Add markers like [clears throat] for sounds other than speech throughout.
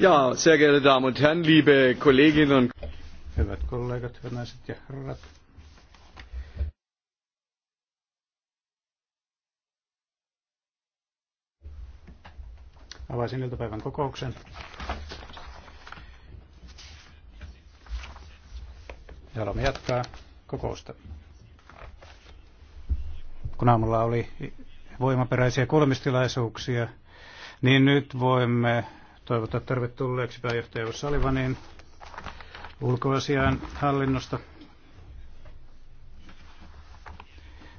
Ja, sehr geehrte Damen und Herren, liebe Kolleginnen und Hyvät kollegat, hyvät naiset ja herrat. Avaisin iltapäivän kokouksen. Ja haluamme jatkaa kokousta. Kun aamulla oli voimaperäisiä kolmistilaisuuksia, niin nyt voimme toivottaa tervetulleeksi pääjohtaja Salivanin ulkoasian hallinnosta.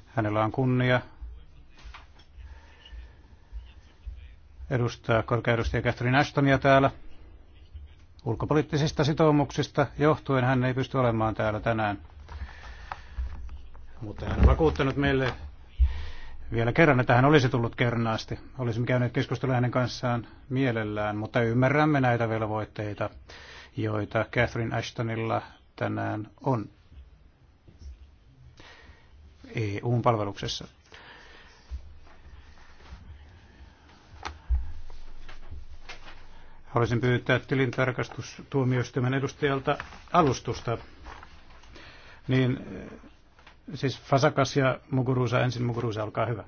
Hänellä on kunnia edustaa edustaja Catherine Ashtonia täällä. Ulkopoliittisista sitoumuksista johtuen hän ei pysty olemaan täällä tänään. Mutta hän on vakuuttanut meille, vielä kerran, että hän olisi tullut kernaasti. Olisimme käyneet keskustelua hänen kanssaan mielellään, mutta ymmärrämme näitä velvoitteita, joita Catherine Ashtonilla tänään on eu palveluksessa. Haluaisin pyytää tilintarkastustuomioistuimen edustajalta alustusta niin Siis Fasakas ja Muguruusa ensin. Muguruusa, olkaa hyvä.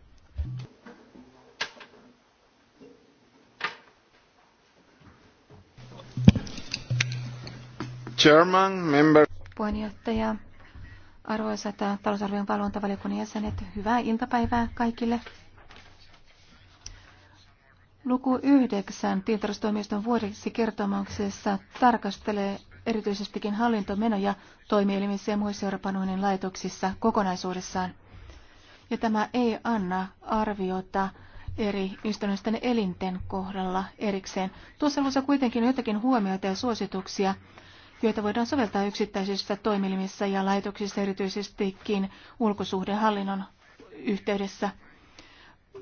Chairman, member. Puheenjohtaja, arvoisat talousarvion valvontavaliokunnan jäsenet, hyvää iltapäivää kaikille. Luku 9 tilintarkastustoimiston vuodeksi kertomuksessa tarkastelee erityisestikin hallintomenoja toimielimissä ja muissa Euroopan unionin laitoksissa kokonaisuudessaan. Ja tämä ei anna arviota eri ystävällisten elinten kohdalla erikseen. Tuossa luossa kuitenkin on jotakin huomioita ja suosituksia, joita voidaan soveltaa yksittäisissä toimielimissä ja laitoksissa erityisestikin ulkosuhdehallinnon yhteydessä –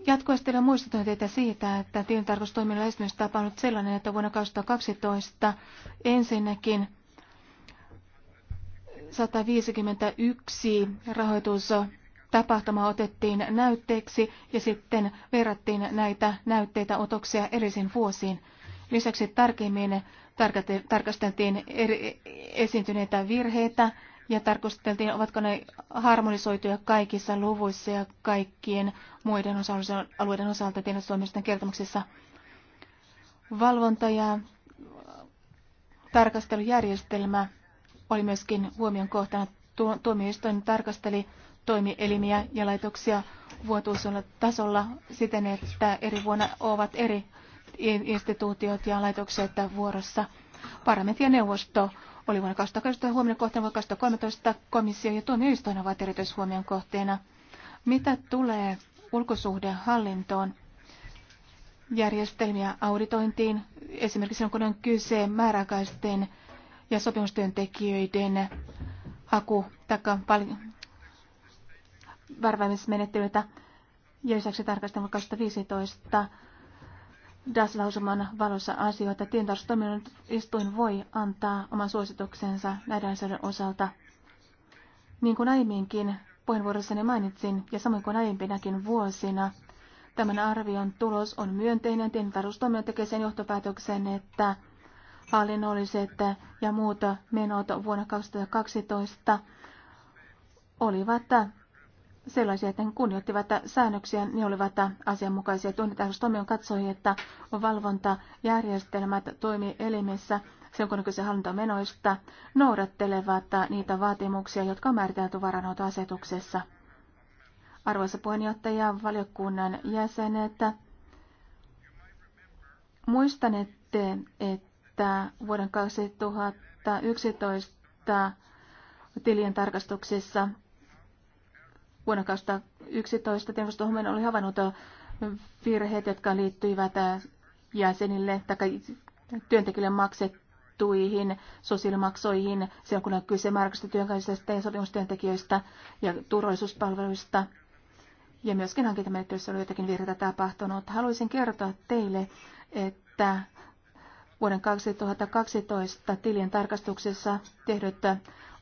Jatkoistella muistutan teitä siitä, että tilintarkastustoiminnan lähestymistapa on nyt sellainen, että vuonna 2012 ensinnäkin 151 rahoitustapahtuma otettiin näytteeksi ja sitten verrattiin näitä näytteitä otoksia erisin vuosiin. Lisäksi tarkemmin tarkasteltiin esiintyneitä virheitä ja tarkasteltiin, ovatko ne harmonisoituja kaikissa luvuissa ja kaikkien muiden osa alueiden osalta suomalaisten kertomuksissa. Valvonta ja tarkastelujärjestelmä oli myöskin huomion kohtana. Tuomioistuin tarkasteli toimielimiä ja laitoksia vuotuisella tasolla siten, että eri vuonna ovat eri instituutiot ja laitokset vuorossa. Parlamentin ja neuvosto oli vuonna 2012 huomioon kohteena, vuonna 2013 komissio ja tuomioistuin ovat erityishuomion kohteena. Mitä tulee ulkosuhdehallintoon, järjestelmiä auditointiin, esimerkiksi kun on kyse määräaikaisten ja sopimustyöntekijöiden haku- tai värväämismenettelyitä, ja lisäksi tarkastelun 2015 DAS-lausuman valossa asioita. Tientarkastustoiminnan istuin voi antaa oman suosituksensa näiden asioiden osalta. Niin kuin aiemminkin puheenvuorossani mainitsin, ja samoin kuin aiempinakin vuosina, tämän arvion tulos on myönteinen. Tientarkastustoiminnan tekee sen johtopäätöksen, että hallinnolliset ja muut menot vuonna 2012 olivat sellaisia, että he kunnioittivat säännöksiä, ne olivat asianmukaisia. Tunnitaisuustoimion katsoi, että on valvontajärjestelmät toimielimissä, sen kun kyse hallintomenoista, noudattelevat niitä vaatimuksia, jotka on määritelty varanhoitoasetuksessa. Arvoisa puheenjohtaja, valiokunnan jäsenet, muistanette, että vuoden 2011 tilien tarkastuksessa Vuonna 2011 neuvosto Homen oli havainnut virheet, jotka liittyivät jäsenille tai työntekijöille maksettuihin sosiaalimaksoihin, silloin kun on kyse määräkästä työnkäisestä ja sopimustyöntekijöistä ja turvallisuuspalveluista. Ja myöskin hankintamenettelyssä oli jotakin virheitä tapahtunut. Haluaisin kertoa teille, että vuoden 2012 tilien tarkastuksessa tehdyt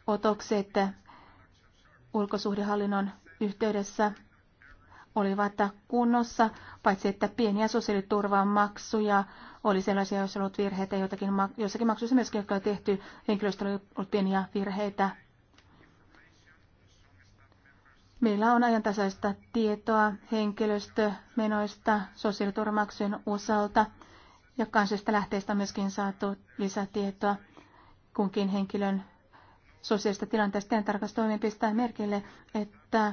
otokset ulkosuhdehallinnon yhteydessä olivat kunnossa, paitsi että pieniä sosiaaliturvan maksuja oli sellaisia, joissa ollut virheitä, joitakin, joissakin maksuissa myöskin, jotka oli tehty, henkilöstö oli ollut pieniä virheitä. Meillä on ajantasaista tietoa henkilöstömenoista sosiaaliturvamaksujen osalta ja kansallisista lähteistä on myöskin saatu lisätietoa kunkin henkilön sosiaalista tilanteesta. ja pistää merkille, että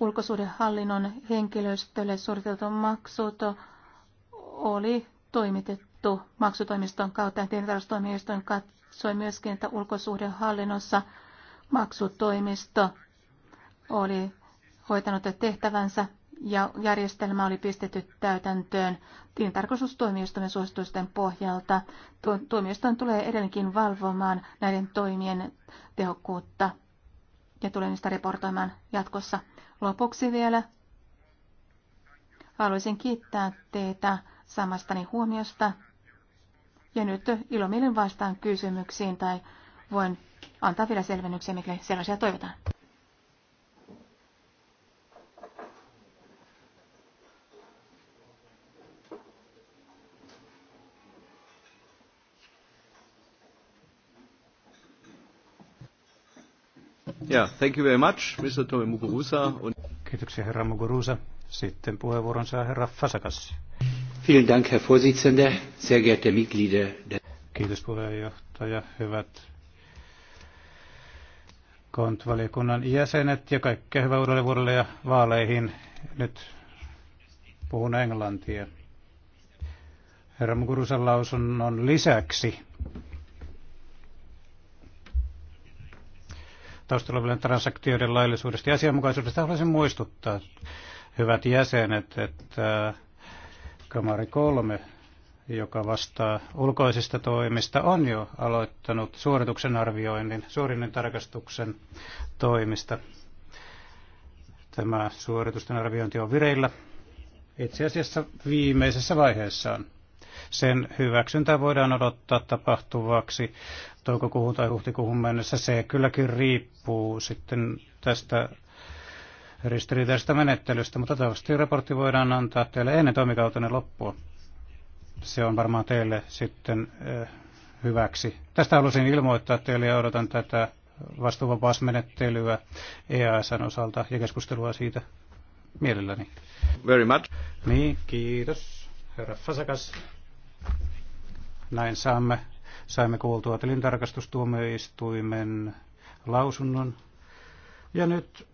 ulkosuhdehallinnon henkilöstölle suoritettu maksut oli toimitettu maksutoimiston kautta. Tietotaloustoimiston katsoi myöskin, että ulkosuhdehallinnossa maksutoimisto oli hoitanut tehtävänsä ja järjestelmä oli pistetty täytäntöön tilintarkastustuomioistuimen suositusten pohjalta. Tuomioistuin tulee edelleenkin valvomaan näiden toimien tehokkuutta ja tulee niistä raportoimaan jatkossa. Lopuksi vielä haluaisin kiittää teitä samastani huomiosta. Ja nyt ilomielin vastaan kysymyksiin tai voin antaa vielä selvennyksiä, mikä sellaisia toivotaan. Yeah, thank you very much, Mr. Tome Muguruza. Kiitoksia herra Muguruza. Sitten puheenvuoron saa herra Fasakas. Vielen Dank, Herr Vorsitzender, sehr geehrte Mitglieder. Kiitos puheenjohtaja, hyvät kontvaliokunnan jäsenet ja kaikkea hyvää uudelle vuodelle ja vaaleihin. Nyt puhun englantia. Herra Mugurusan lausunnon lisäksi taustalla olevien transaktioiden laillisuudesta ja asianmukaisuudesta. Haluaisin muistuttaa, hyvät jäsenet, että kamari kolme, joka vastaa ulkoisista toimista, on jo aloittanut suorituksen arvioinnin, suorinnin tarkastuksen toimista. Tämä suoritusten arviointi on vireillä itse asiassa viimeisessä vaiheessaan. Sen hyväksyntää voidaan odottaa tapahtuvaksi toukokuuhun tai huhtikuuhun mennessä. Se kylläkin riippuu sitten tästä ristiriitaisesta menettelystä, mutta toivottavasti raportti voidaan antaa teille ennen toimikautenne loppua. Se on varmaan teille sitten eh, hyväksi. Tästä halusin ilmoittaa teille ja odotan tätä vastuuvapausmenettelyä EASn osalta ja keskustelua siitä mielelläni. Very much. Niin, kiitos, herra Fasakas. Näin saamme Saimme kuultua tilintarkastustuomioistuimen lausunnon. Ja nyt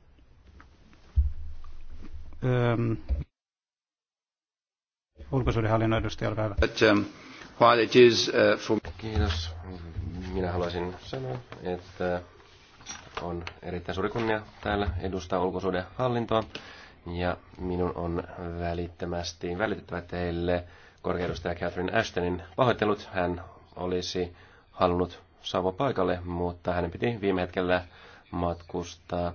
ähm, ulkosuudenhallinnon edustaja, olkaa hyvä. But, um, while it is, uh, for... Kiitos. Minä haluaisin sanoa, että on erittäin suuri kunnia täällä edustaa ulkosuudenhallintoa. Ja minun on välittömästi välitettävä teille korkeudustaja Catherine Ashtonin pahoittelut. Hän olisi halunnut saavua paikalle, mutta hänen piti viime hetkellä matkustaa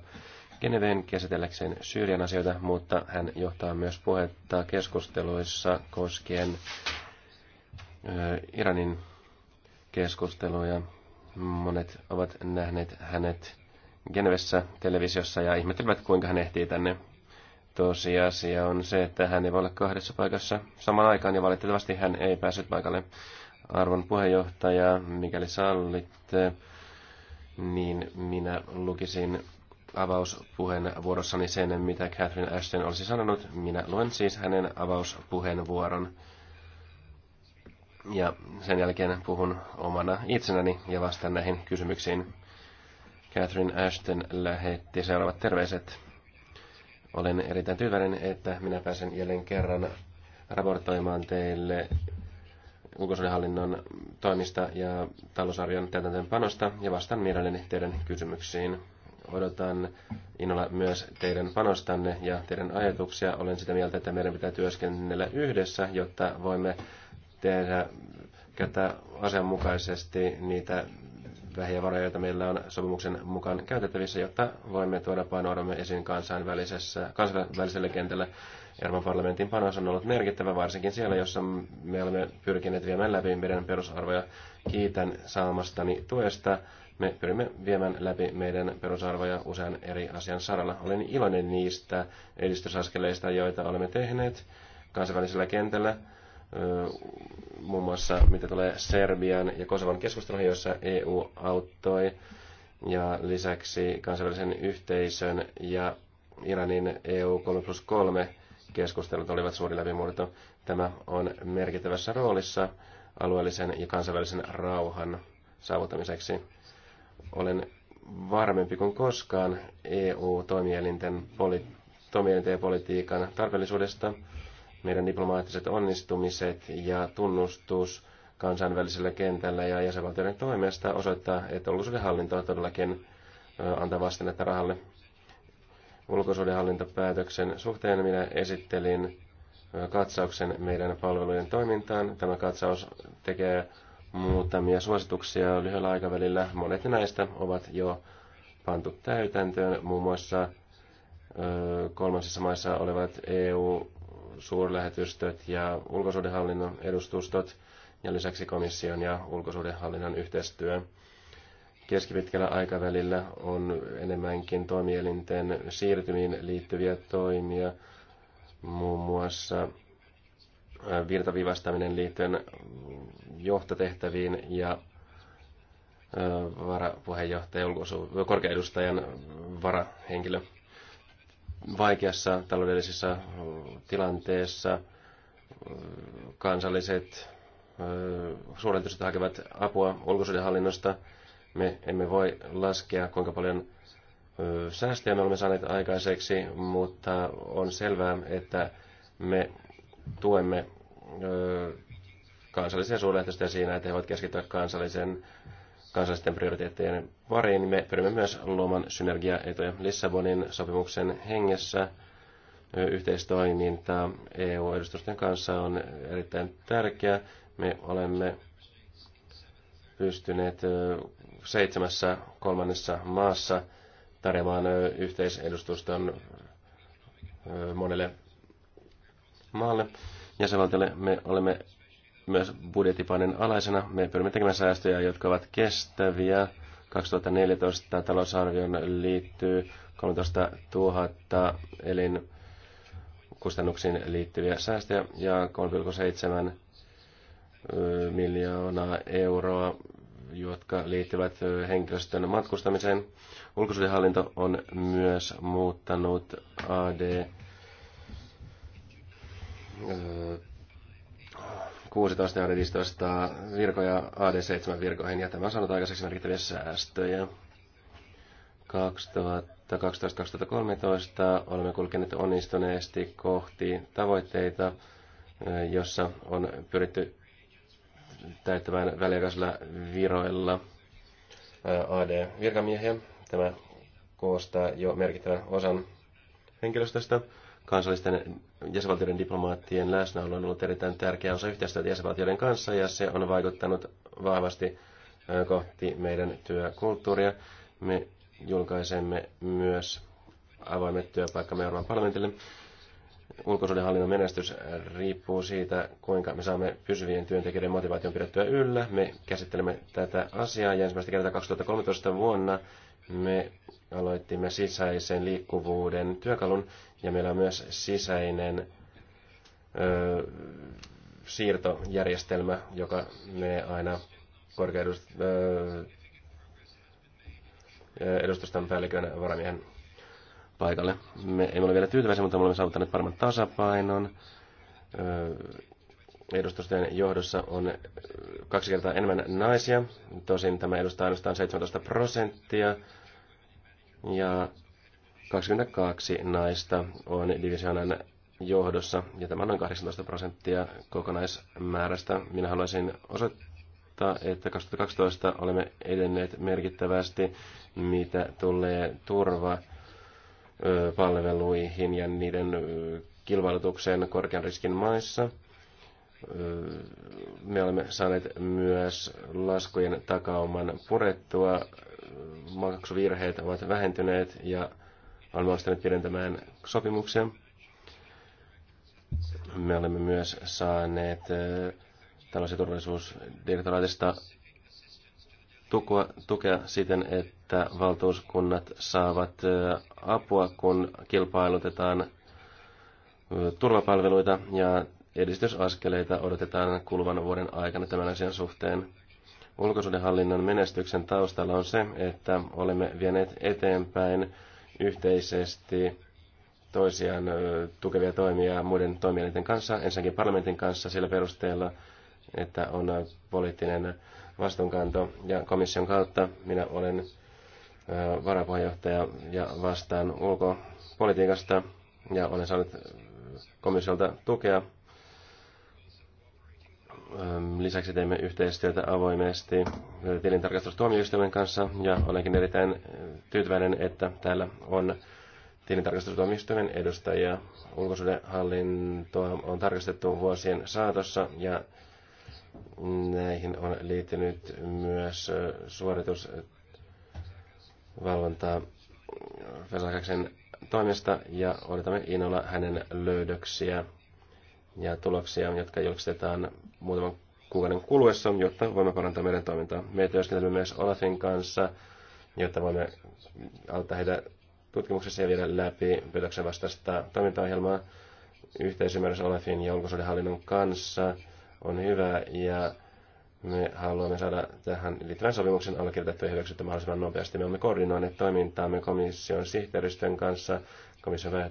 Geneveen käsitelläkseen Syyrian asioita, mutta hän johtaa myös puhetta keskusteluissa koskien Iranin keskusteluja. Monet ovat nähneet hänet Genevessä televisiossa ja ihmettelevät, kuinka hän ehtii tänne. Tosiasia on se, että hän ei voi olla kahdessa paikassa samaan aikaan ja valitettavasti hän ei päässyt paikalle arvon puheenjohtaja, mikäli sallitte, niin minä lukisin avauspuheenvuorossani sen, mitä Catherine Ashton olisi sanonut. Minä luen siis hänen avauspuheenvuoron. Ja sen jälkeen puhun omana itsenäni ja vastaan näihin kysymyksiin. Catherine Ashton lähetti seuraavat terveiset. Olen erittäin tyytyväinen, että minä pääsen jälleen kerran raportoimaan teille ulkosuudenhallinnon toimista ja talousarvion täytäntöönpanosta ja vastaan mielelläni teidän kysymyksiin. Odotan innolla myös teidän panostanne ja teidän ajatuksia. Olen sitä mieltä, että meidän pitää työskennellä yhdessä, jotta voimme tehdä käyttää asianmukaisesti niitä vähiä varoja, joita meillä on sopimuksen mukaan käytettävissä, jotta voimme tuoda painoarvomme esiin kansainvälisessä, kansainvälisellä kentällä. Euroopan parlamentin panos on ollut merkittävä, varsinkin siellä, jossa me olemme pyrkineet viemään läpi meidän perusarvoja. Kiitän saamastani tuesta. Me pyrimme viemään läpi meidän perusarvoja usean eri asian saralla. Olen iloinen niistä edistysaskeleista, joita olemme tehneet kansainvälisellä kentällä muun muassa mitä tulee Serbian ja Kosovan keskusteluihin, joissa EU auttoi, ja lisäksi kansainvälisen yhteisön ja Iranin EU 3 plus 3 keskustelut olivat suuri läpimurto. Tämä on merkittävässä roolissa alueellisen ja kansainvälisen rauhan saavuttamiseksi. Olen varmempi kuin koskaan EU-toimielinten poli- toimielinten ja politiikan tarpeellisuudesta. Meidän diplomaattiset onnistumiset ja tunnustus kansainvälisellä kentällä ja jäsenvaltioiden toimesta osoittaa, että ulkoisuuden hallinto todellakin antaa vastennetta rahalle ulkosuhdehallintopäätöksen suhteen minä esittelin katsauksen meidän palvelujen toimintaan. Tämä katsaus tekee muutamia suosituksia lyhyellä aikavälillä. Monet näistä ovat jo pantu täytäntöön, muun muassa kolmansissa maissa olevat EU-suurlähetystöt ja ulkosuhdehallinnon edustustot ja lisäksi komission ja ulkosuhdehallinnon yhteistyö. Keskipitkällä aikavälillä on enemmänkin toimielinten siirtymiin liittyviä toimia, muun muassa äh, virtaviivastaminen liittyen johtotehtäviin ja äh, varapuheenjohtaja, ulkosu- korkeaedustajan varahenkilö. Vaikeassa taloudellisessa äh, tilanteessa kansalliset suurlähetystöt hakevat apua ulkosuudenhallinnosta me emme voi laskea, kuinka paljon säästöjä me olemme saaneet aikaiseksi, mutta on selvää, että me tuemme kansallisia suurlähetystä siinä, että he voivat keskittyä kansallisen, kansallisten prioriteettien pariin. Me pyrimme myös luomaan synergiaetoja Lissabonin sopimuksen hengessä. Yhteistoiminta EU-edustusten kanssa on erittäin tärkeä. Me olemme pystyneet seitsemässä kolmannessa maassa tarjoamaan yhteisedustuston monelle maalle. Jäsenvaltiolle me olemme myös budjettipainen alaisena. Me pyrimme tekemään säästöjä, jotka ovat kestäviä. 2014 talousarvion liittyy 13 000 elin kustannuksiin liittyviä säästöjä ja 3,7 miljoonaa euroa, jotka liittyvät henkilöstön matkustamiseen. Ulkosuhdehallinto on myös muuttanut AD 16 ja 15 virkoja AD7 virkoihin, ja tämä on saanut aikaiseksi merkittäviä säästöjä. 2012-2013 olemme kulkeneet onnistuneesti kohti tavoitteita, jossa on pyritty täyttämään väliaikaisilla viroilla AD-virkamiehiä. Tämä koostaa jo merkittävän osan henkilöstöstä. Kansallisten jäsenvaltioiden diplomaattien läsnäolo on ollut erittäin tärkeä osa yhteistyötä jäsenvaltioiden kanssa ja se on vaikuttanut vahvasti kohti meidän työkulttuuria. Me julkaisemme myös avoimet työpaikkamme Euroopan parlamentille ulkosuudenhallinnon menestys riippuu siitä, kuinka me saamme pysyvien työntekijöiden motivaation pidettyä yllä. Me käsittelemme tätä asiaa ja ensimmäistä kertaa 2013 vuonna me aloitimme sisäisen liikkuvuuden työkalun ja meillä on myös sisäinen ö, siirtojärjestelmä, joka menee aina korkeudustan edustustan päällikön varamiehen paikalle. Me emme ole vielä tyytyväisiä, mutta me olemme saavuttaneet paremman tasapainon. Edustustojen johdossa on kaksi kertaa enemmän naisia. Tosin tämä edustaa ainoastaan 17 prosenttia. Ja 22 naista on divisionan johdossa, ja tämä on noin 18 prosenttia kokonaismäärästä. Minä haluaisin osoittaa, että 2012 olemme edenneet merkittävästi, mitä tulee turva palveluihin ja niiden kilpailutukseen korkean riskin maissa. Me olemme saaneet myös laskujen takauman purettua. Maksuvirheet ovat vähentyneet ja olemme onnistuneet pidentämään sopimuksia. Me olemme myös saaneet tällaisen turvallisuusdirektoraatista tukea, tukea siten, että että valtuuskunnat saavat apua, kun kilpailutetaan turvapalveluita ja edistysaskeleita odotetaan kuluvan vuoden aikana tämän asian suhteen. Ulkosuudenhallinnon menestyksen taustalla on se, että olemme vieneet eteenpäin yhteisesti toisiaan tukevia toimia muiden toimijoiden kanssa, ensinnäkin parlamentin kanssa sillä perusteella, että on poliittinen vastuunkanto ja komission kautta minä olen varapuheenjohtaja ja vastaan ulkopolitiikasta ja olen saanut komissiolta tukea. Lisäksi teemme yhteistyötä avoimesti tilintarkastustuomioistuimen kanssa ja olenkin erittäin tyytyväinen, että täällä on tilintarkastustuomioistuimen edustajia. Ulkosuudenhallintoa on tarkastettu vuosien saatossa ja näihin on liittynyt myös suoritus valvontaa Velasaksen toimesta ja odotamme innolla hänen löydöksiä ja tuloksia, jotka julkistetaan muutaman kuukauden kuluessa, jotta voimme parantaa meidän toimintaa. Me työskentelemme myös Olafin kanssa, jotta voimme auttaa heitä tutkimuksessa ja viedä läpi petoksen vastaista toimintaohjelmaa. Yhteisymmärrys Olafin ja ulkosuudenhallinnon kanssa on hyvä ja me haluamme saada tähän liittyvän sopimuksen allekirjoitettu ja hyväksyttyä mahdollisimman nopeasti. Me olemme koordinoineet toimintaamme komission sihteeristön kanssa, komission äh,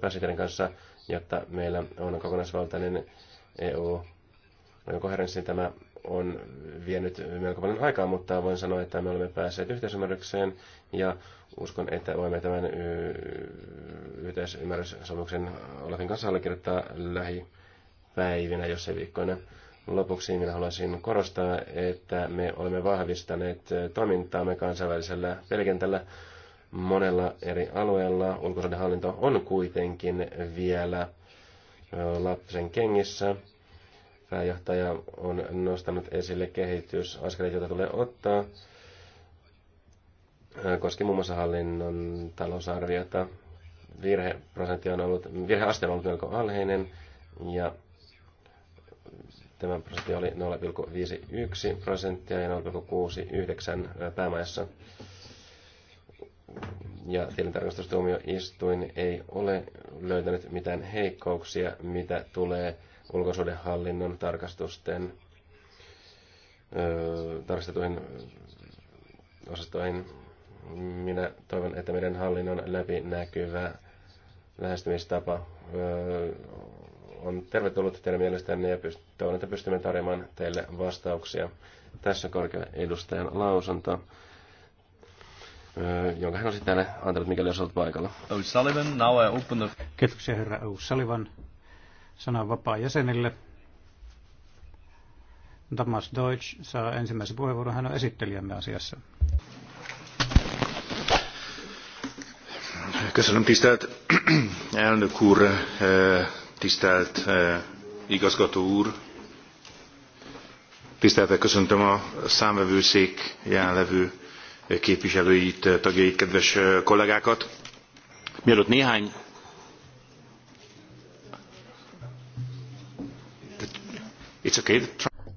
pääsihteerin kanssa, kanssa, jotta meillä on kokonaisvaltainen EU koherenssi. Tämä on vienyt melko paljon aikaa, mutta voin sanoa, että me olemme päässeet yhteisymmärrykseen ja uskon, että voimme tämän äh, yhteisymmärryssopimuksen Olafin kanssa allekirjoittaa lähipäivinä, jos ei viikkoina. Lopuksi minä haluaisin korostaa, että me olemme vahvistaneet toimintaamme kansainvälisellä pelikentällä monella eri alueella. Ulkosuhdehallinto on kuitenkin vielä lapsen kengissä. Pääjohtaja on nostanut esille kehitysaskeleita, joita tulee ottaa. Koski muun muassa hallinnon talousarviota. Virheprosentti on ollut, virheaste on ollut melko alhainen ja Tämän prosentti oli 0,51 prosenttia ja 0,69 päämajassa. Ja tilintarkastustuomioistuin ei ole löytänyt mitään heikkouksia, mitä tulee ulkosuudenhallinnon tarkastusten öö, tarkastetuihin osastoihin. Minä toivon, että meidän hallinnon läpinäkyvä lähestymistapa on tervetullut teidän mielestänne ja pyst- toivon, että pystymme tarjoamaan teille vastauksia. Tässä korkean edustajan lausunto, jonka hän olisi täällä antanut, mikäli olisi ollut paikalla. O'Sullivan, now I open the... Kiitoksia herra O'Sullivan. Sanan vapaa jäsenille. Thomas Deutsch saa ensimmäisen puheenvuoron. Hän on esittelijämme asiassa. Köszönöm tisztelt elnök úr, Tisztelt eh, igazgató úr, tiszteltel köszöntöm a számvevőszék jelenlevő képviselőit, eh, tagjait, kedves eh, kollégákat. Mielőtt néhány It's okay.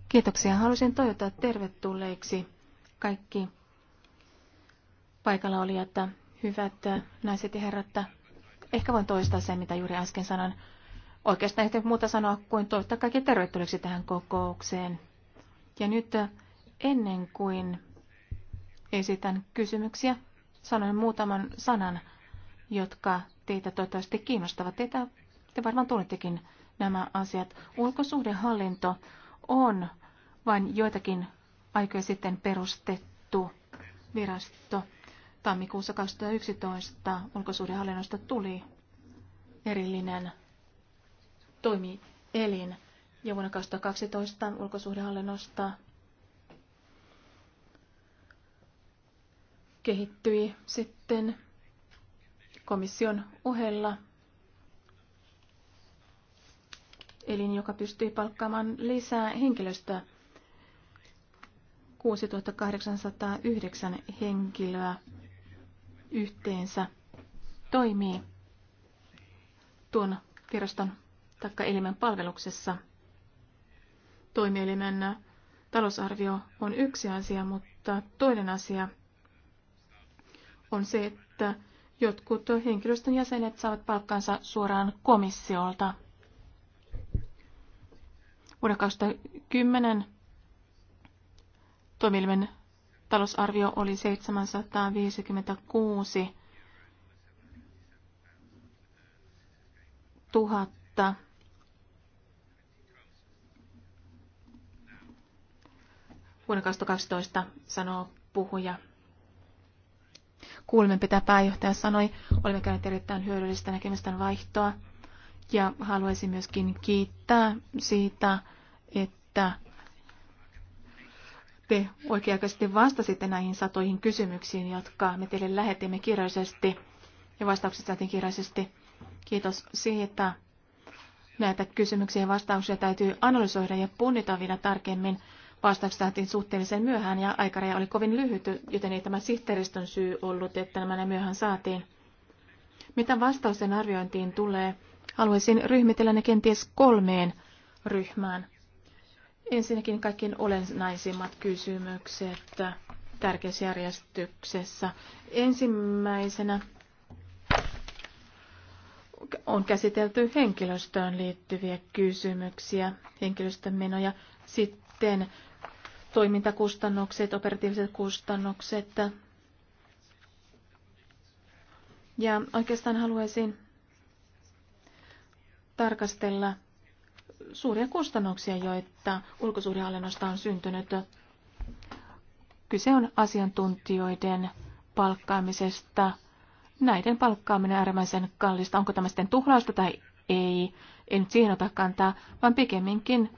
Kiitoksia. Haluaisin toivottaa tervetulleiksi kaikki paikalla olijat, hyvät naiset ja herrat. Ehkä voin toistaa sen, mitä juuri äsken sanoin. Oikeastaan ei muuta sanoa kuin toivottaa kaikki tervetulleeksi tähän kokoukseen. Ja nyt äh, ennen kuin esitän kysymyksiä, sanoin muutaman sanan, jotka teitä toivottavasti kiinnostavat. Teitä, te varmaan tunnettekin nämä asiat. Ulkosuhdehallinto on vain joitakin aikoja sitten perustettu virasto. Tammikuussa 2011 ulkosuhdehallinnosta tuli erillinen toimielin jo vuonna 2012 ulkosuhdehallinnosta kehittyi sitten komission ohella elin, joka pystyi palkkaamaan lisää henkilöstöä 6809 henkilöä yhteensä toimii tuon viraston taikka elimen palveluksessa. Toimielimen talousarvio on yksi asia, mutta toinen asia on se, että jotkut henkilöstön jäsenet saavat palkkansa suoraan komissiolta. Vuonna 2010 toimielimen talousarvio oli 756 tuhatta vuonna 2012, sanoo puhuja. Kuulemme, mitä pääjohtaja sanoi. Olemme käyneet erittäin hyödyllistä näkemysten vaihtoa. Ja haluaisin myöskin kiittää siitä, että te oikeaikaisesti vastasitte näihin satoihin kysymyksiin, jotka me teille lähetimme kirjallisesti ja vastaukset saatiin kirjallisesti. Kiitos siitä. Näitä kysymyksiä ja vastauksia täytyy analysoida ja punnita vielä tarkemmin Vastaukset saatiin suhteellisen myöhään ja aikaraja oli kovin lyhyt, joten ei tämä sihteeristön syy ollut, että nämä ne myöhään saatiin. Mitä vastausten arviointiin tulee, haluaisin ryhmitellä ne kenties kolmeen ryhmään. Ensinnäkin kaikkien olennaisimmat kysymykset järjestyksessä. Ensimmäisenä on käsitelty henkilöstöön liittyviä kysymyksiä, henkilöstömenoja. Sitten toimintakustannukset, operatiiviset kustannukset. Ja oikeastaan haluaisin tarkastella suuria kustannuksia, joita ulkosuhdehallinnosta on syntynyt. Kyse on asiantuntijoiden palkkaamisesta. Näiden palkkaaminen on äärimmäisen kallista. Onko tämä sitten tuhlausta tai ei? En nyt siihen ota kantaa, vaan pikemminkin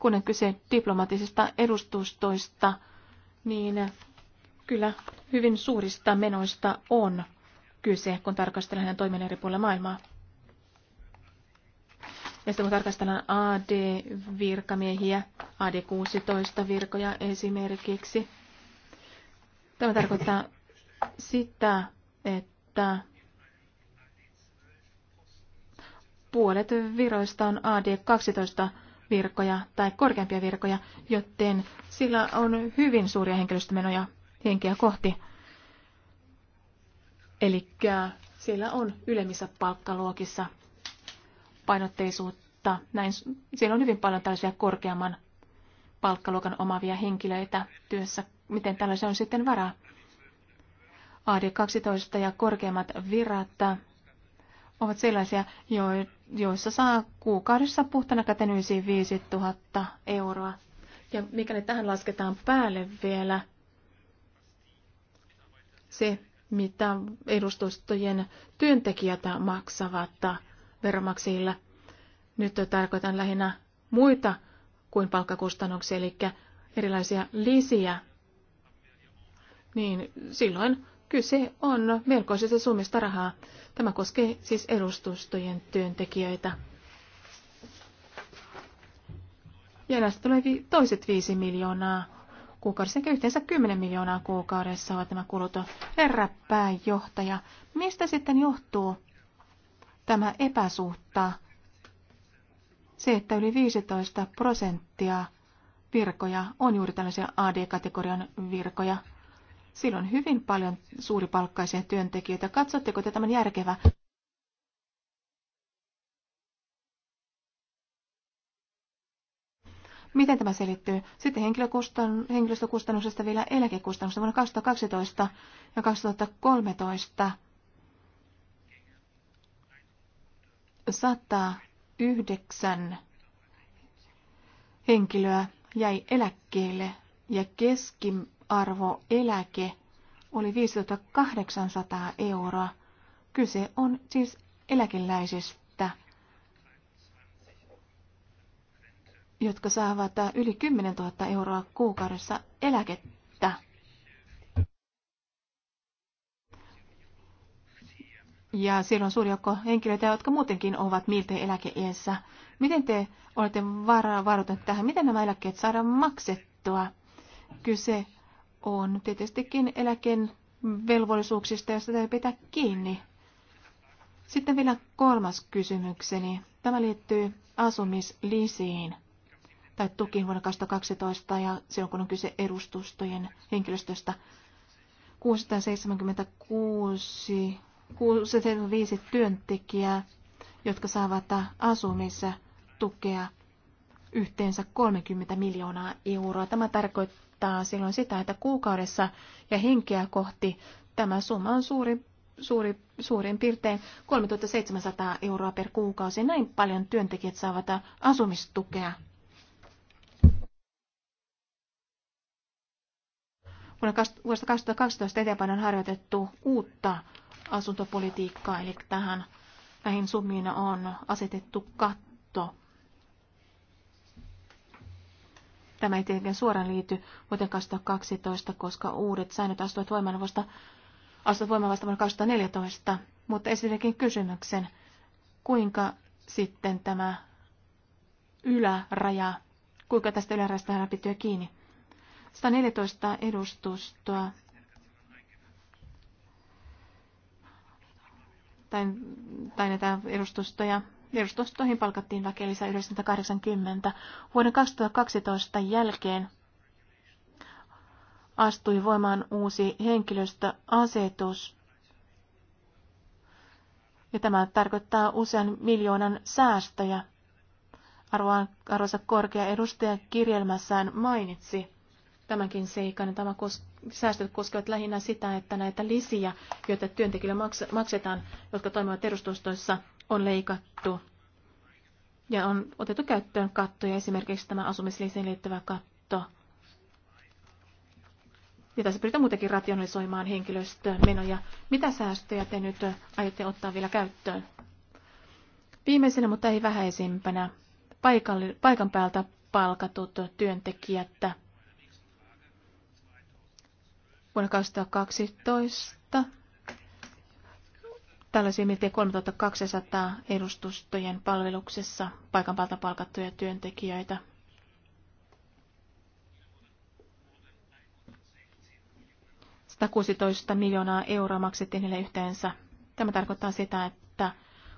kun on kyse diplomaattisista edustustoista, niin kyllä hyvin suurista menoista on kyse, kun tarkastellaan hänen toiminnan eri puolilla maailmaa. Ja sitten kun tarkastellaan AD-virkamiehiä, AD-16-virkoja esimerkiksi, tämä tarkoittaa sitä, että puolet viroista on AD-12 virkoja tai korkeampia virkoja, joten sillä on hyvin suuria henkilöstömenoja henkeä kohti. Eli siellä on ylemmissä palkkaluokissa painotteisuutta. Näin, siellä on hyvin paljon tällaisia korkeamman palkkaluokan omavia henkilöitä työssä. Miten tällaisia on sitten varaa? AD12 ja korkeammat virat ovat sellaisia, joita joissa saa kuukaudessa puhtana kätenyisiin 5000 euroa. Ja mikäli tähän lasketaan päälle vielä se, mitä edustustojen työntekijät maksavat veromaksilla. Nyt tarkoitan lähinnä muita kuin palkkakustannuksia, eli erilaisia lisiä, niin silloin Kyse on melkoisesta summista rahaa. Tämä koskee siis edustustojen työntekijöitä. Ja näistä tulee vi- toiset 5 miljoonaa kuukaudessa, eli yhteensä 10 miljoonaa kuukaudessa ovat nämä kulut. Herra pääjohtaja, mistä sitten johtuu tämä epäsuhta? Se, että yli 15 prosenttia virkoja on juuri tällaisia AD-kategorian virkoja. Silloin hyvin paljon suuripalkkaisia työntekijöitä. Katsotteko te tämän järkevä? Miten tämä selittyy? Sitten henkilöstökustannuksesta vielä eläkekustannusta vuonna 2012 ja 2013 109 henkilöä jäi eläkkeelle ja keski, Arvo-eläke oli 5800 euroa. Kyse on siis eläkeläisistä, jotka saavat yli 10 000 euroa kuukaudessa eläkettä. Ja siellä on suuri joukko henkilöitä, jotka muutenkin ovat miltei eläkeiässä. Miten te olette varautuneet tähän? Miten nämä eläkkeet saadaan maksettua? Kyse on tietystikin eläkeen velvollisuuksista, joista täytyy pitää kiinni. Sitten vielä kolmas kysymykseni. Tämä liittyy asumislisiin tai tukiin vuonna 2012 ja silloin kun on kyse edustustojen henkilöstöstä. 676 675 työntekijää, jotka saavat asumissa tukea yhteensä 30 miljoonaa euroa. Tämä tarkoittaa tarkoittaa silloin sitä, että kuukaudessa ja henkeä kohti tämä summa on suuri, suuri, suurin piirtein 3700 euroa per kuukausi. Näin paljon työntekijät saavat asumistukea. Vuonna vuodesta 2012 eteenpäin on harjoitettu uutta asuntopolitiikkaa, eli tähän näihin summiin on asetettu katto Tämä ei tietenkään suoraan liity vuoteen 2012, koska uudet säännöt astuvat voimaan vasta, astuvat voimaan vasta vuonna 2014. Mutta esitäkin kysymyksen, kuinka sitten tämä yläraja, kuinka tästä ylärajasta hän pitää kiinni. 114 edustustoa tai, tai näitä edustustoja Virustoihin palkattiin väkeä lisää 980. Vuoden 2012 jälkeen astui voimaan uusi henkilöstöasetus. Ja tämä tarkoittaa usean miljoonan säästöjä. Arvoisa korkea edustaja kirjelmässään mainitsi tämänkin seikan. Tämä kos- säästöt koskevat lähinnä sitä, että näitä lisiä, joita työntekijöille maks- maksetaan, jotka toimivat edustustoissa, on leikattu ja on otettu käyttöön kattoja, esimerkiksi tämä asumislisiin liittyvä katto. Ja tässä pyritään muutenkin rationalisoimaan henkilöstömenoja. Mitä säästöjä te nyt aiotte ottaa vielä käyttöön? Viimeisenä, mutta ei vähäisimpänä, paikan päältä palkatut työntekijät. Vuonna 2012 tällaisia miltei 3200 edustustojen palveluksessa paikan päältä palkattuja työntekijöitä. ...116 miljoonaa euroa maksettiin niille yhteensä. Tämä tarkoittaa sitä, että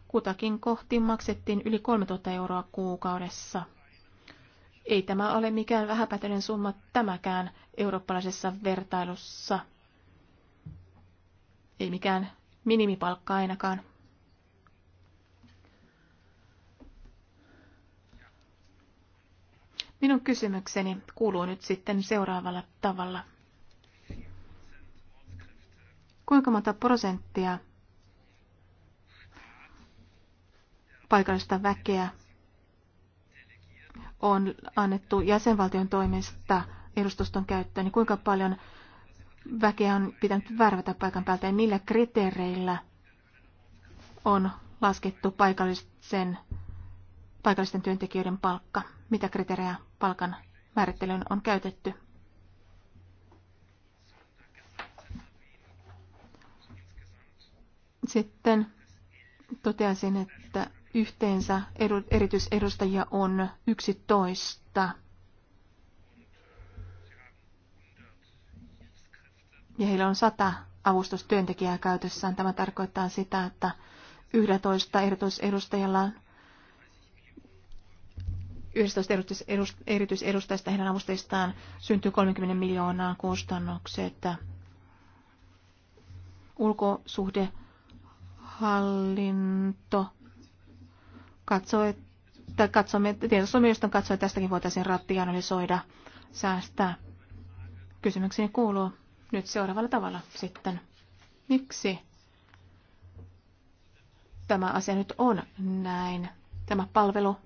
kutakin kohti maksettiin yli 3000 euroa kuukaudessa. Ei tämä ole mikään vähäpätöinen summa tämäkään eurooppalaisessa vertailussa. Ei mikään minimipalkkaa ainakaan. Minun kysymykseni kuuluu nyt sitten seuraavalla tavalla. Kuinka monta prosenttia paikallista väkeä on annettu jäsenvaltion toimesta edustuston käyttöön, niin kuinka paljon väkeä on pitänyt värvätä paikan päältä ja millä kriteereillä on laskettu paikallisten, paikallisten työntekijöiden palkka? Mitä kriteerejä palkan määrittelyyn on käytetty? Sitten toteaisin, että yhteensä erityisedustajia on 11. ja heillä on sata avustustyöntekijää käytössään. Tämä tarkoittaa sitä, että 11 erityisedustajalla on 11 erityisedustajista heidän avustajistaan syntyy 30 miljoonaa kustannukset. Ulkosuhdehallinto katsoo, että katsomme, tietosuomioiston katsoo, että tästäkin voitaisiin analysoida säästää. Kysymykseni kuuluu, nyt seuraavalla tavalla sitten. Miksi tämä asia nyt on näin? Tämä palvelu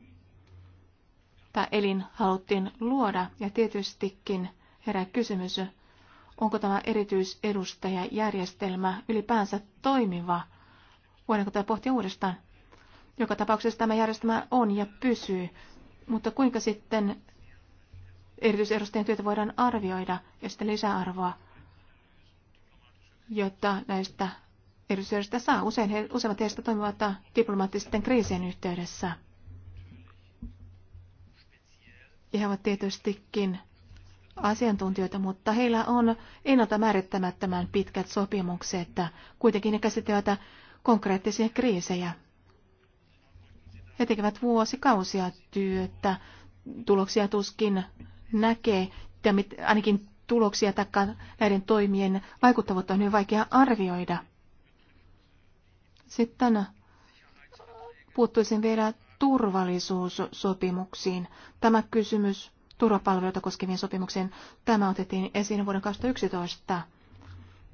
tämä elin haluttiin luoda ja tietystikin herää kysymys, onko tämä erityisedustajajärjestelmä ylipäänsä toimiva? Voidaanko tämä pohtia uudestaan? Joka tapauksessa tämä järjestelmä on ja pysyy, mutta kuinka sitten erityisedustajien työtä voidaan arvioida ja sitten lisäarvoa? jotta näistä edustajista saa. Usein he, useimmat heistä toimivat diplomaattisten kriisien yhteydessä. Ja he ovat tietystikin asiantuntijoita, mutta heillä on ennalta määrittämättömän pitkät sopimukset. Kuitenkin ne käsittelevät konkreettisia kriisejä. He tekevät vuosikausia työtä, tuloksia tuskin näkee, ja mit, ainakin tuloksia tai näiden toimien vaikuttavuutta on hyvin vaikea arvioida. Sitten puuttuisin vielä turvallisuussopimuksiin. Tämä kysymys turvapalveluita koskevien sopimuksien, tämä otettiin esiin vuoden 2011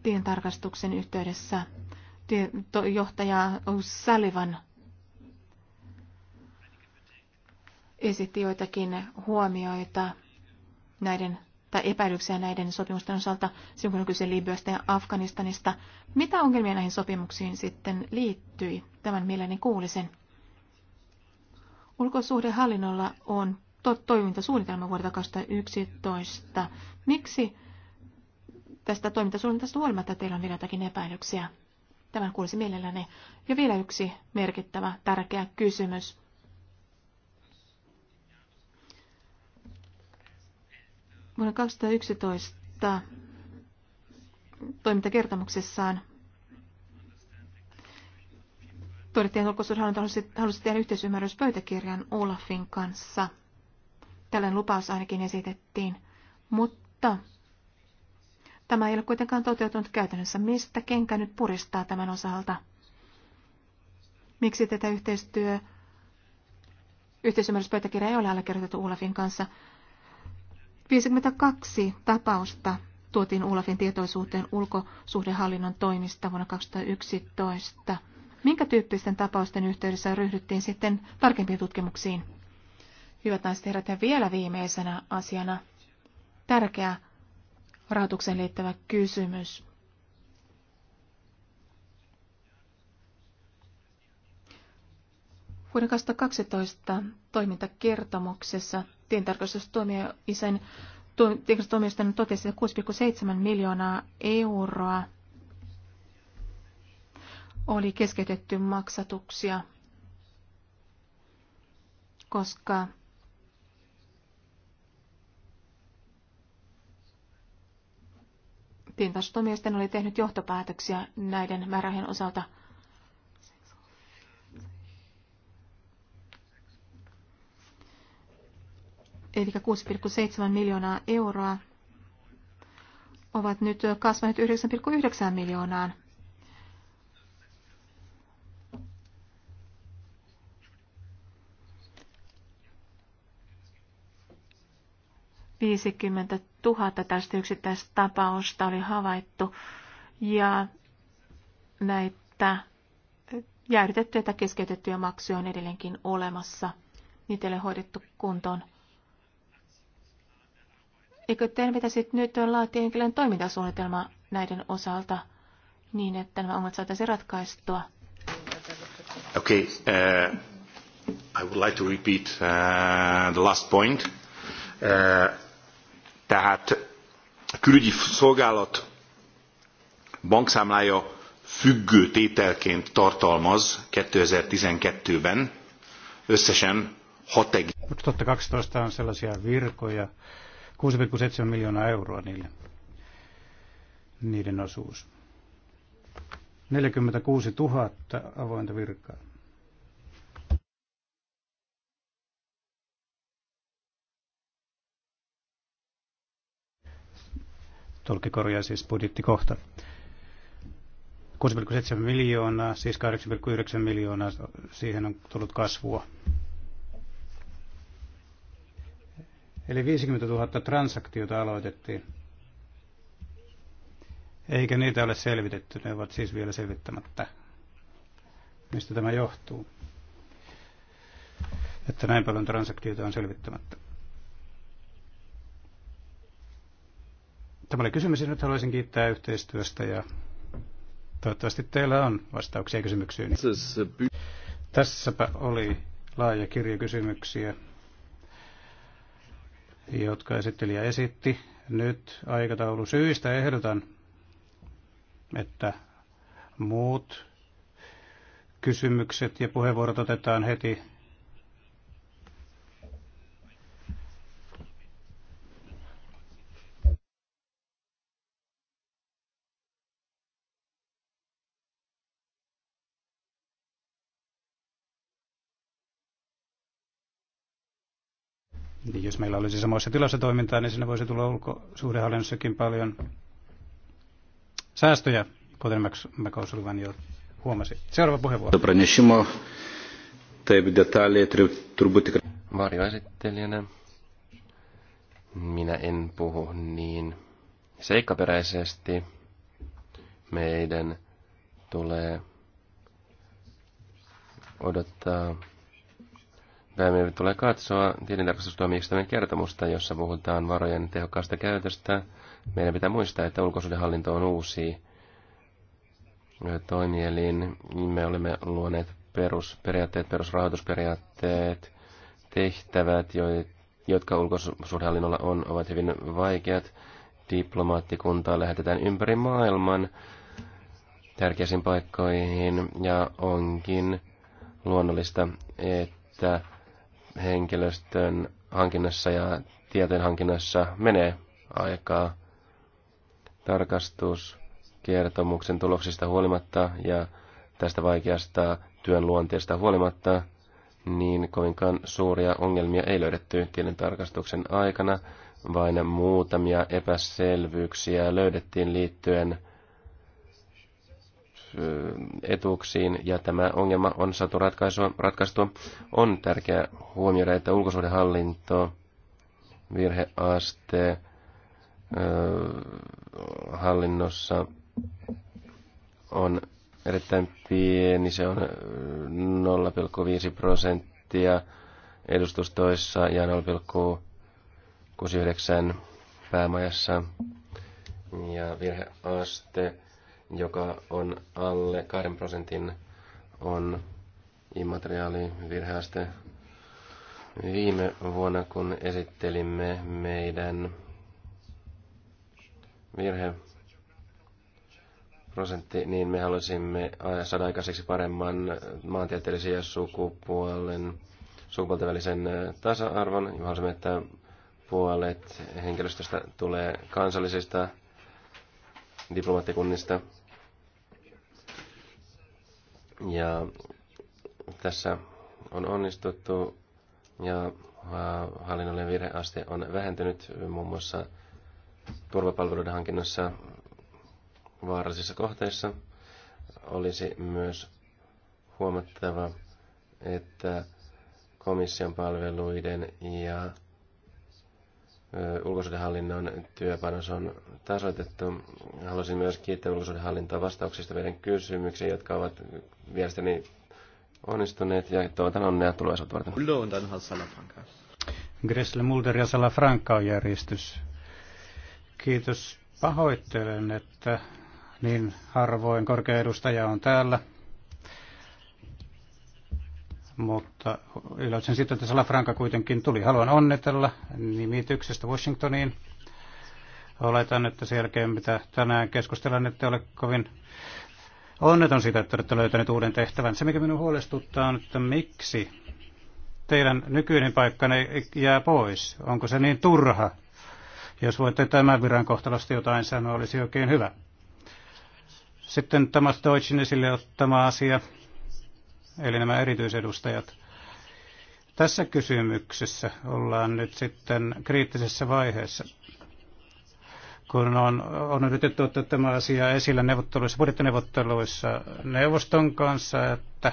tien tarkastuksen yhteydessä. Johtaja Sullivan esitti joitakin huomioita näiden tai epäilyksiä näiden sopimusten osalta silloin, kun on kyse Libyasta ja Afganistanista. Mitä ongelmia näihin sopimuksiin sitten liittyi? Tämän mielelläni kuulisin. Ulkosuhdehallinnolla on to- toimintasuunnitelma vuodelta 2011. Miksi tästä toimintasuunnitelmasta huolimatta teillä on vielä jotakin epäilyksiä? Tämän kuulisi mielelläni. Ja vielä yksi merkittävä, tärkeä kysymys. Vuonna 2011 toimintakertomuksessaan todettiin, että ulkosuudenhallinto halusi, halusi tehdä yhteisymmärryspöytäkirjan Olafin kanssa. Tällainen lupaus ainakin esitettiin, mutta tämä ei ole kuitenkaan toteutunut käytännössä. Mistä kenkä nyt puristaa tämän osalta? Miksi tätä yhteistyö, yhteisymmärryspöytäkirjaa ei ole allekirjoitettu Olafin kanssa? 52 tapausta tuotiin Ulafin tietoisuuteen ulkosuhdehallinnon toimista vuonna 2011. Minkä tyyppisten tapausten yhteydessä ryhdyttiin sitten tarkempiin tutkimuksiin? Hyvät naiset herrat, ja vielä viimeisenä asiana tärkeä rahoitukseen liittyvä kysymys. Vuoden 2012 toimintakertomuksessa tilintarkastustuomioisen tilintarkastustuomioistuin totesi, että 6,7 miljoonaa euroa oli keskeytetty maksatuksia, koska tilintarkastustuomioistuin oli tehnyt johtopäätöksiä näiden määrärahojen osalta – eli 6,7 miljoonaa euroa, ovat nyt kasvaneet 9,9 miljoonaan. Viisikymmentä tuhatta tästä yksittäistä tapausta oli havaittu ja näitä jäädytettyjä tai keskeytettyjä maksuja on edelleenkin olemassa. Niitä ei ole hoidettu kuntoon. Eikö teidän pitäisi nyt laatia jonkinlainen toimintasuunnitelma näiden osalta niin, että nämä ongelmat saataisiin ratkaistua? Okay, uh, I would like to repeat uh, the last point. Uh, tehát a külügyi szolgálat bankszámlája függő tételként tartalmaz 2012-ben összesen 6,2 on sellaisia virkoja, 6,7 miljoonaa euroa niille, niiden osuus. 46 000 avointa virkaa. Tolkki korjaa siis budjettikohta. 6,7 miljoonaa, siis 8,9 miljoonaa, siihen on tullut kasvua Eli 50 000 transaktiota aloitettiin. Eikä niitä ole selvitetty, ne ovat siis vielä selvittämättä. Mistä tämä johtuu? Että näin paljon transaktioita on selvittämättä. Tämä oli kysymys ja nyt haluaisin kiittää yhteistyöstä ja toivottavasti teillä on vastauksia kysymyksiin. Tässäpä oli laaja kirja kysymyksiä jotka esittelijä esitti. Nyt aikataulu syistä ehdotan, että muut kysymykset ja puheenvuorot otetaan heti Niin jos meillä olisi samoissa tilassa toimintaa, niin sinne voisi tulla ulkosuhdehallinnossakin paljon säästöjä, kuten Mäkausuluvan jo huomasi. Seuraava puheenvuoro. Pranešimo, taip detalje, turbūt tikrai. Varjoesittelijänä minä en puhu niin seikkaperäisesti. Meidän tulee odottaa Päämiehen tulee katsoa tilintarkastustuomioistuimen kertomusta, jossa puhutaan varojen tehokkaasta käytöstä. Meidän pitää muistaa, että ulkosuhdehallinto on uusi toimielin. Me olemme luoneet perusperiaatteet, perusrahoitusperiaatteet, tehtävät, jotka ulkosuhdehallinnolla on, ovat hyvin vaikeat. Diplomaattikuntaa lähetetään ympäri maailman tärkeisiin paikkoihin ja onkin luonnollista, että henkilöstön hankinnassa ja tieteen hankinnassa menee aikaa tarkastuskertomuksen tuloksista huolimatta ja tästä vaikeasta työn luonteesta huolimatta, niin kovinkaan suuria ongelmia ei löydetty tieteen tarkastuksen aikana, vain muutamia epäselvyyksiä löydettiin liittyen – etuuksiin ja tämä ongelma on saatu ratkaistua. On tärkeää huomioida, että ulkosuhdehallinto, virheaste hallinnossa on erittäin pieni, se on 0,5 prosenttia edustustoissa ja 0,69 päämajassa. Ja virheaste joka on alle 2 prosentin, on immateriaali virheaste. Viime vuonna, kun esittelimme meidän virhe prosentti, niin me halusimme saada aikaiseksi paremman maantieteellisen ja sukupuolen sukupuolten välisen äh, tasa-arvon. Me halusimme, että puolet henkilöstöstä tulee kansallisista diplomaattikunnista. Ja tässä on onnistuttu ja hallinnollinen virheaste on vähentynyt muun muassa turvapalveluiden hankinnassa vaarallisissa kohteissa. Olisi myös huomattava, että komission palveluiden ja ulkosuhdehallinnon työpanos on tasoitettu. Haluaisin myös kiittää ulkosuhdehallintoa vastauksista meidän kysymyksiin, jotka ovat mielestäni onnistuneet ja toivotan onnea tulevaisuutta varten. Gressle Mulder ja Salafranca on järjestys. Kiitos. Pahoittelen, että niin harvoin korkea edustaja on täällä mutta iloitsen siitä, että Salafranka kuitenkin tuli. Haluan onnitella nimityksestä Washingtoniin. Oletan, että sen jälkeen, mitä tänään keskustellaan, ette ole kovin onneton siitä, että olette löytäneet uuden tehtävän. Se, mikä minun huolestuttaa, on, että miksi teidän nykyinen paikkanne jää pois. Onko se niin turha? Jos voitte tämän viran kohtalosta jotain sanoa, olisi oikein hyvä. Sitten Thomas Deutschin esille ottama asia eli nämä erityisedustajat. Tässä kysymyksessä ollaan nyt sitten kriittisessä vaiheessa, kun on, on yritetty ottaa tämä asia esillä neuvotteluissa, budjettineuvotteluissa neuvoston kanssa, että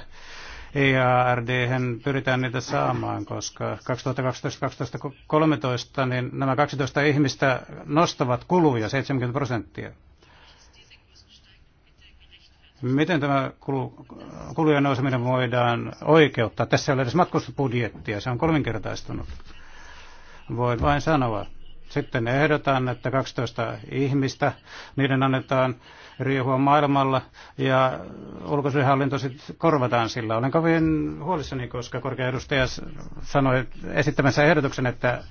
EARD pyritään niitä saamaan, koska 2012-2013 niin nämä 12 ihmistä nostavat kuluja 70 prosenttia. Miten tämä kulujen nouseminen voidaan oikeuttaa? Tässä ei ole edes matkustusbudjettia, se on kolminkertaistunut. Voin vain sanoa. Sitten ehdotan, että 12 ihmistä, niiden annetaan riehua maailmalla ja ulkosyhallinto sitten korvataan sillä. Olen kovin huolissani, koska korkea edustaja sanoi esittämänsä ehdotuksen, että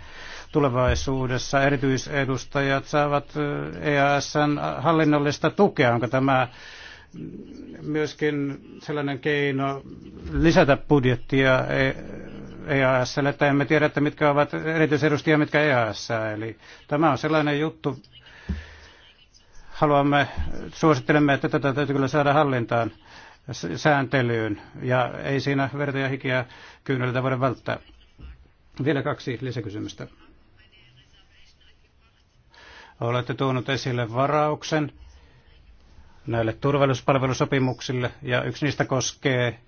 tulevaisuudessa erityisedustajat saavat EASn hallinnollista tukea. Onko tämä myöskin sellainen keino lisätä budjettia EAS, e että emme tiedä, että mitkä ovat erityisedustajia, mitkä EAS. Eli tämä on sellainen juttu, haluamme, suosittelemme, että tätä täytyy kyllä saada hallintaan sääntelyyn, ja ei siinä verta ja hikiä kyyneltä voida välttää. Vielä kaksi lisäkysymystä. Olette tuonut esille varauksen näille turvallisuuspalvelusopimuksille, ja yksi niistä koskee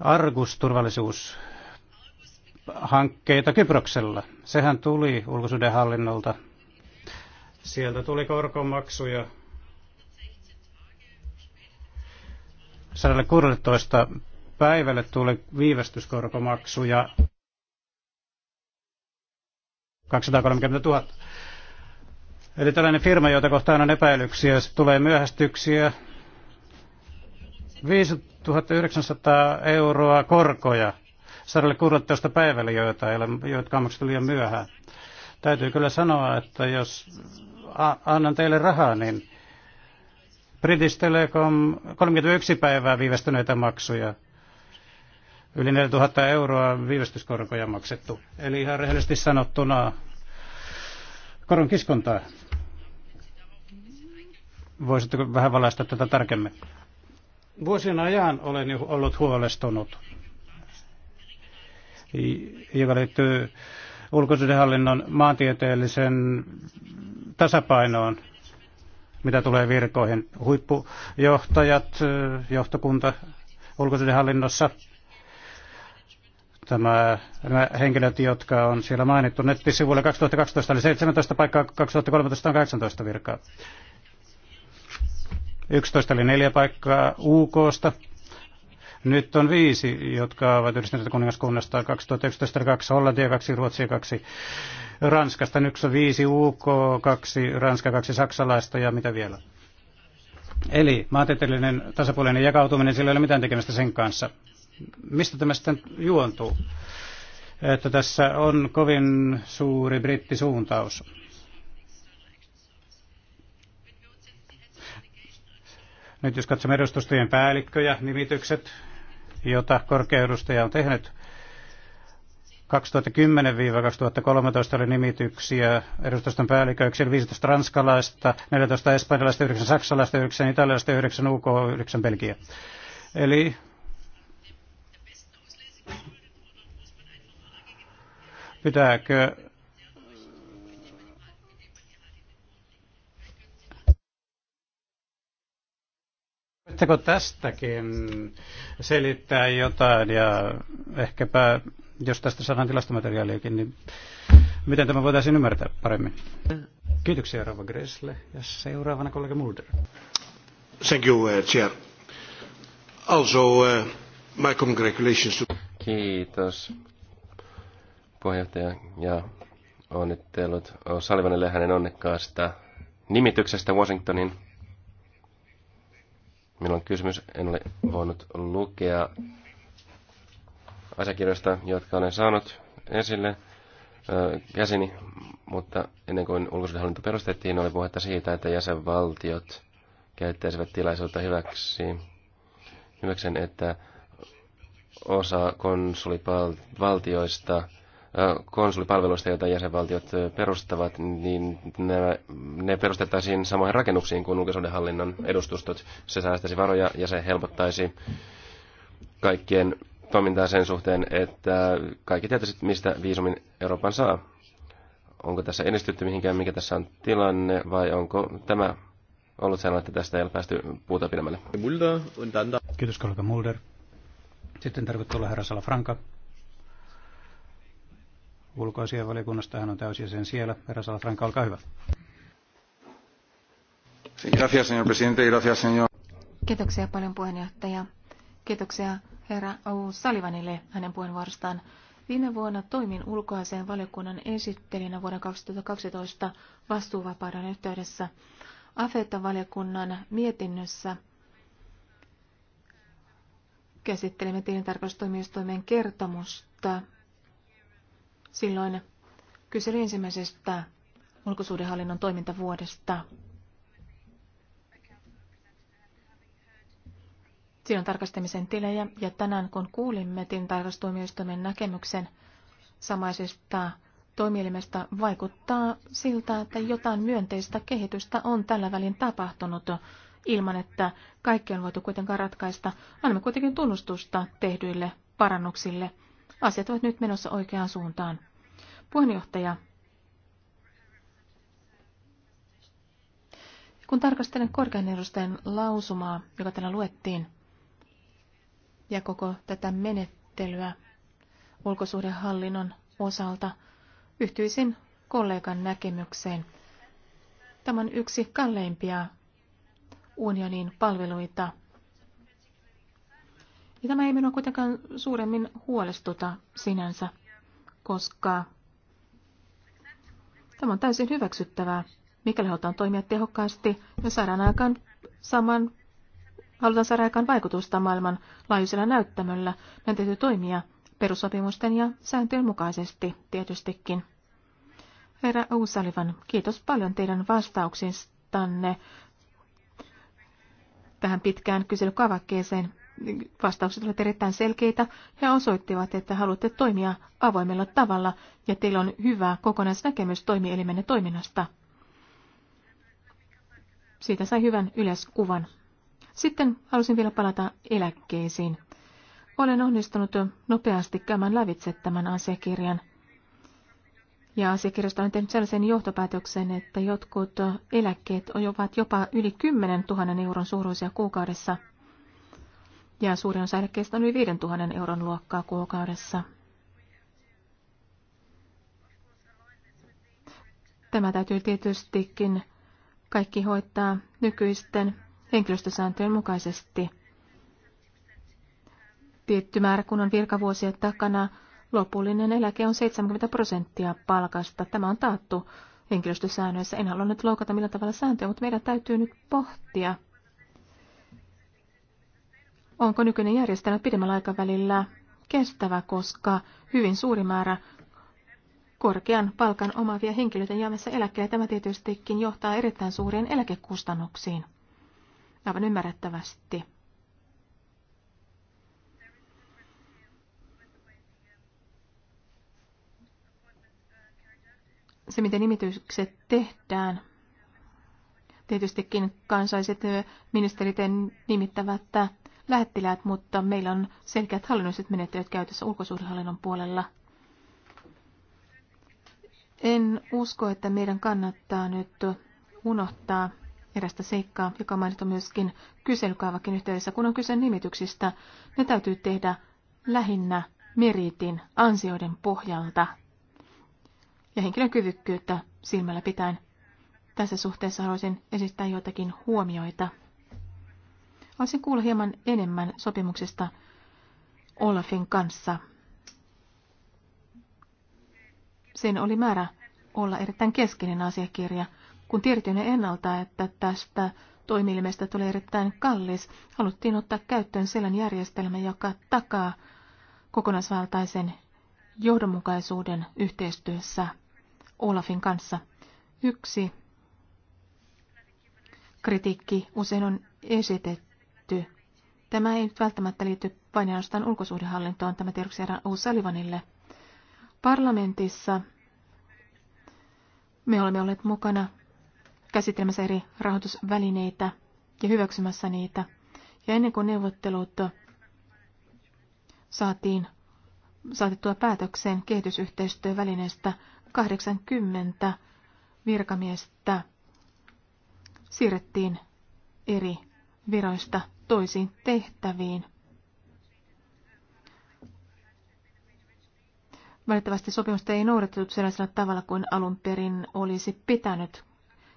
argus Kyproksella. Sehän tuli ulkosuudenhallinnolta. Sieltä tuli korkomaksuja 116 päivälle tuli viivästyskorkomaksuja 230 000. Eli tällainen firma, jota kohtaan on epäilyksiä, jos tulee myöhästyksiä, 5900 euroa korkoja 116 päivällä, joita ei ole, jotka on maksettu liian myöhään. Täytyy kyllä sanoa, että jos annan teille rahaa, niin British Telecom 31 päivää viivästyneitä maksuja. Yli 4000 euroa viivästyskorkoja maksettu. Eli ihan rehellisesti sanottuna koron kiskontaa. Voisitteko vähän valaista tätä tarkemmin? Vuosien ajan olen ollut huolestunut, joka liittyy ulkoisuudenhallinnon maantieteellisen tasapainoon, mitä tulee virkoihin. Huippujohtajat, johtokunta ulkoisuudenhallinnossa, tämä, nämä henkilöt, jotka on siellä mainittu nettisivuille 2012 oli 17 paikkaa, 2013 on 18 virkaa. 11 oli neljä paikkaa UKsta. Nyt on viisi, jotka ovat yhdistyneet kuningaskunnasta 2011, kaksi Hollantia, kaksi Ruotsia, kaksi Ranskasta. Nyt on viisi UK, kaksi Ranska, kaksi saksalaista ja mitä vielä. Eli maantieteellinen tasapuolinen jakautuminen, sillä ei ole mitään tekemistä sen kanssa. Mistä tämä sitten juontuu? Että tässä on kovin suuri brittisuuntaus. Nyt jos katsomme edustustojen päällikköjä, nimitykset, joita korkeudustaja on tehnyt, 2010-2013 oli nimityksiä edustuston päälliköiksi, 15 ranskalaista, 14 espanjalaista, 9 saksalaista, 9 italialaista, 9 UK, 9 Belgia. Eli pitääkö Voisitteko tästäkin selittää jotain ja ehkäpä, jos tästä saadaan tilastomateriaaliakin, niin miten tämä voitaisiin ymmärtää paremmin? Kiitoksia Rova Gressle ja seuraavana kollega Mulder. Thank you, uh, Chair. Also, uh, my congratulations to... Kiitos puheenjohtaja ja onnittelut Salivanille hänen onnekkaasta nimityksestä Washingtonin Minulla on kysymys, en ole voinut lukea asiakirjoista, jotka olen saanut esille käsini, mutta ennen kuin ulkosuudenhallinto perustettiin, oli puhetta siitä, että jäsenvaltiot käyttäisivät tilaisuutta hyväksi, hyväksen, että osa konsulivaltioista konsulipalveluista, joita jäsenvaltiot perustavat, niin ne, ne perustettaisiin samoihin rakennuksiin kuin hallinnon edustustot. Se säästäisi varoja ja se helpottaisi kaikkien toimintaa sen suhteen, että kaikki tietäisivät, mistä viisumin Euroopan saa. Onko tässä edistytty mihinkään, mikä tässä on tilanne, vai onko tämä ollut sellainen, että tästä ei ole päästy puuta pidemmälle? Kiitos kollega Mulder. Sitten olla herra Salafranca. Ulkoasianvaliokunnasta hän on täysjäsen siellä. Herra Salafranca, olkaa hyvä. Kiitoksia paljon puheenjohtaja. Kiitoksia herra O. Salivanille hänen puheenvuorostaan. Viime vuonna toimin ulkoaseen valiokunnan esittelijänä vuonna 2012 vastuuvapauden yhteydessä. AFETA-valiokunnan mietinnössä käsittelimme tilintarkastustoimistoimen kertomusta Silloin kyselin ensimmäisestä ulkosuudenhallinnon toimintavuodesta. Silloin tarkastamisen tilejä ja tänään kun kuulimme tilintarkastuomioistuimen näkemyksen samaisesta toimielimestä, vaikuttaa siltä, että jotain myönteistä kehitystä on tällä välin tapahtunut ilman, että kaikki on voitu kuitenkaan ratkaista. Annamme kuitenkin tunnustusta tehdyille parannuksille – Asiat ovat nyt menossa oikeaan suuntaan. Puheenjohtaja, kun tarkastelen korkean edustajan lausumaa, joka täällä luettiin, ja koko tätä menettelyä ulkosuhdehallinnon osalta, yhtyisin kollegan näkemykseen. Tämä on yksi kalleimpia unionin palveluita ja tämä ei minua kuitenkaan suuremmin huolestuta sinänsä, koska tämä on täysin hyväksyttävää, mikäli halutaan toimia tehokkaasti ja saadaan aikaan saman halutaan saada aikaan vaikutusta maailman laajuisella näyttämöllä, meidän täytyy toimia perussopimusten ja sääntöjen mukaisesti tietystikin. Herra uusalivan, kiitos paljon teidän vastauksistanne tähän pitkään kyselykavakkeeseen vastaukset olivat erittäin selkeitä ja osoittivat, että haluatte toimia avoimella tavalla ja teillä on hyvä kokonaisnäkemys toimielimenne toiminnasta. Siitä sai hyvän yleiskuvan. Sitten halusin vielä palata eläkkeisiin. Olen onnistunut nopeasti käymään lävitse tämän asiakirjan. Ja asiakirjasta olen tehnyt sellaisen johtopäätöksen, että jotkut eläkkeet ovat jopa yli 10 000 euron suuruisia kuukaudessa – ja suurin osa eläkkeistä on yli 5000 euron luokkaa kuukaudessa. Tämä täytyy tietystikin kaikki hoitaa nykyisten henkilöstösääntöjen mukaisesti. Tietty määrä, kun on virkavuosia takana, lopullinen eläke on 70 prosenttia palkasta. Tämä on taattu henkilöstösäännöissä. En halua nyt loukata millä tavalla sääntöjä, mutta meidän täytyy nyt pohtia – onko nykyinen järjestelmä pidemmällä aikavälillä kestävä, koska hyvin suuri määrä korkean palkan omaavia henkilöitä jäämässä eläkkeelle. Tämä tietystikin johtaa erittäin suuriin eläkekustannuksiin. Aivan ymmärrettävästi. Se, miten nimitykset tehdään, tietystikin kansalliset ministerit nimittävät lähettiläät, mutta meillä on selkeät hallinnolliset menettelyt käytössä ulkosuhdehallinnon puolella. En usko, että meidän kannattaa nyt unohtaa erästä seikkaa, joka mainittu myöskin kyselykaavakin yhteydessä, kun on kyse nimityksistä. Ne täytyy tehdä lähinnä meritin ansioiden pohjalta ja henkilön kyvykkyyttä silmällä pitäen. Tässä suhteessa haluaisin esittää joitakin huomioita. Haluaisin kuulla hieman enemmän sopimuksesta Olafin kanssa. Sen oli määrä olla erittäin keskeinen asiakirja, kun tiedettiin ennalta, että tästä toimielimestä tulee erittäin kallis. Haluttiin ottaa käyttöön sellainen järjestelmä, joka takaa kokonaisvaltaisen johdonmukaisuuden yhteistyössä Olafin kanssa. Yksi kritiikki usein on esitetty Tämä ei nyt välttämättä liity vain ainoastaan ulkosuhdehallintoon, tämä tiedoksi jäädään O'Sullivanille. Parlamentissa me olemme olleet mukana käsittelemässä eri rahoitusvälineitä ja hyväksymässä niitä. Ja ennen kuin neuvottelut saatiin saatettua päätökseen kehitysyhteistyövälineestä 80 virkamiestä siirrettiin eri viroista toisiin tehtäviin. Valitettavasti sopimusta ei noudatettu sellaisella tavalla kuin alun perin olisi pitänyt.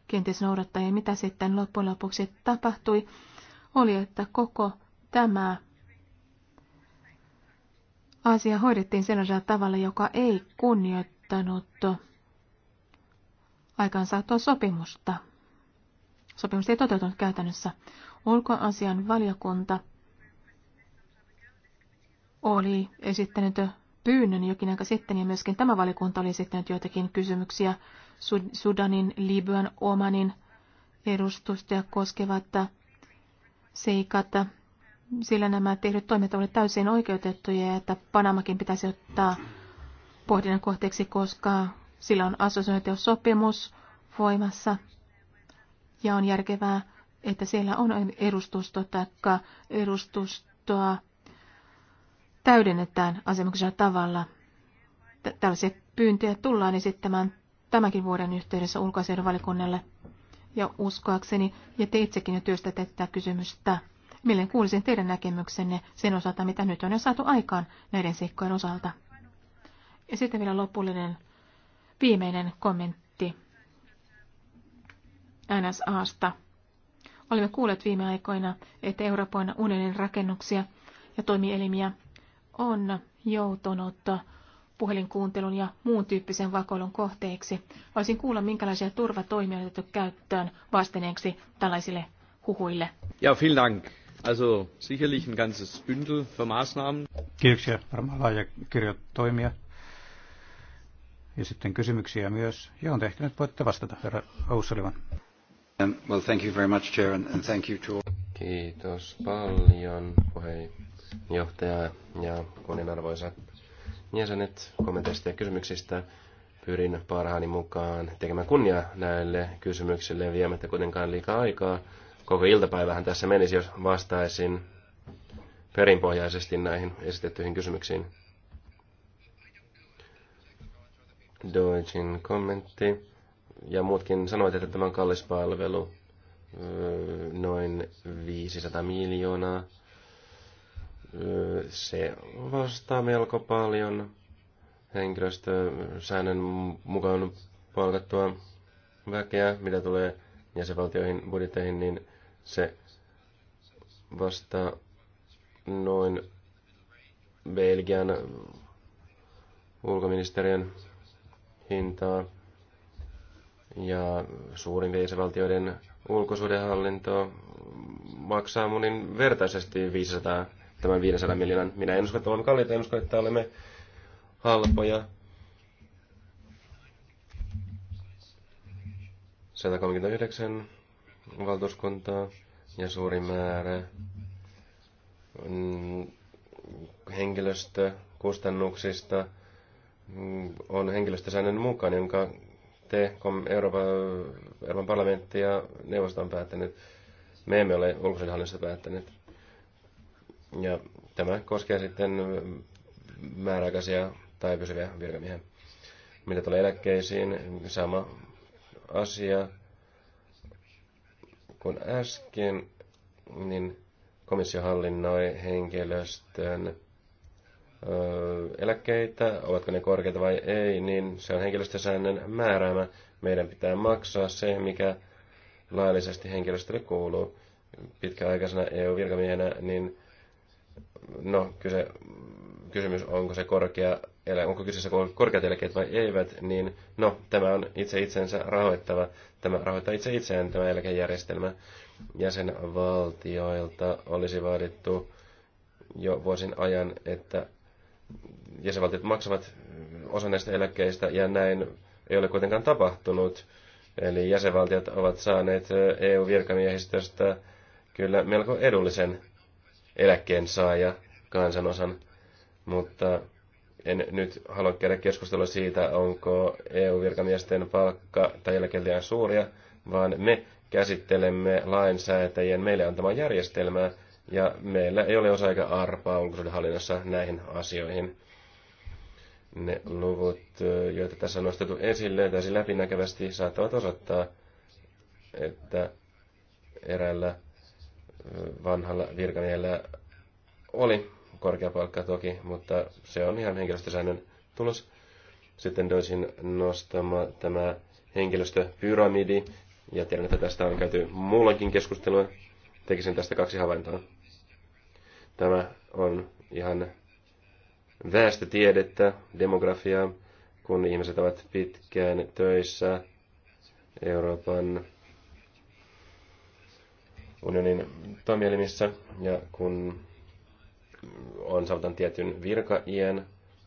Kenties Ja mitä sitten loppujen lopuksi tapahtui, oli, että koko tämä asia hoidettiin sellaisella tavalla, joka ei kunnioittanut aikaansaattua sopimusta. Sopimus ei toteutunut käytännössä. Ulkoasian valiokunta oli esittänyt pyynnön jokin aika sitten ja myöskin tämä valiokunta oli esittänyt joitakin kysymyksiä Sudanin, Libyan, Omanin edustustia koskevat seikat, sillä nämä tehdyt toimet olivat täysin oikeutettuja ja että Panamakin pitäisi ottaa pohdinnan kohteeksi, koska sillä on assosioiteussopimus voimassa ja on järkevää että siellä on edustusto tai edustustoa täydennetään asemuksella tavalla. Tällaisia pyyntöjä tullaan esittämään tämänkin vuoden yhteydessä ulkoasioiden Ja uskoakseni, ja te itsekin jo työstätte tätä kysymystä, millen kuulisin teidän näkemyksenne sen osalta, mitä nyt on jo saatu aikaan näiden seikkojen osalta. Ja sitten vielä lopullinen viimeinen kommentti NSAsta. Olemme kuulleet viime aikoina, että Euroopan unionin rakennuksia ja toimielimiä on joutunut puhelinkuuntelun ja muun tyyppisen vakoilun kohteeksi. Voisin kuulla, minkälaisia turvatoimia on otettu käyttöön vastineeksi tällaisille huhuille. Ja, vielen dank. Also sicherlich ein ganzes Bündel für Maßnahmen. Kiitoksia. Varmaan laaja kirjo toimia. Ja sitten kysymyksiä myös. Ja on tehty että voitte vastata, herra Ousselivan. Um, well, thank you very much, Chair, and thank you to... Kiitos paljon puheenjohtaja ja kunnianarvoisat jäsenet kommenteista ja kysymyksistä. Pyrin parhaani mukaan tekemään kunnia näille kysymyksille viemättä kuitenkaan liikaa aikaa. Koko iltapäivähän tässä menisi, jos vastaisin perinpohjaisesti näihin esitettyihin kysymyksiin. Deutschen kommentti ja muutkin sanoivat, että tämä on kallis palvelu, noin 500 miljoonaa. Se vastaa melko paljon henkilöstösäännön mukaan palkattua väkeä, mitä tulee jäsenvaltioihin budjetteihin, niin se vastaa noin Belgian ulkoministeriön hintaa ja suurin viisivaltioiden ulkosuhdehallinto maksaa monin vertaisesti 500, tämän 500 miljoonan. Minä en usko, että olemme kalliita, en usko, että olemme halpoja. 139 valtuuskuntaa ja suuri määrä mm, henkilöstökustannuksista mm, on henkilöstösäännön mukaan, jonka te, Euroopan, Euroopan parlamentti ja neuvosto on päättänyt. Me emme ole ulkoisenhallinnossa päättäneet. Ja tämä koskee sitten määräaikaisia tai pysyviä virkamiehiä. Mitä tulee eläkkeisiin, sama asia kuin äsken, niin komissio hallinnoi henkilöstön eläkkeitä, ovatko ne korkeita vai ei, niin se on henkilöstösäännön määräämä. Meidän pitää maksaa se, mikä laillisesti henkilöstölle kuuluu pitkäaikaisena EU-virkamiehenä, niin no, kyse, kysymys, onko se korkea, onko kyseessä korkeat eläkkeet vai eivät, niin no, tämä on itse itsensä rahoittava, tämä rahoittaa itse itseään tämä eläkejärjestelmä. Jäsenvaltioilta olisi vaadittu jo vuosin ajan, että jäsenvaltiot maksavat osa näistä eläkkeistä ja näin ei ole kuitenkaan tapahtunut. Eli jäsenvaltiot ovat saaneet EU-virkamiehistöstä kyllä melko edullisen eläkkeen saaja kansanosan, mutta en nyt halua käydä keskustelua siitä, onko EU-virkamiesten palkka tai eläke liian suuria, vaan me käsittelemme lainsäätäjien meille antamaa järjestelmää, ja meillä ei ole osa eikä arpaa hallinnassa näihin asioihin. Ne luvut, joita tässä on nostettu esille täysin siis läpinäkevästi, saattavat osoittaa, että eräällä vanhalla virkamiehellä oli korkea palkka toki, mutta se on ihan henkilöstösäännön tulos. Sitten toisin nostama tämä henkilöstöpyramidi, ja tiedän, että tästä on käyty muullakin keskustelua. Tekisin tästä kaksi havaintoa. Tämä on ihan väestötiedettä, demografiaa, kun ihmiset ovat pitkään töissä Euroopan unionin toimielimissä ja kun on saavutan tietyn virkaien,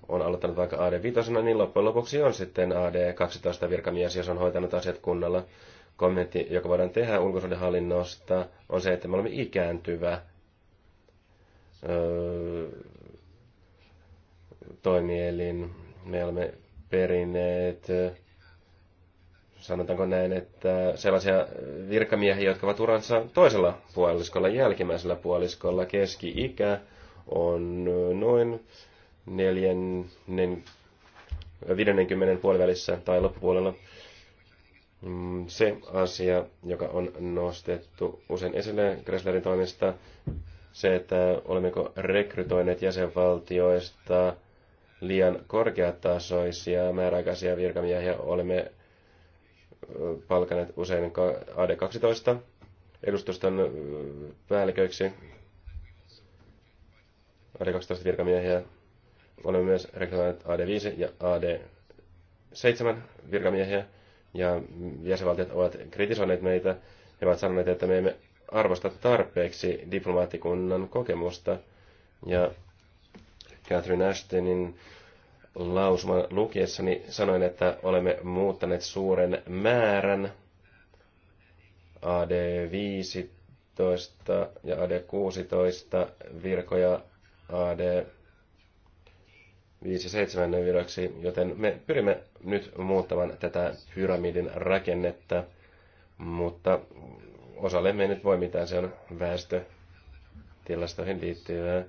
on aloittanut vaikka AD5, niin loppujen lopuksi on sitten AD12 virkamies, jos on hoitanut asiat kunnolla. Kommentti, joka voidaan tehdä hallinnosta, on se, että me olemme ikääntyvä toimielin. Me olemme perineet, sanotaanko näin, että sellaisia virkamiehiä, jotka ovat uransa toisella puoliskolla, jälkimmäisellä puoliskolla, keski-ikä on noin neljännen, viidennenkymmenen puolivälissä tai loppupuolella. Mm, se asia, joka on nostettu usein esille Gresslerin toimesta, se, että olemmeko rekrytoineet jäsenvaltioista liian korkeatasoisia määräaikaisia virkamiehiä, olemme palkaneet usein AD12 edustuston päälliköiksi AD12 virkamiehiä. Olemme myös rekrytoineet AD5 ja AD7 virkamiehiä, ja jäsenvaltiot ovat kritisoineet meitä. He ovat sanoneet, että me emme arvosta tarpeeksi diplomaattikunnan kokemusta. Ja Catherine Ashtonin lausuman lukiessani sanoin, että olemme muuttaneet suuren määrän AD15 ja AD16 virkoja AD 5-7 viroksi, joten me pyrimme nyt muuttamaan tätä pyramidin rakennetta, mutta osalle ei nyt voi mitään, se on väestötilastoihin liittyvää.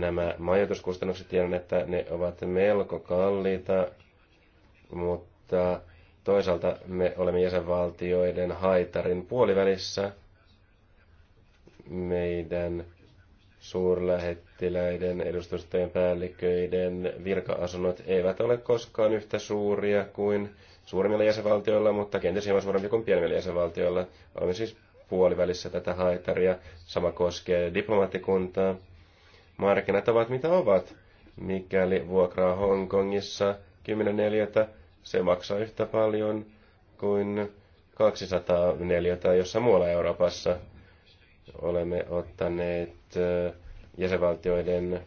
Nämä majoituskustannukset tiedän, että ne ovat melko kalliita, mutta toisaalta me olemme jäsenvaltioiden haitarin puolivälissä. Meidän suurlähettiläiden, edustustojen päälliköiden virka eivät ole koskaan yhtä suuria kuin suuremmilla jäsenvaltioilla, mutta kenties hieman suurempi kuin pienemmillä jäsenvaltioilla. Olemme siis puolivälissä tätä haitaria. Sama koskee diplomaattikuntaa. Markkinat ovat mitä ovat. Mikäli vuokraa Hongkongissa 10.4. se maksaa yhtä paljon kuin 204 jossa jossain muualla Euroopassa. Olemme ottaneet jäsenvaltioiden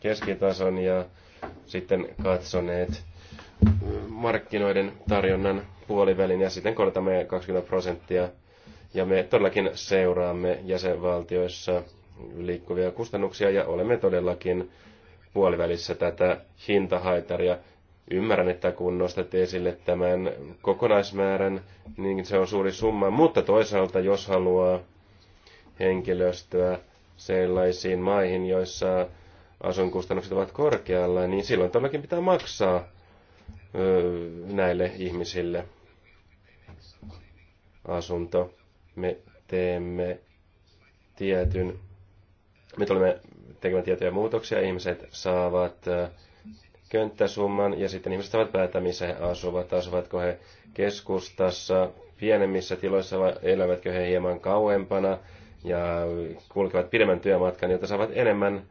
keskitason ja sitten katsoneet, markkinoiden tarjonnan puolivälin ja sitten korotamme 20 prosenttia. Ja me todellakin seuraamme jäsenvaltioissa liikkuvia kustannuksia ja olemme todellakin puolivälissä tätä hintahaitaria. Ymmärrän, että kun nostatte esille tämän kokonaismäärän, niin se on suuri summa, mutta toisaalta jos haluaa henkilöstöä sellaisiin maihin, joissa asuinkustannukset ovat korkealla, niin silloin todellakin pitää maksaa näille ihmisille asunto. Me teemme tietyn, me tulemme tekemään tietoja muutoksia, ihmiset saavat könttäsumman ja sitten ihmiset saavat päättää, missä he asuvat. Asuvatko he keskustassa, pienemmissä tiloissa vai elävätkö he hieman kauempana ja kulkevat pidemmän työmatkan, jotta saavat enemmän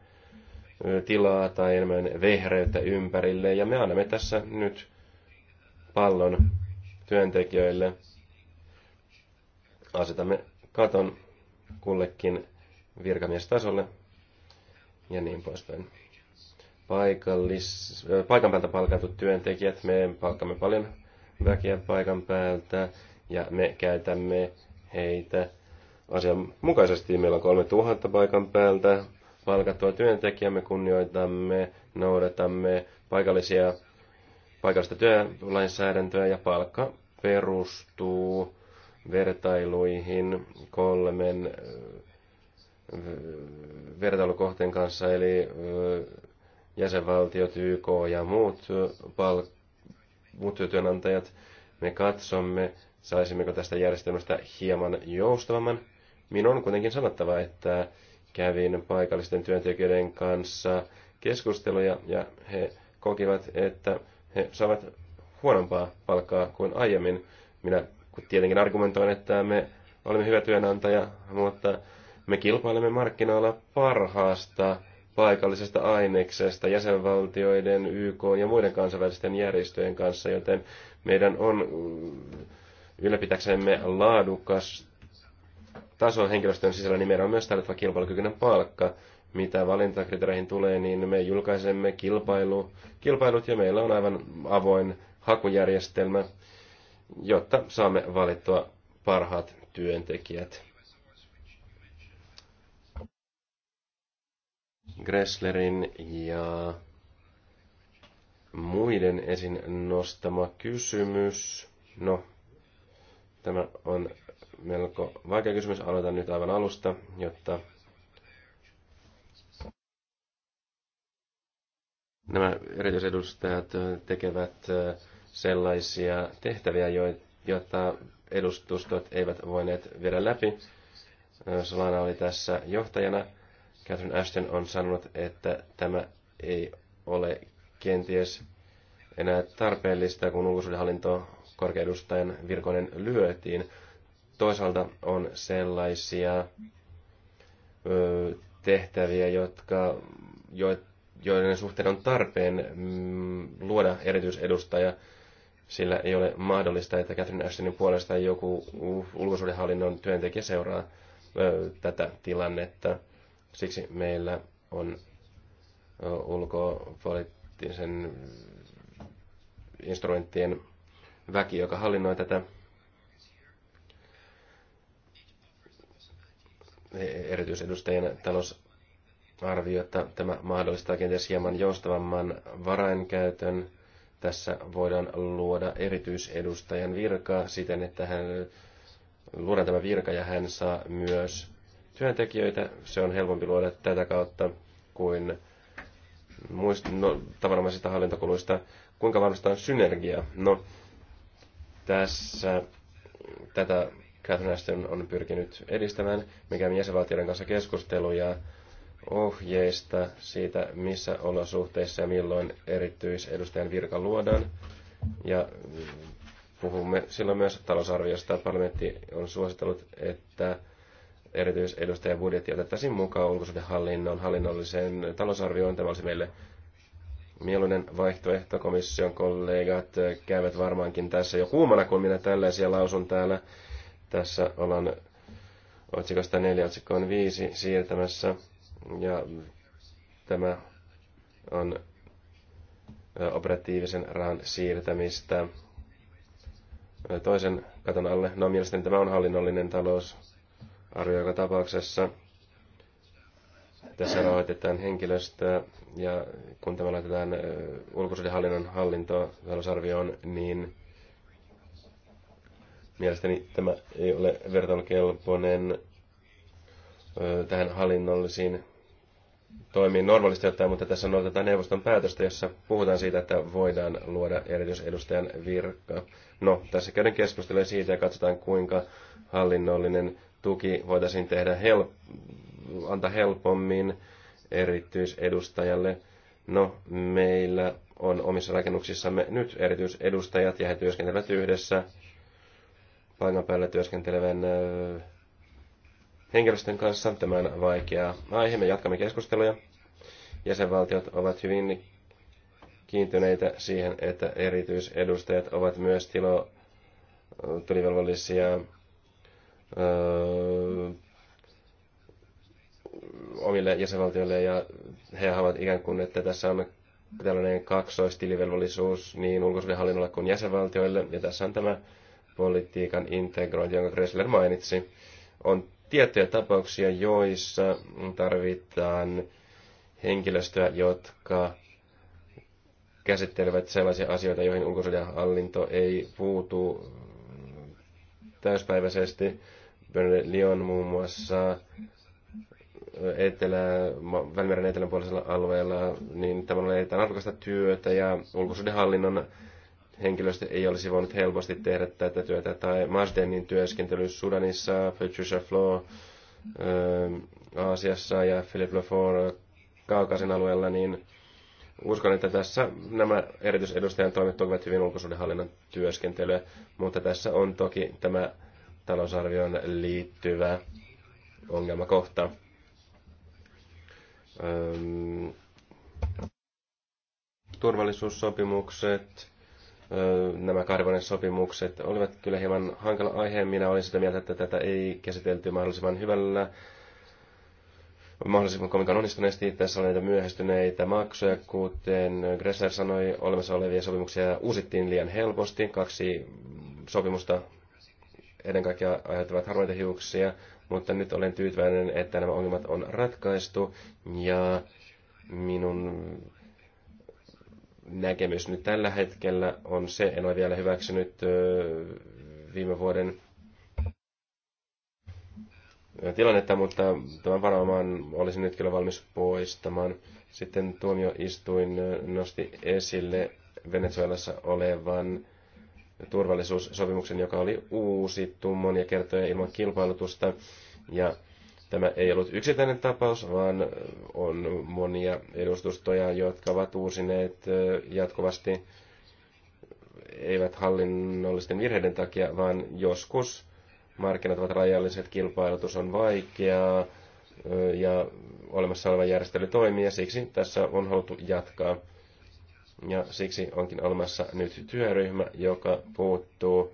tilaa tai enemmän vehreyttä ympärille. Ja me annamme tässä nyt pallon työntekijöille. Asetamme katon kullekin virkamiestasolle ja niin poispäin. Paikallis, paikan päältä palkatut työntekijät, me palkamme paljon väkeä paikan päältä ja me käytämme heitä asianmukaisesti. Meillä on 3000 paikan päältä palkattua työntekijämme, kunnioitamme, noudatamme paikallisia, paikallista työlainsäädäntöä ja palkka perustuu vertailuihin kolmen vertailukohteen kanssa, eli jäsenvaltiot, YK ja muut, palk- muut työnantajat, me katsomme, saisimmeko tästä järjestelmästä hieman joustavamman. Minun on kuitenkin sanottava, että kävin paikallisten työntekijöiden kanssa keskusteluja ja he kokivat, että he saavat huonompaa palkkaa kuin aiemmin. Minä tietenkin argumentoin, että me olemme hyvä työnantaja, mutta me kilpailemme markkinoilla parhaasta paikallisesta aineksesta jäsenvaltioiden, YK ja muiden kansainvälisten järjestöjen kanssa, joten meidän on mm, ylläpitäksemme laadukas, taso henkilöstön sisällä, niin meidän on myös tarjottava kilpailukykyinen palkka. Mitä valintakriteereihin tulee, niin me julkaisemme kilpailu, kilpailut ja meillä on aivan avoin hakujärjestelmä, jotta saamme valittua parhaat työntekijät. Gresslerin ja muiden esiin nostama kysymys. No, tämä on melko vaikea kysymys. Aloitan nyt aivan alusta, jotta nämä erityisedustajat tekevät sellaisia tehtäviä, joita edustustot eivät voineet viedä läpi. Solana oli tässä johtajana. Catherine Ashton on sanonut, että tämä ei ole kenties enää tarpeellista, kun ulkosuudenhallinto korkeudustajan virkoinen lyötiin. Toisaalta on sellaisia ö, tehtäviä, jotka, jo, joiden suhteen on tarpeen mm, luoda erityisedustaja, sillä ei ole mahdollista, että Catherine Ashtonin puolesta joku ulkosuudenhallinnon työntekijä seuraa ö, tätä tilannetta. Siksi meillä on ulkopoliittisen instrumenttien väki, joka hallinnoi tätä erityisedustajien talousarviota. Tämä mahdollistaa kenties hieman joustavamman varainkäytön. Tässä voidaan luoda erityisedustajan virkaa siten, että hän luodaan tämä virka ja hän saa myös työntekijöitä. Se on helpompi luoda tätä kautta kuin muist, no, tavanomaisista hallintokuluista. Kuinka varmistetaan synergia? No, tässä tätä Catherine Ashton on pyrkinyt edistämään. mikä jäsenvaltioiden kanssa keskusteluja ohjeista siitä, missä olosuhteissa ja milloin erityisedustajan virka luodaan. Ja puhumme silloin myös talousarviosta. Parlamentti on suositellut, että erityisedustajan budjetti otettaisiin mukaan hallinnon hallinnolliseen talousarvioon. Tämä olisi meille mieluinen vaihtoehto. Komission kollegat käyvät varmaankin tässä jo kuumana, kun minä tällaisia lausun täällä. Tässä ollaan otsikosta 4 otsikkoon 5 siirtämässä ja tämä on operatiivisen rahan siirtämistä toisen katon alle. No mielestäni tämä on hallinnollinen talousarvio joka tapauksessa. Tässä rahoitetaan henkilöstöä ja kun tämä laitetaan ulkosuhdehallinnon hallintoon talousarvioon, niin Mielestäni tämä ei ole vertailukelpoinen tähän hallinnollisiin toimiin. normaalisti ottaen, mutta tässä tätä neuvoston päätöstä, jossa puhutaan siitä, että voidaan luoda erityisedustajan virka. No, tässä käydään keskustelua siitä ja katsotaan, kuinka hallinnollinen tuki voitaisiin tehdä help, antaa helpommin erityisedustajalle. No, meillä on omissa rakennuksissamme nyt erityisedustajat ja he työskentelevät yhdessä paikan päällä työskentelevän henkilöstön kanssa. tämän vaikea aihe. Me jatkamme keskusteluja. Jäsenvaltiot ovat hyvin kiintyneitä siihen, että erityisedustajat ovat myös tilo tulivelvollisia öö, omille jäsenvaltioille ja he haluavat ikään kuin, että tässä on tällainen kaksoistilivelvollisuus niin hallinnolla kuin jäsenvaltioille ja tässä on tämä politiikan integrointi, jonka Kressler mainitsi. On tiettyjä tapauksia, joissa tarvitaan henkilöstöä, jotka käsittelevät sellaisia asioita, joihin ulkosuuden hallinto ei puutu täyspäiväisesti. Lyon muun muassa etelä, Välimeren etelän puolisella alueella, niin tämä on erittäin arvokasta työtä ja ulkosuudenhallinnon hallinnon henkilöstö ei olisi voinut helposti tehdä tätä työtä. Tai Masdenin työskentely Sudanissa, Patricia Flaw ähm, Aasiassa ja Philip Lefort Kaukasin alueella, niin uskon, että tässä nämä erityisedustajan toimet tukevat hyvin ulkosuudenhallinnan työskentelyä, mutta tässä on toki tämä talousarvioon liittyvä ongelmakohta. Öm, ähm, turvallisuussopimukset, nämä karvonen sopimukset olivat kyllä hieman hankala aihe. Minä olin sitä mieltä, että tätä ei käsitelty mahdollisimman hyvällä mahdollisimman kovinkaan onnistuneesti. Tässä on näitä myöhästyneitä maksuja, kuten Gressler sanoi, olemassa olevia sopimuksia uusittiin liian helposti. Kaksi sopimusta ennen kaikkea aiheuttavat harmaita hiuksia, mutta nyt olen tyytyväinen, että nämä ongelmat on ratkaistu ja minun näkemys nyt tällä hetkellä on se, en ole vielä hyväksynyt viime vuoden tilannetta, mutta tämän varaamaan olisin nyt kyllä valmis poistamaan. Sitten tuomioistuin nosti esille Venezuelassa olevan turvallisuussopimuksen, joka oli uusittu monia kertoja ilman kilpailutusta. Ja Tämä ei ollut yksittäinen tapaus, vaan on monia edustustoja, jotka ovat uusineet jatkuvasti, eivät hallinnollisten virheiden takia, vaan joskus markkinat ovat rajalliset, kilpailutus on vaikeaa ja olemassa oleva järjestely toimii ja siksi tässä on haluttu jatkaa. Ja siksi onkin olemassa nyt työryhmä, joka puuttuu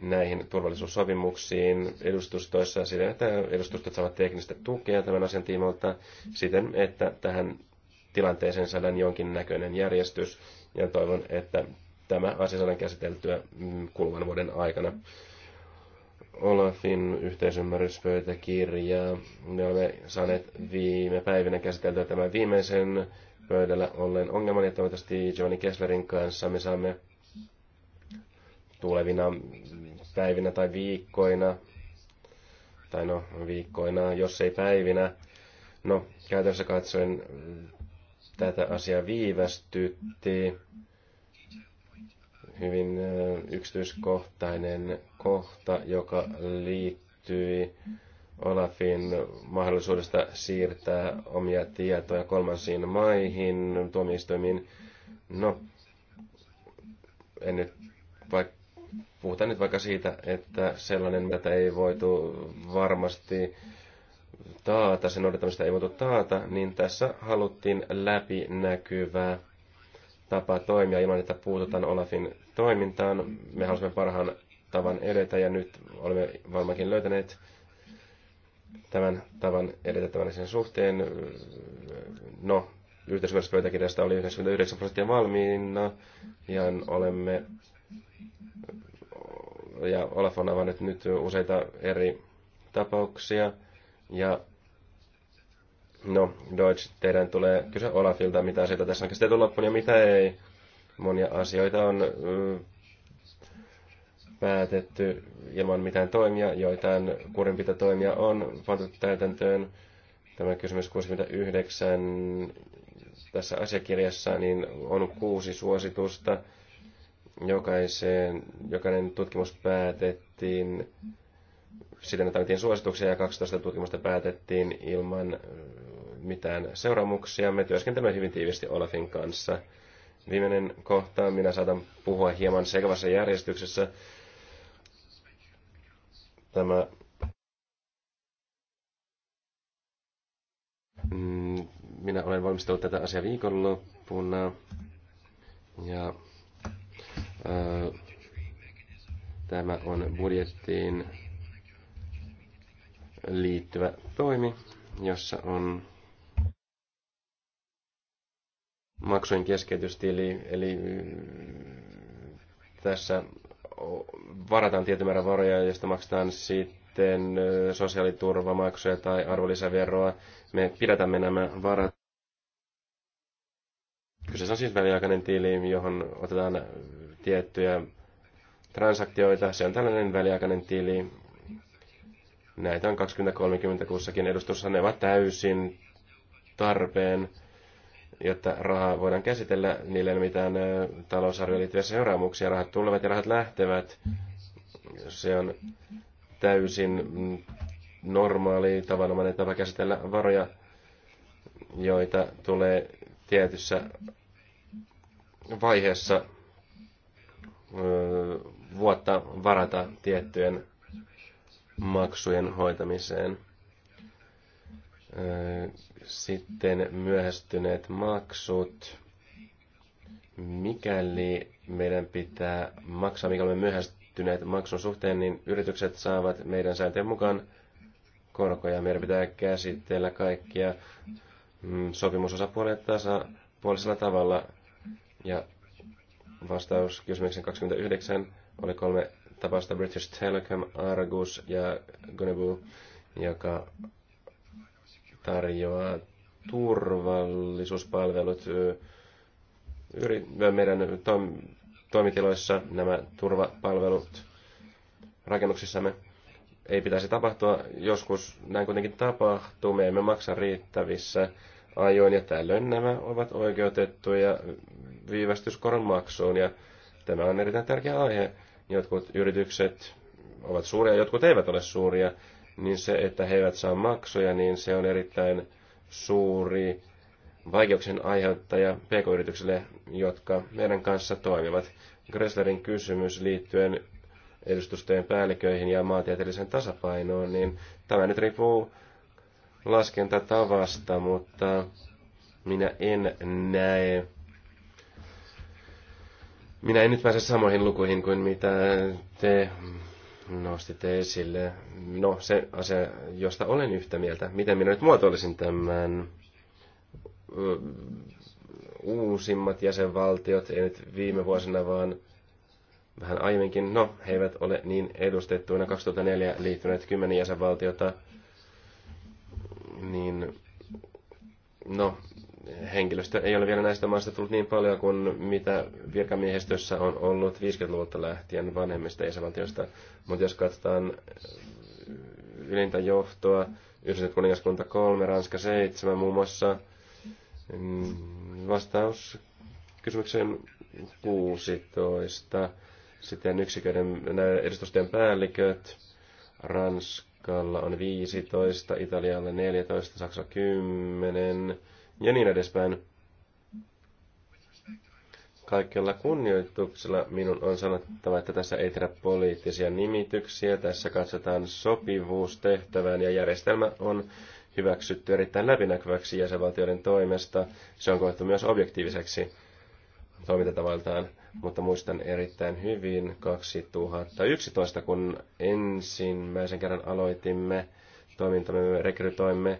näihin turvallisuussopimuksiin edustustoissa siten, että edustustot saavat teknistä tukea tämän asian tiimoilta siten, että tähän tilanteeseen saadaan jonkinnäköinen järjestys ja toivon, että tämä asia saadaan käsiteltyä mm, kuluvan vuoden aikana. Olafin yhteisymmärryspöytäkirja. Me olemme saaneet viime päivinä käsiteltyä tämän viimeisen pöydällä ollen ongelman, ja toivottavasti Giovanni Kesslerin kanssa me saamme tulevina päivinä tai viikkoina, tai no viikkoina, jos ei päivinä. No, käytännössä katsoen mm, tätä asiaa viivästytti hyvin mm, yksityiskohtainen kohta, joka liittyi Olafin mahdollisuudesta siirtää omia tietoja kolmansiin maihin, tuomioistuimiin. No, en nyt, vaikka Puhutaan nyt vaikka siitä, että sellainen, mitä ei voitu varmasti taata, sen odottamista ei voitu taata, niin tässä haluttiin läpinäkyvää tapa toimia ilman, että puututaan Olafin toimintaan. Me halusimme parhaan tavan edetä ja nyt olemme varmaankin löytäneet tämän tavan edetä tämän asian suhteen. No, pöytäkirjasta oli 99 prosenttia valmiina ja olemme ja Olaf on avannut nyt useita eri tapauksia. Ja no, Deutsch, teidän tulee kysyä Olafilta, mitä asioita tässä on käsitelty loppuun ja mitä ei. Monia asioita on päätetty ilman mitään toimia, joitain kurinpita toimia on pantu täytäntöön. Tämä kysymys 69 tässä asiakirjassa niin on kuusi suositusta Jokaiseen, jokainen tutkimus päätettiin, sitten että tarvittiin suosituksia ja 12 tutkimusta päätettiin ilman mitään seuraamuksia. Me työskentelemme hyvin tiivisti Olafin kanssa. Viimeinen kohta, minä saatan puhua hieman sekavassa järjestyksessä. Tämä mm, minä olen valmistellut tätä asiaa viikonloppuna ja Tämä on budjettiin liittyvä toimi, jossa on maksujen keskeytystili, eli tässä varataan tietyn määrän varoja, josta maksetaan sitten sosiaaliturvamaksuja tai arvonlisäveroa. Me pidätämme nämä varat. Kyseessä on siis väliaikainen tili, johon otetaan tiettyjä transaktioita. Se on tällainen väliaikainen tili. Näitä on 20-30 kussakin edustussa. Ne ovat täysin tarpeen, jotta rahaa voidaan käsitellä. Niille ei ole mitään talousarvioon liittyviä seuraamuksia. Rahat tulevat ja rahat lähtevät. Se on täysin mm, normaali tavanomainen tapa käsitellä varoja, joita tulee tietyssä vaiheessa vuotta varata tiettyjen maksujen hoitamiseen. Sitten myöhästyneet maksut. Mikäli meidän pitää maksaa, mikäli me myöhästyneet maksun suhteen, niin yritykset saavat meidän sääntöjen mukaan korkoja. Meidän pitää käsitellä kaikkia mm, sopimusosapuolet tasapuolisella tavalla ja Vastaus kysymykseen 29 oli kolme tapausta British Telecom, Argus ja Gonebu, joka tarjoaa turvallisuuspalvelut meidän toimitiloissa, nämä turvapalvelut rakennuksissamme. Ei pitäisi tapahtua, joskus näin kuitenkin tapahtuu, me emme maksa riittävissä ajoin ja tällöin nämä ovat oikeutettuja viivästyskoron maksuun. Ja tämä on erittäin tärkeä aihe. Jotkut yritykset ovat suuria, jotkut eivät ole suuria, niin se, että he eivät saa maksuja, niin se on erittäin suuri vaikeuksien aiheuttaja pk-yrityksille, jotka meidän kanssa toimivat. Gresslerin kysymys liittyen edustustojen päälliköihin ja maantieteelliseen tasapainoon, niin tämä nyt riippuu laskentatavasta, mutta minä en näe minä en nyt pääse samoihin lukuihin kuin mitä te nostitte esille. No, se asia, josta olen yhtä mieltä. Miten minä nyt muotoilisin tämän uusimmat jäsenvaltiot, ei nyt viime vuosina, vaan vähän aiemminkin, no, he eivät ole niin edustettuina 2004 liittyneet kymmenen jäsenvaltiota, niin no, henkilöstö ei ole vielä näistä maista tullut niin paljon kuin mitä virkamiehistössä on ollut 50-luvulta lähtien vanhemmista jäsenvaltioista. Mutta jos katsotaan eh, ylintä johtoa, Yhdistynyt kuningaskunta 3, Ranska 7 muun muassa, mm, vastaus kysymykseen 16. Sitten yksiköiden edustusten päälliköt, Ranskalla on 15, Italialla 14, Saksalla 10, ja niin edespäin. Kaikella kunnioituksella minun on sanottava, että tässä ei tehdä poliittisia nimityksiä. Tässä katsotaan sopivuus tehtävään ja järjestelmä on hyväksytty erittäin läpinäkyväksi jäsenvaltioiden toimesta. Se on koettu myös objektiiviseksi toimintatavaltaan, mutta muistan erittäin hyvin 2011, kun ensimmäisen kerran aloitimme toimintamme, rekrytoimme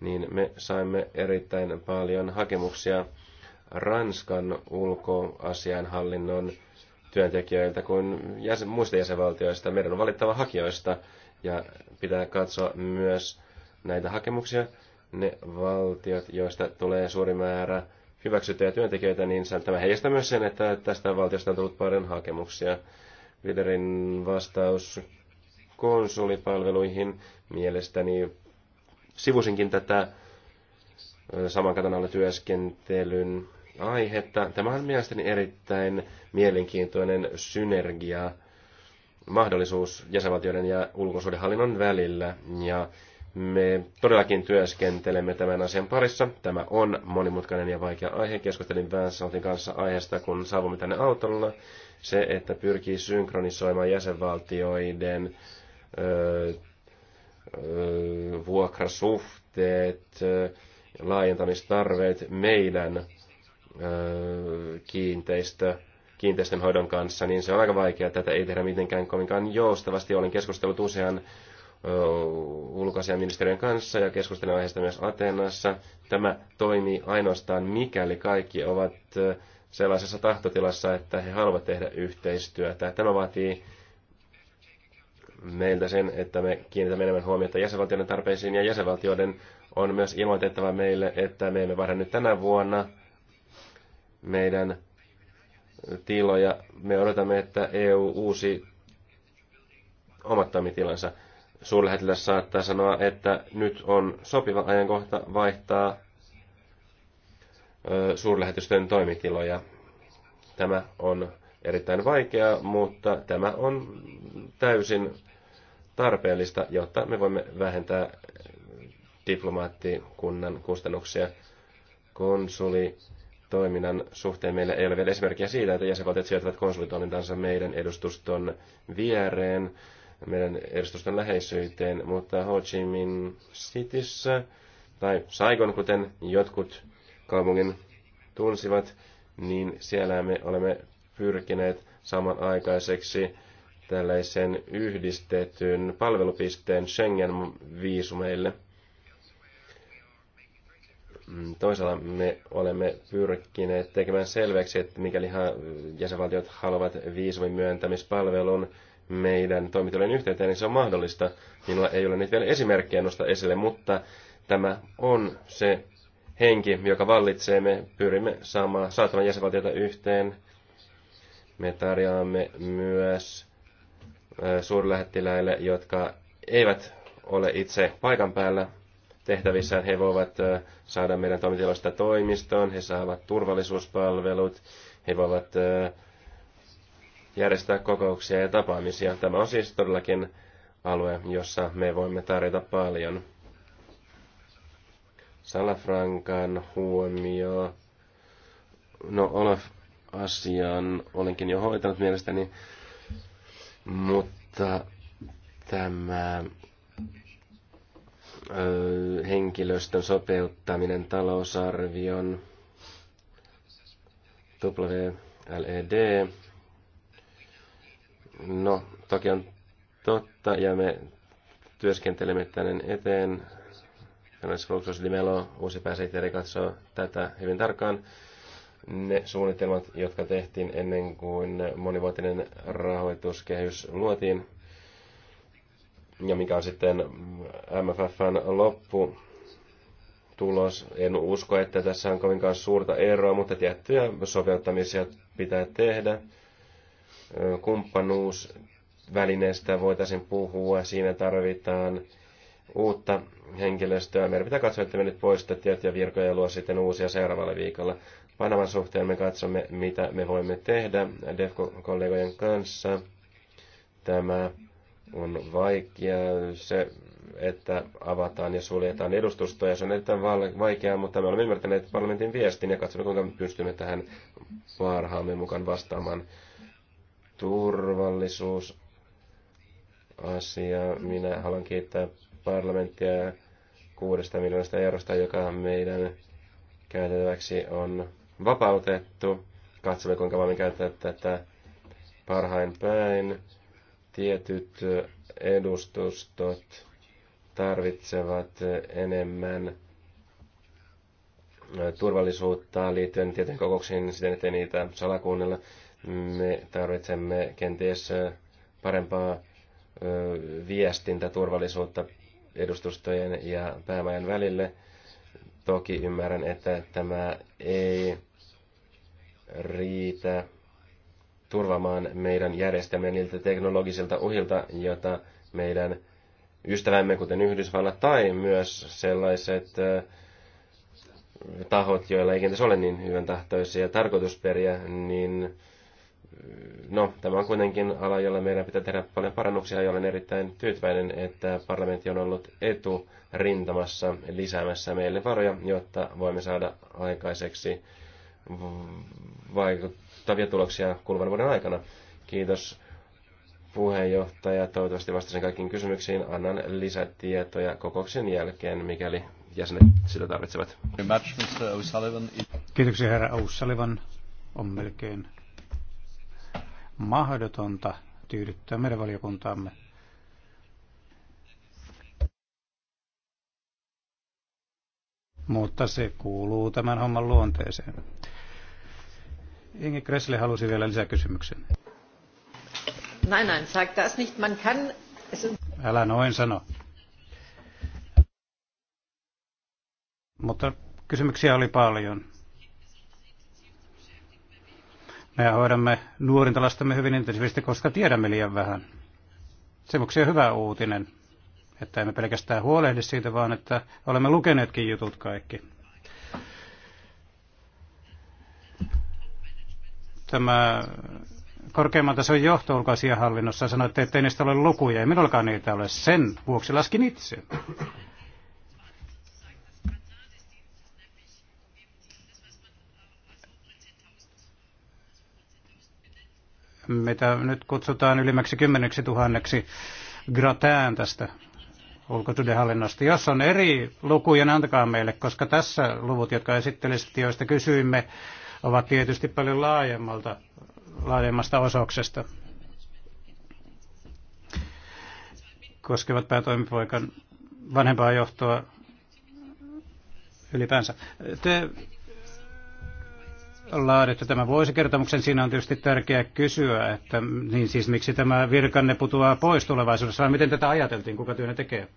niin me saimme erittäin paljon hakemuksia Ranskan ulkoasianhallinnon työntekijöiltä kuin jäsen, muista jäsenvaltioista. Meidän on valittava hakijoista ja pitää katsoa myös näitä hakemuksia. Ne valtiot, joista tulee suuri määrä hyväksyttyjä työntekijöitä, niin tämä heijastaa myös sen, että tästä valtiosta on tullut paljon hakemuksia. Viderin vastaus konsulipalveluihin mielestäni sivusinkin tätä saman katon alle työskentelyn aihetta. Tämä on mielestäni erittäin mielenkiintoinen synergia mahdollisuus jäsenvaltioiden ja ulkosuhdehallinnon välillä. Ja me todellakin työskentelemme tämän asian parissa. Tämä on monimutkainen ja vaikea aihe. Keskustelin Vänsautin kanssa aiheesta, kun saavumme tänne autolla. Se, että pyrkii synkronisoimaan jäsenvaltioiden ö, vuokrasuhteet, laajentamistarveet meidän kiinteistö, kiinteistönhoidon kanssa, niin se on aika vaikeaa. Tätä ei tehdä mitenkään kovinkaan joustavasti. Olen keskustellut usean ulkoasiaministeriön kanssa ja keskustelen aiheesta myös Atenassa. Tämä toimii ainoastaan mikäli kaikki ovat sellaisessa tahtotilassa, että he haluavat tehdä yhteistyötä. Tämä vaatii meiltä sen, että me kiinnitämme enemmän huomiota jäsenvaltioiden tarpeisiin, ja jäsenvaltioiden on myös ilmoitettava meille, että me emme nyt tänä vuonna meidän tiloja. Me odotamme, että EU uusi omat toimitilansa. Suurlähettiläs saattaa sanoa, että nyt on sopiva ajankohta vaihtaa suurlähetystön toimitiloja. Tämä on erittäin vaikeaa, mutta tämä on täysin tarpeellista, jotta me voimme vähentää eh, diplomaattikunnan kustannuksia. Konsuli toiminnan suhteen meillä ei ole vielä esimerkkiä siitä, että jäsenvaltiot sijoittavat konsulitoimintansa meidän edustuston viereen, meidän edustuston läheisyyteen, mutta Ho Chi Minh Cityssä tai Saigon, kuten jotkut kaupungin tunsivat, niin siellä me olemme pyrkineet samanaikaiseksi tällaisen yhdistetyn palvelupisteen Schengen-viisumeille. Mm, Toisaalta me olemme pyrkineet tekemään selväksi, että mikäli jäsenvaltiot haluavat viisumin myöntämispalvelun meidän toimitilojen yhteyteen, niin se on mahdollista. Minulla ei ole nyt vielä esimerkkejä nostaa esille, mutta tämä on se henki, joka vallitsee. Me pyrimme saamaan, saattamaan jäsenvaltiota yhteen. Me tarjoamme myös suurlähettiläille, jotka eivät ole itse paikan päällä tehtävissään. He voivat saada meidän toimitiloista toimistoon, he saavat turvallisuuspalvelut, he voivat järjestää kokouksia ja tapaamisia. Tämä on siis todellakin alue, jossa me voimme tarjota paljon. Salafrankan huomio. No Olaf asian olenkin jo hoitanut mielestäni mutta tämä henkilöstön sopeuttaminen talousarvion WLED. No, toki on totta, ja me työskentelemme tänne eteen. Jonas Fluxus Dimelo, uusi pääsihteeri, katsoo tätä hyvin tarkkaan ne suunnitelmat, jotka tehtiin ennen kuin monivuotinen rahoituskehys luotiin, ja mikä on sitten MFFn loppu, tulos. En usko, että tässä on kovinkaan suurta eroa, mutta tiettyjä sopeuttamisia pitää tehdä. Kumppanuusvälineestä voitaisiin puhua. Siinä tarvitaan uutta henkilöstöä. Meidän pitää katsoa, että me nyt poistetaan tiettyjä virkoja ja luo sitten uusia seuraavalla viikolla. Panaman suhteen me katsomme, mitä me voimme tehdä DEFCO-kollegojen kanssa. Tämä on vaikea. Se, että avataan ja suljetaan edustustoja, se on erittäin vaikeaa, mutta me olemme ymmärtäneet parlamentin viestin ja katsomme, kuinka me pystymme tähän parhaamme mukaan vastaamaan. Turvallisuus asia. Minä haluan kiittää parlamenttia kuudesta miljoonasta eurosta, joka meidän käytettäväksi on vapautettu. Katsomme, kuinka voimme käyttää tätä parhain päin. Tietyt edustustot tarvitsevat enemmän turvallisuutta liittyen tietyn kokouksiin siten, ettei niitä salakuunnella. Me tarvitsemme kenties parempaa viestintä turvallisuutta edustustojen ja päämajan välille. Toki ymmärrän, että tämä ei riitä turvamaan meidän järjestelmiä niiltä teknologisilta uhilta, jota meidän ystävämme, kuten Yhdysvallat, tai myös sellaiset tahot, joilla ei kenties ole niin hyvän tahtoisia tarkoitusperiä, niin no, tämä on kuitenkin ala, jolla meidän pitää tehdä paljon parannuksia, ja olen erittäin tyytyväinen, että parlamentti on ollut etu rintamassa lisäämässä meille varoja, jotta voimme saada aikaiseksi vaikuttavia tuloksia kuluvan vuoden aikana. Kiitos puheenjohtaja. Toivottavasti vastasin kaikkiin kysymyksiin. Annan lisätietoja kokouksen jälkeen, mikäli jäsenet sitä tarvitsevat. Kiitoksia herra O'Sullivan. On melkein mahdotonta tyydyttää meidän valiokuntaamme. Mutta se kuuluu tämän homman luonteeseen. Inge Kressle halusi vielä lisäkysymyksen. Nein, nein, sag das nicht. Man kann... Älä noin sano. Mutta kysymyksiä oli paljon. Me hoidamme nuorinta lastamme hyvin intensiivisesti, koska tiedämme liian vähän. Sen vuoksi on hyvä uutinen, että emme pelkästään huolehdi siitä, vaan että olemme lukeneetkin jutut kaikki. tämä korkeimman tason johto ulkoasiahallinnossa sanoitte, ettei niistä ole lukuja, ei minullakaan niitä ole. Sen vuoksi laskin itse. mitä nyt kutsutaan ylimmäksi kymmeneksi tuhanneksi gratään tästä ulkosuhdehallinnosta. Jos on eri lukuja, antakaa meille, koska tässä luvut, jotka esittelisitte, joista kysyimme, ovat tietysti paljon laajemmalta, laajemmasta osoksesta. Koskevat päätoimipoikan vanhempaa johtoa ylipäänsä. Te laaditte tämän vuosikertomuksen. Siinä on tietysti tärkeää kysyä, että niin siis miksi tämä virkanne putoaa pois tulevaisuudessa, vai miten tätä ajateltiin, kuka työnä tekee?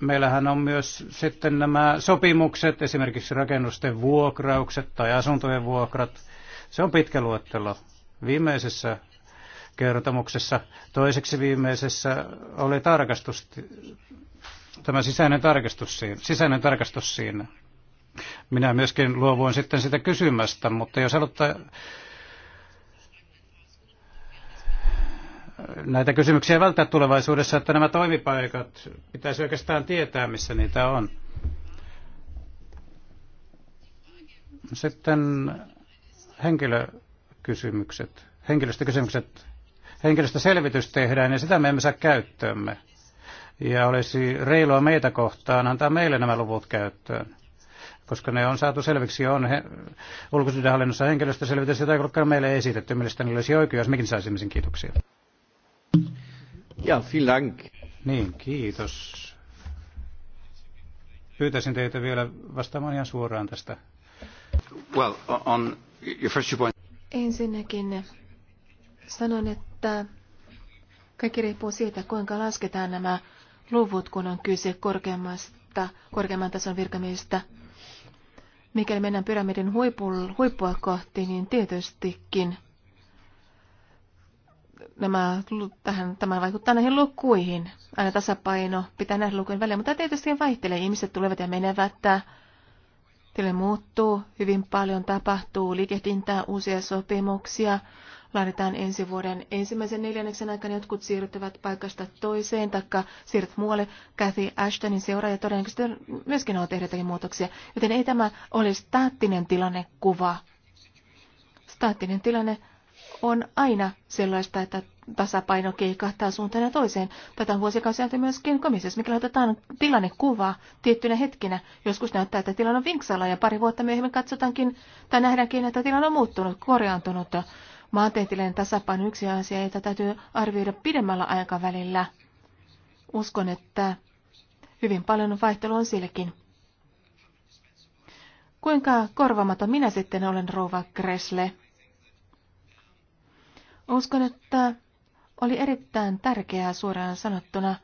meillähän on myös sitten nämä sopimukset, esimerkiksi rakennusten vuokraukset tai asuntojen vuokrat. Se on pitkä luettelo. Viimeisessä kertomuksessa, toiseksi viimeisessä oli tarkastus, tämä sisäinen tarkastus siinä. Sisäinen tarkastus siinä. Minä myöskin luovuin sitten sitä kysymästä, mutta jos aloittaa näitä kysymyksiä välttää tulevaisuudessa, että nämä toimipaikat pitäisi oikeastaan tietää, missä niitä on. Sitten henkilökysymykset, henkilöstökysymykset, henkilöstöselvitys tehdään ja sitä me emme saa käyttöömme. Ja olisi reilua meitä kohtaan antaa meille nämä luvut käyttöön koska ne on saatu selviksi on he, ulkosuudenhallinnossa henkilöstöselvitys, jota ei meille esitetty. Mielestäni olisi oikea, jos mekin saisimme sen kiitoksia. Ja, vielen Dank. Niin, kiitos. Pyytäisin teitä vielä vastaamaan ihan suoraan tästä. Well, on your first point. Ensinnäkin sanon, että kaikki riippuu siitä, kuinka lasketaan nämä luvut, kun on kyse korkeammasta, korkeamman tason virkamiehistä. Mikäli mennään pyramidin huipul, huippua kohti, niin tietystikin nämä, tähän, tämä vaikuttaa näihin lukuihin. Aina tasapaino pitää näihin lukujen välillä, mutta tietysti vaihtelee. Ihmiset tulevat ja menevät. Tilanne muuttuu, hyvin paljon tapahtuu, liikehdintää, uusia sopimuksia. Laaditaan ensi vuoden ensimmäisen neljänneksen aikana jotkut siirtyvät paikasta toiseen, taikka siirryt muualle. Kathy Ashtonin seuraaja todennäköisesti myöskin on tehdä jotakin muutoksia, joten ei tämä ole staattinen tilannekuva. Staattinen tilanne on aina sellaista, että tasapaino keikahtaa suuntaan ja toiseen. Tätä on vuosikausia myöskin komissiossa, mikä otetaan tilannekuvaa tiettynä hetkinä. Joskus näyttää, että tilanne on vinksalla ja pari vuotta myöhemmin katsotaankin tai nähdäänkin, että tilanne on muuttunut, korjaantunut. Maantieteellinen tasapaino yksi asia, jota täytyy arvioida pidemmällä aikavälillä. Uskon, että hyvin paljon vaihtelu on silläkin. Kuinka korvamaton minä sitten olen, rouva Kresle? Uskon, että oli erittäin tärkeää suoraan sanottuna,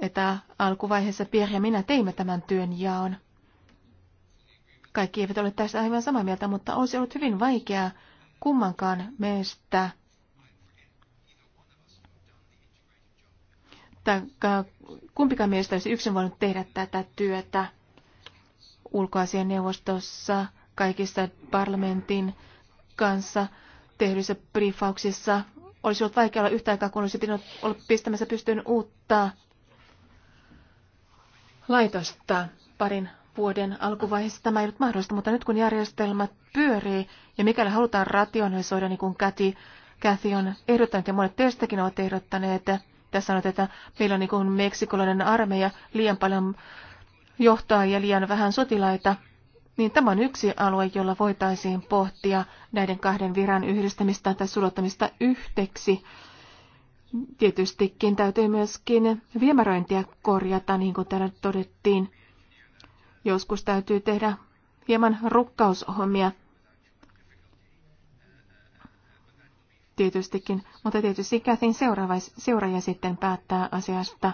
että alkuvaiheessa Pierre ja minä teimme tämän työn jaon. Kaikki eivät ole tästä aivan samaa mieltä, mutta olisi ollut hyvin vaikeaa kummankaan meistä tai kumpikaan meistä olisi yksin voinut tehdä tätä työtä ulkoasian neuvostossa, kaikista parlamentin kanssa tehdyissä briefauksissa. Olisi ollut vaikea olla yhtä aikaa, kun olisi pitänyt olla pistämässä pystyyn uutta laitosta parin vuoden alkuvaiheessa tämä ei ollut mahdollista, mutta nyt kun järjestelmät pyörii ja mikäli halutaan rationalisoida, niin kuin Käti, Kathy on ehdottanut ja monet teistäkin ovat ehdottaneet, tässä sanotaan, että meillä on niin kuin meksikolainen armeija liian paljon johtaa ja liian vähän sotilaita, niin tämä on yksi alue, jolla voitaisiin pohtia näiden kahden viran yhdistämistä tai sulottamista yhteksi. Tietystikin täytyy myöskin viemäröintiä korjata, niin kuin täällä todettiin. Joskus täytyy tehdä hieman rukkaushommia. Tietystikin, mutta tietysti Kätin seuraaja sitten päättää asiasta,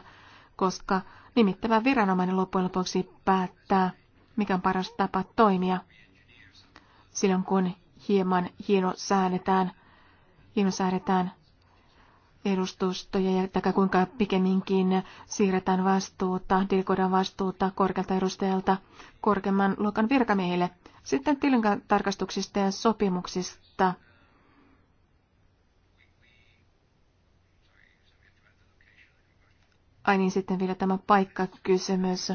koska nimittävä viranomainen loppujen lopuksi päättää, mikä on paras tapa toimia. Silloin kun hieman hieno säädetään, hieno säädetään edustustoja, tai kuinka pikemminkin siirretään vastuuta, delegoidaan vastuuta korkealta edustajalta korkeamman luokan virkamiehille. Sitten tilintarkastuksista ja sopimuksista. Ai niin, sitten vielä tämä paikkakysymys.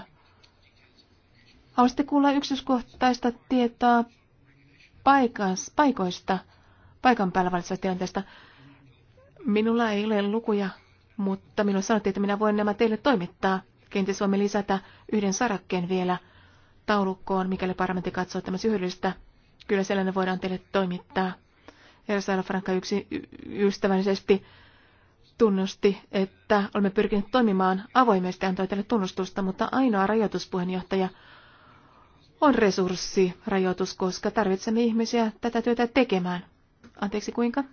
Haluaisitte kuulla yksityiskohtaista tietoa paikas, paikoista, paikan päällä valitsevasta tilanteesta. Minulla ei ole lukuja, mutta minulle sanottiin, että minä voin nämä teille toimittaa. Kenties voimme lisätä yhden sarakkeen vielä taulukkoon, mikäli parlamentti katsoo tämä hyödyllistä. Kyllä sellainen voidaan teille toimittaa. Eräs Franka yksi ystävällisesti tunnusti, että olemme pyrkineet toimimaan avoimesti antoi tälle tunnustusta, mutta ainoa rajoituspuheenjohtaja – on resurssirajoitus, koska tarvitsemme ihmisiä tätä työtä tekemään. Anteeksi, kuinka?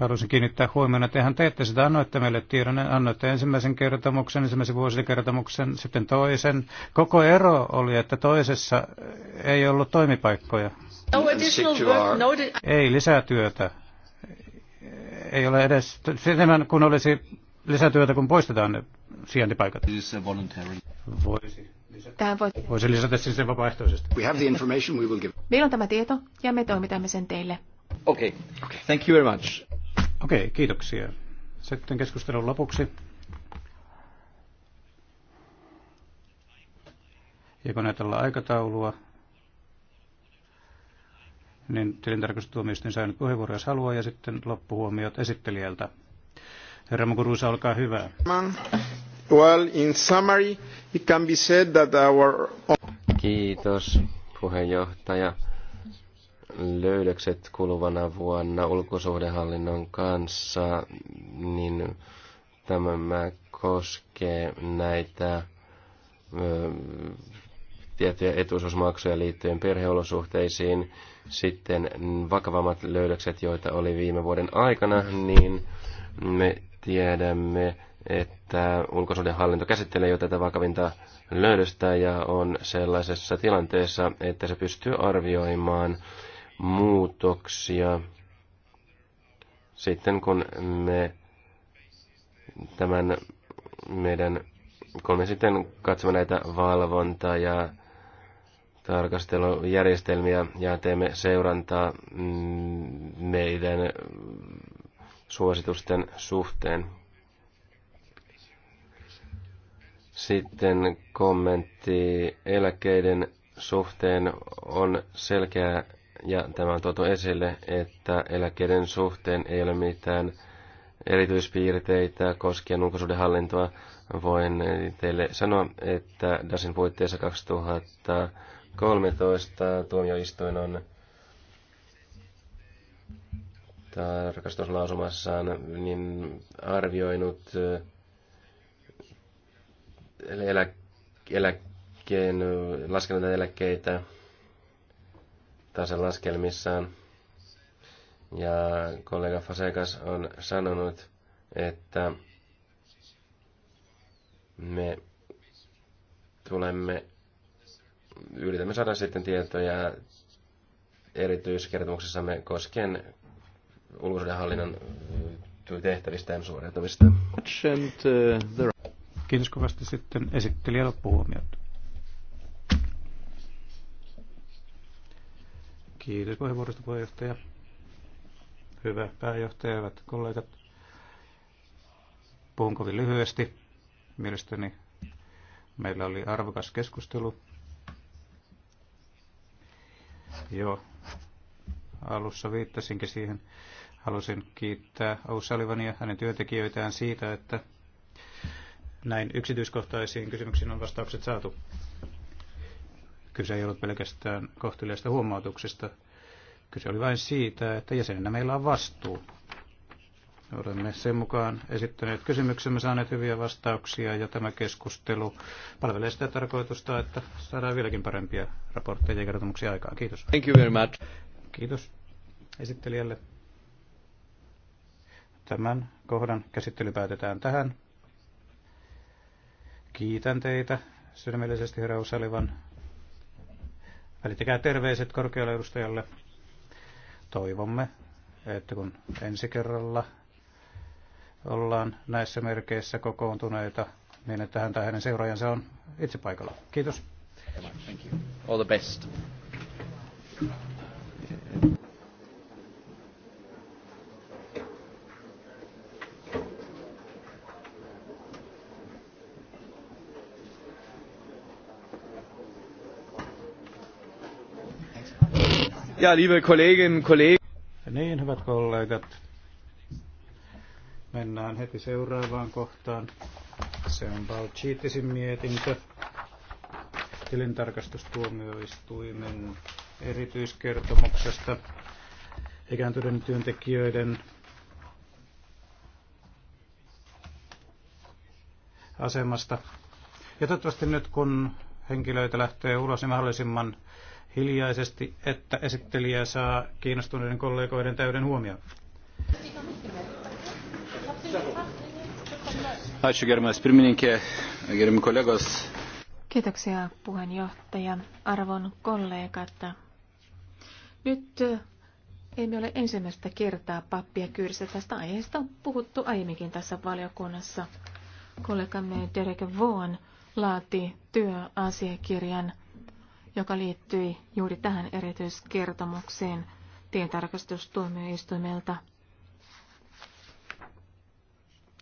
Haluaisin kiinnittää huomioon, että ihan teette sitä, annoitte meille tiedon, annoitte ensimmäisen kertomuksen, ensimmäisen vuosikertomuksen, sitten toisen. Koko ero oli, että toisessa ei ollut toimipaikkoja. No, no ei lisätyötä. Ei ole edes, enemmän kuin olisi lisätyötä, kun poistetaan ne sijaintipaikat. Voisi. Tähän voi... Voisi lisätä sen siis sen vapaaehtoisesti. We have the information we will give. Meillä on tämä tieto ja me toimitamme sen teille. Okei, okay. okay. thank you very much. Okei, okay, kiitoksia. Sitten keskustelun lopuksi. Ja kun ajatellaan aikataulua, niin tilintarkastustuomioistuin saa nyt puheenvuoro, jos haluaa, ja sitten loppuhuomiot esittelijältä. Herra Muguruusa, olkaa hyvä. Well, in summary, it can be said that our... Kiitos, puheenjohtaja. Löydökset kuluvana vuonna ulkosuhdehallinnon kanssa, niin tämä koskee näitä tiettyjä etuisuusmaksuja liittyen perheolosuhteisiin. Sitten vakavammat löydökset, joita oli viime vuoden aikana, niin me tiedämme, että hallinto käsittelee jo tätä vakavinta löydöstä ja on sellaisessa tilanteessa, että se pystyy arvioimaan muutoksia sitten kun me tämän meidän, kun me sitten katsomme näitä valvonta- ja tarkastelujärjestelmiä ja teemme seurantaa mm, meidän suositusten suhteen. Sitten kommentti eläkkeiden suhteen on selkeä ja tämä on tuotu esille, että eläkkeiden suhteen ei ole mitään erityispiirteitä koskien hallintoa. Voin teille sanoa, että DASin puitteissa 2013 tuomioistuin on tarkastuslausumassaan niin arvioinut elä, eläkkeen, laskenut eläkkeitä tasalaskelmissaan. Ja kollega Fasekas on sanonut, että me tulemme, yritämme saada sitten tietoja erityiskertomuksessamme koskien ulkoisuudenhallinnon tehtävistä ja suoriutumista. Kiitos kovasti sitten esittelijä loppuhuomiot. Kiitos puheenvuorosta puheenjohtaja. Hyvä pääjohtaja, hyvät kollegat. Puhun kovin lyhyesti. Mielestäni meillä oli arvokas keskustelu jo alussa viittasinkin siihen. Halusin kiittää O'Sullivania ja hänen työntekijöitään siitä, että näin yksityiskohtaisiin kysymyksiin on vastaukset saatu. Kyse ei ollut pelkästään kohteliaista huomautuksista. Kyse oli vain siitä, että jäsenenä meillä on vastuu. Olemme sen mukaan esittäneet kysymyksemme, saaneet hyviä vastauksia ja tämä keskustelu palvelee sitä tarkoitusta, että saadaan vieläkin parempia raportteja ja kertomuksia aikaan. Kiitos. Thank you very much. Kiitos esittelijälle. Tämän kohdan käsittely päätetään tähän. Kiitän teitä sydämellisesti, herra Usalivan. Välittäkää terveiset korkealle edustajalle. Toivomme, että kun ensi kerralla ollaan näissä merkeissä kokoontuneita, niin että hän tai hänen seuraajansa on itse paikalla. Kiitos. All the best. Ja, liebe Kolleginnen Kollegen. Niin, hyvät kollegat. Mennään heti seuraavaan kohtaan. Se on Balchitisin mietintö. Tilintarkastustuomioistuimen erityiskertomuksesta ikääntyneiden työntekijöiden asemasta. Ja toivottavasti nyt kun henkilöitä lähtee ulos, niin mahdollisimman hiljaisesti, että esittelijä saa kiinnostuneiden kollegoiden täyden huomioon. Kiitoksia puheenjohtaja, arvon kollegat. Nyt emme ole ensimmäistä kertaa pappia kyyrissä. Tästä aiheesta on puhuttu aiemminkin tässä valiokunnassa. Kollegamme Derek Vaughan laati työasiakirjan joka liittyi juuri tähän erityiskertomukseen tientarkastustuomioistuimelta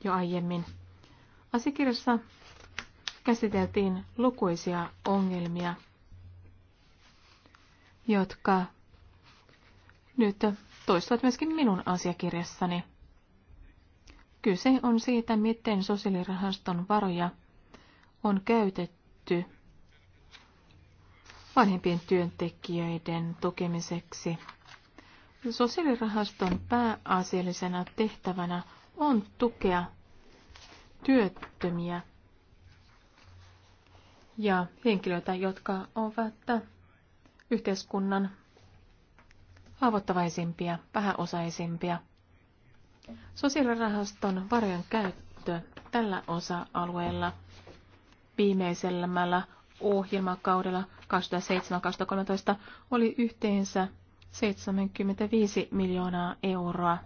jo aiemmin. Asiakirjassa käsiteltiin lukuisia ongelmia, jotka nyt toistuvat myöskin minun asiakirjassani. Kyse on siitä, miten sosiaalirahaston varoja on käytetty vanhempien työntekijöiden tukemiseksi. Sosiaalirahaston pääasiallisena tehtävänä on tukea työttömiä ja henkilöitä, jotka ovat yhteiskunnan haavoittavaisimpia, vähäosaisimpia. Sosiaalirahaston varojen käyttö tällä osa-alueella viimeisellämällä ohjelmakaudella 2007-2013 oli yhteensä 75 miljoonaa euroa,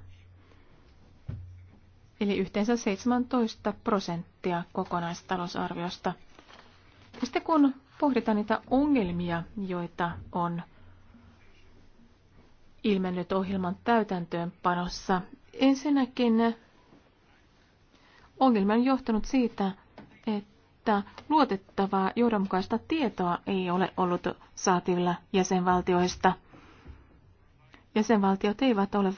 eli yhteensä 17 prosenttia kokonaistalousarviosta. Ja sitten kun pohditaan niitä ongelmia, joita on ilmennyt ohjelman täytäntöönpanossa, ensinnäkin ongelma on johtanut siitä, että luotettavaa johdonmukaista tietoa ei ole ollut saatavilla jäsenvaltioista. Jäsenvaltiot eivät ole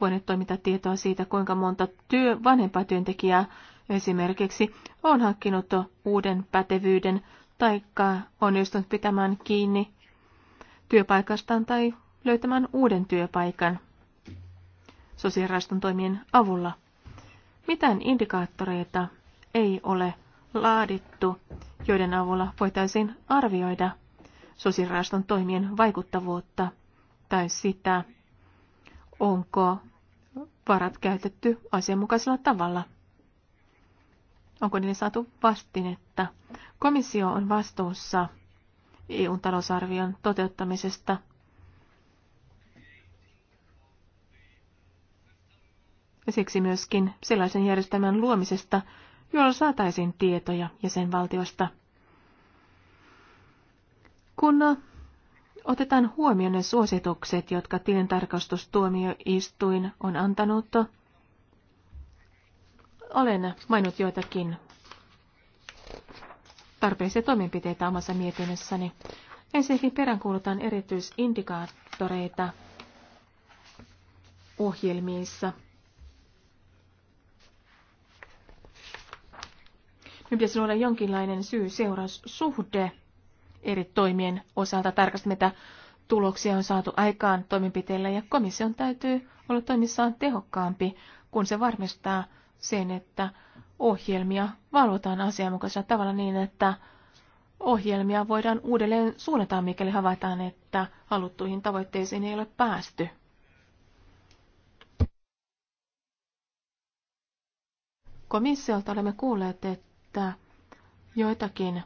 voineet toimita tietoa siitä, kuinka monta työ, vanhempaa työntekijää esimerkiksi on hankkinut uuden pätevyyden tai onnistunut pitämään kiinni työpaikastaan tai löytämään uuden työpaikan sosiaaliraston toimien avulla. Mitään indikaattoreita ei ole laadittu, joiden avulla voitaisiin arvioida susiraston toimien vaikuttavuutta tai sitä, onko varat käytetty asianmukaisella tavalla. Onko niille saatu vastinetta? Komissio on vastuussa EUn talousarvion toteuttamisesta. Ja siksi myöskin sellaisen järjestelmän luomisesta, jolla saataisiin tietoja jäsenvaltiosta. Kun otetaan huomioon ne suositukset, jotka tilintarkastustuomioistuin on antanut, olen mainut joitakin tarpeisia toimenpiteitä omassa mietinnössäni. Ensinnäkin peräänkuulutaan erityisindikaattoreita ohjelmiissa – Me pitäisi luoda jonkinlainen syy-seuraussuhde eri toimien osalta. tarkasti, mitä tuloksia on saatu aikaan toimenpiteillä ja komission täytyy olla toimissaan tehokkaampi, kun se varmistaa sen, että ohjelmia valvotaan asianmukaisella tavalla niin, että ohjelmia voidaan uudelleen suunnata, mikäli havaitaan, että haluttuihin tavoitteisiin ei ole päästy. Komissiolta olemme kuulleet, että että joitakin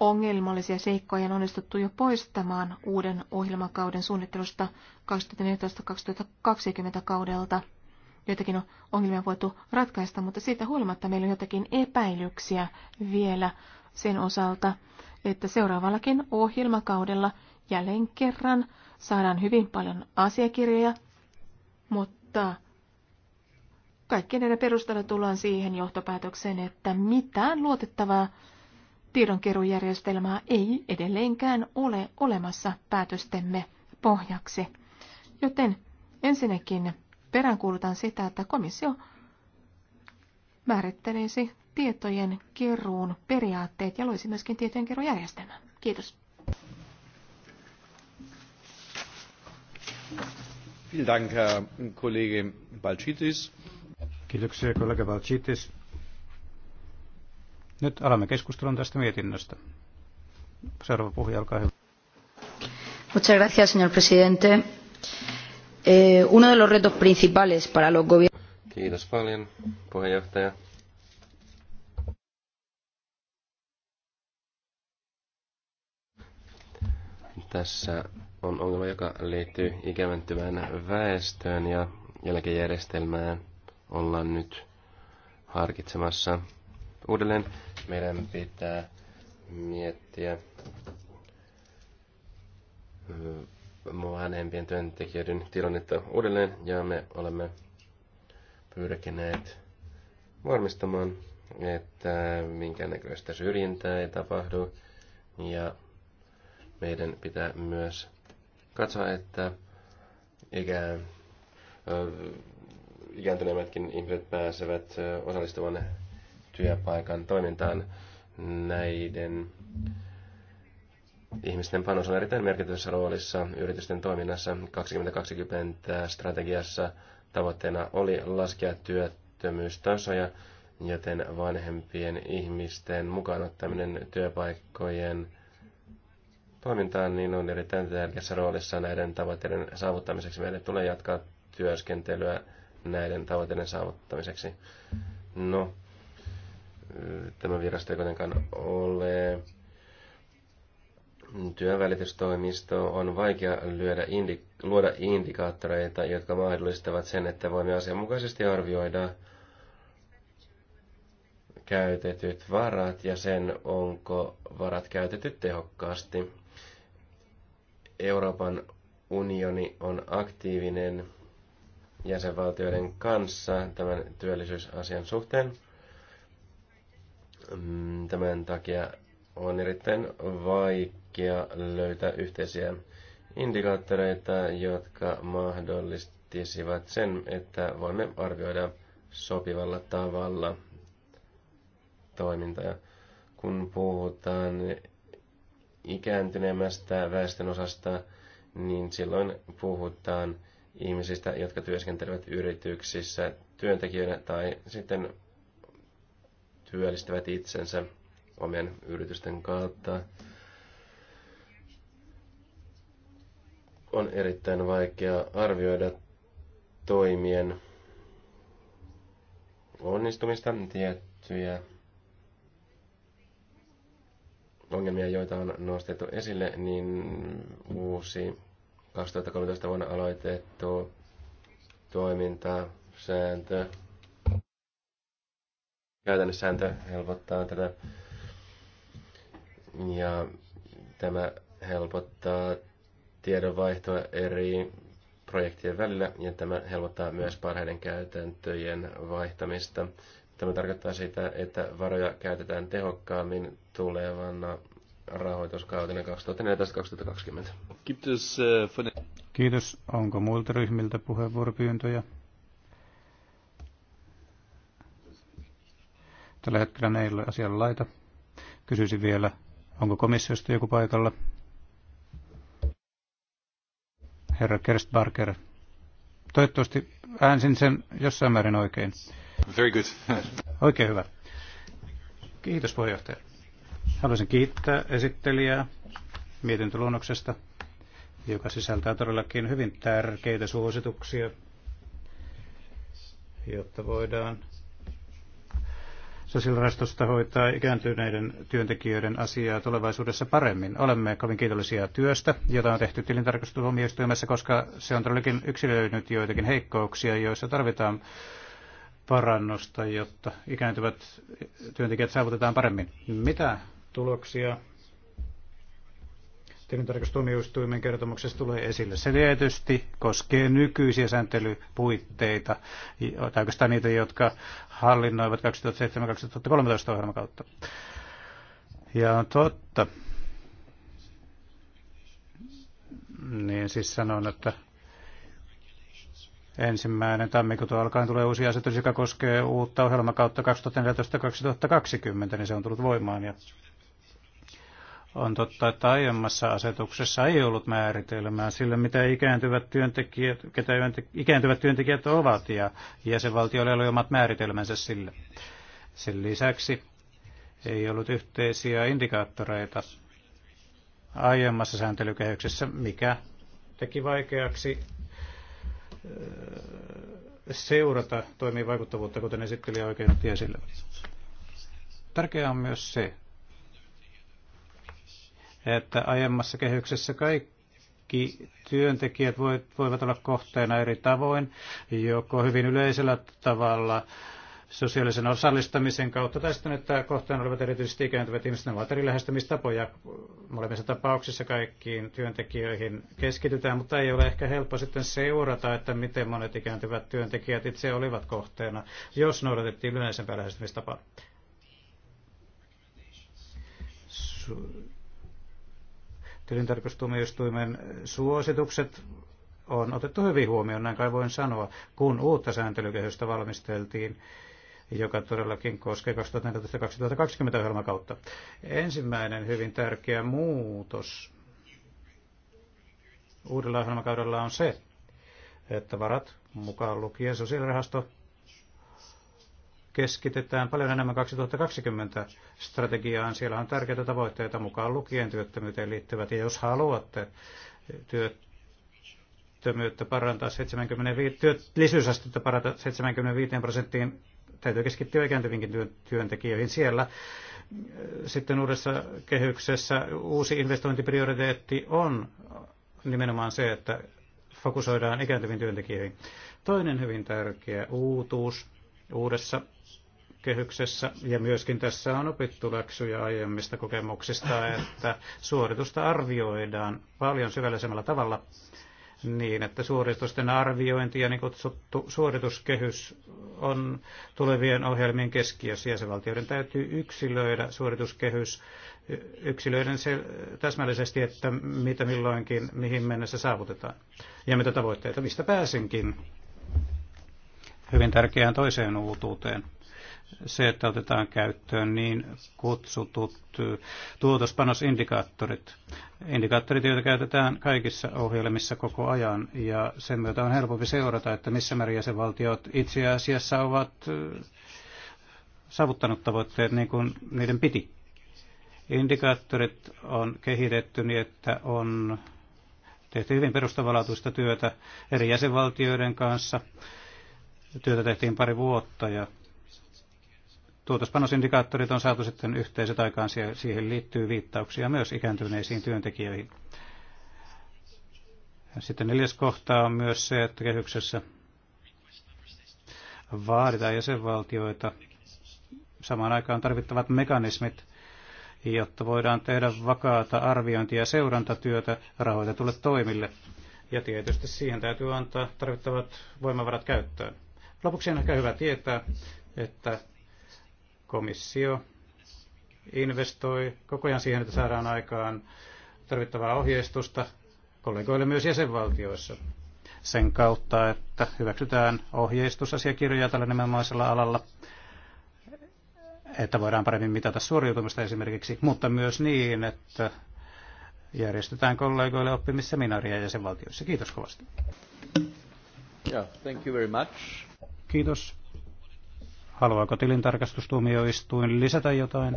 ongelmallisia seikkoja on onnistuttu jo poistamaan uuden ohjelmakauden suunnittelusta 2014-2020 kaudelta. Joitakin on ongelmia voitu ratkaista, mutta siitä huolimatta meillä on jotakin epäilyksiä vielä sen osalta, että seuraavallakin ohjelmakaudella jälleen kerran saadaan hyvin paljon asiakirjoja, mutta kaikkien näiden perusteella tullaan siihen johtopäätökseen, että mitään luotettavaa tiedonkeruujärjestelmää ei edelleenkään ole olemassa päätöstemme pohjaksi. Joten ensinnäkin peräänkuulutan sitä, että komissio määrittelisi tietojen keruun periaatteet ja loisi myöskin tietojen keruujärjestelmän. Kiitos. Vielen Dank, Herr Kollege Balcitis. Kiitoksia kollega Valchitis. Nyt alamme keskustelun tästä mietinnöstä. Seuraava puhuja, olkaa hyvä. Muchas gracias, señor presidente. Eh, uno de los retos principales para los gobiernos. Kiitos paljon, puheenjohtaja. Tässä on ongelma, joka liittyy ikäventyvään väestöön ja eläkejärjestelmään ollaan nyt harkitsemassa uudelleen. Meidän pitää miettiä vanhempien työntekijöiden tilannetta uudelleen ja me olemme pyrkineet varmistamaan, että minkäännäköistä syrjintää ei tapahdu ja meidän pitää myös katsoa, että ikään ikääntyneemmätkin ihmiset pääsevät osallistuvan työpaikan toimintaan näiden ihmisten panos on erittäin merkityksessä roolissa yritysten toiminnassa 2020 strategiassa tavoitteena oli laskea työttömyystasoja, joten vanhempien ihmisten mukaan ottaminen työpaikkojen toimintaan niin on erittäin tärkeässä roolissa näiden tavoitteiden saavuttamiseksi. Meidän tulee jatkaa työskentelyä näiden tavoitteiden saavuttamiseksi. No, tämä virasto ei kuitenkaan ole. Työnvälitystoimisto on vaikea lyödä indi- luoda indikaattoreita, jotka mahdollistavat sen, että voimme asianmukaisesti arvioida käytetyt varat ja sen, onko varat käytetty tehokkaasti. Euroopan unioni on aktiivinen jäsenvaltioiden kanssa tämän työllisyysasian suhteen. Mm, tämän takia on erittäin vaikea löytää yhteisiä indikaattoreita, jotka mahdollistisivat sen, että voimme arvioida sopivalla tavalla toimintaa. Kun puhutaan ikääntyneemmästä väestönosasta, niin silloin puhutaan ihmisistä, jotka työskentelevät yrityksissä työntekijöinä tai sitten työllistävät itsensä omien yritysten kautta. On erittäin vaikea arvioida toimien onnistumista tiettyjä ongelmia, joita on nostettu esille, niin uusi 2013 vuonna aloitettu toiminta, sääntö, käytännössä sääntö helpottaa tätä. Ja tämä helpottaa tiedonvaihtoa eri projektien välillä ja tämä helpottaa myös parhaiden käytäntöjen vaihtamista. Tämä tarkoittaa sitä, että varoja käytetään tehokkaammin tulevana rahoituskautena 2014-2020. Kiitos. Äh, Kiitos. Onko muilta ryhmiltä puheenvuoropyyntöjä? Tällä hetkellä ne ei ole asialla laita. Kysyisin vielä, onko komissiosta joku paikalla? Herra Barker. Toivottavasti äänsin sen jossain määrin oikein. Very good. Oikein hyvä. Kiitos puheenjohtaja. Haluaisin kiittää esittelijää mietintöluonnoksesta, joka sisältää todellakin hyvin tärkeitä suosituksia, jotta voidaan sosiaalirastosta hoitaa ikääntyneiden työntekijöiden asiaa tulevaisuudessa paremmin. Olemme kovin kiitollisia työstä, jota on tehty tilintarkastustuomioistuimessa, koska se on todellakin yksilöinyt joitakin heikkouksia, joissa tarvitaan parannusta, jotta ikääntyvät työntekijät saavutetaan paremmin. Mitä tuloksia tilintarkastustuomioistuimen kertomuksessa tulee esille. Se tietysti koskee nykyisiä sääntelypuitteita, tai oikeastaan niitä, jotka hallinnoivat 2007-2013 ohjelmakautta. Ja on totta, niin siis sanon, että ensimmäinen tammikuuta alkaen tulee uusi asetus, joka koskee uutta ohjelmakautta 2014-2020, niin se on tullut voimaan. Ja on totta, että aiemmassa asetuksessa ei ollut määritelmää sille, mitä ikääntyvät työntekijät, ketä ikääntyvät työntekijät ovat, ja jäsenvaltioilla oli omat määritelmänsä sille. Sen lisäksi ei ollut yhteisiä indikaattoreita aiemmassa sääntelykehyksessä, mikä teki vaikeaksi öö, seurata toimivaikuttavuutta, kuten esittelijä oikein otti esille. Tärkeää on myös se, että aiemmassa kehyksessä kaikki työntekijät voivat olla kohteena eri tavoin, joko hyvin yleisellä tavalla sosiaalisen osallistamisen kautta, tai sitten, että kohteena olivat erityisesti ikääntyvät ihmiset ovat eri lähestymistapoja. Molemmissa tapauksissa kaikkiin työntekijöihin keskitytään, mutta ei ole ehkä helppo sitten seurata, että miten monet ikääntyvät työntekijät itse olivat kohteena, jos noudatettiin yleisempää lähestymistapaa. Tilintarkastustuomioistuimen suositukset on otettu hyvin huomioon, näin kai voin sanoa, kun uutta sääntelykehystä valmisteltiin joka todellakin koskee 2014-2020 kautta. Ensimmäinen hyvin tärkeä muutos uudella ohjelmakaudella on se, että varat, mukaan lukien sosiaalirahasto, keskitetään paljon enemmän 2020 strategiaan. Siellä on tärkeitä tavoitteita mukaan lukien työttömyyteen liittyvät. Ja jos haluatte työttömyyttä parantaa 75, työllisyysastetta parata 75 prosenttiin, täytyy keskittyä ikääntyvinkin työntekijöihin siellä. Äh, sitten uudessa kehyksessä uusi investointiprioriteetti on nimenomaan se, että fokusoidaan ikääntyviin työntekijöihin. Toinen hyvin tärkeä uutuus uudessa kehyksessä. Ja myöskin tässä on opittu läksyjä aiemmista kokemuksista, että suoritusta arvioidaan paljon syvällisemmällä tavalla niin, että suoritusten arviointi ja niin kutsuttu suorituskehys on tulevien ohjelmien keskiössä. Jäsenvaltioiden täytyy yksilöidä suorituskehys yksilöiden se, täsmällisesti, että mitä milloinkin, mihin mennessä saavutetaan ja mitä tavoitteita, mistä pääsenkin hyvin tärkeään toiseen uutuuteen – se, että otetaan käyttöön niin kutsutut tuotospanosindikaattorit. Indikaattorit, joita käytetään kaikissa ohjelmissa koko ajan, ja sen myötä on helpompi seurata, että missä määrin jäsenvaltiot itse asiassa ovat saavuttanut tavoitteet niin kuin niiden piti. Indikaattorit on kehitetty niin, että on tehty hyvin perustavalaatuista työtä eri jäsenvaltioiden kanssa. Työtä tehtiin pari vuotta ja Tuotospanosindikaattorit on saatu sitten yhteiset aikaan, siihen liittyy viittauksia myös ikääntyneisiin työntekijöihin. Sitten neljäs kohta on myös se, että kehyksessä vaaditaan jäsenvaltioita samaan aikaan tarvittavat mekanismit, jotta voidaan tehdä vakaata arviointia ja seurantatyötä rahoitetulle toimille. Ja tietysti siihen täytyy antaa tarvittavat voimavarat käyttöön. Lopuksi on ehkä hyvä tietää, että komissio investoi koko ajan siihen, että saadaan aikaan tarvittavaa ohjeistusta kollegoille myös jäsenvaltioissa sen kautta, että hyväksytään ohjeistusasiakirjoja tällä nimenomaisella alalla, että voidaan paremmin mitata suoriutumista esimerkiksi, mutta myös niin, että järjestetään kollegoille oppimisseminaaria jäsenvaltioissa. Kiitos kovasti. Yeah, thank you very much. Kiitos. Haluaako tilintarkastustuomioistuin lisätä jotain?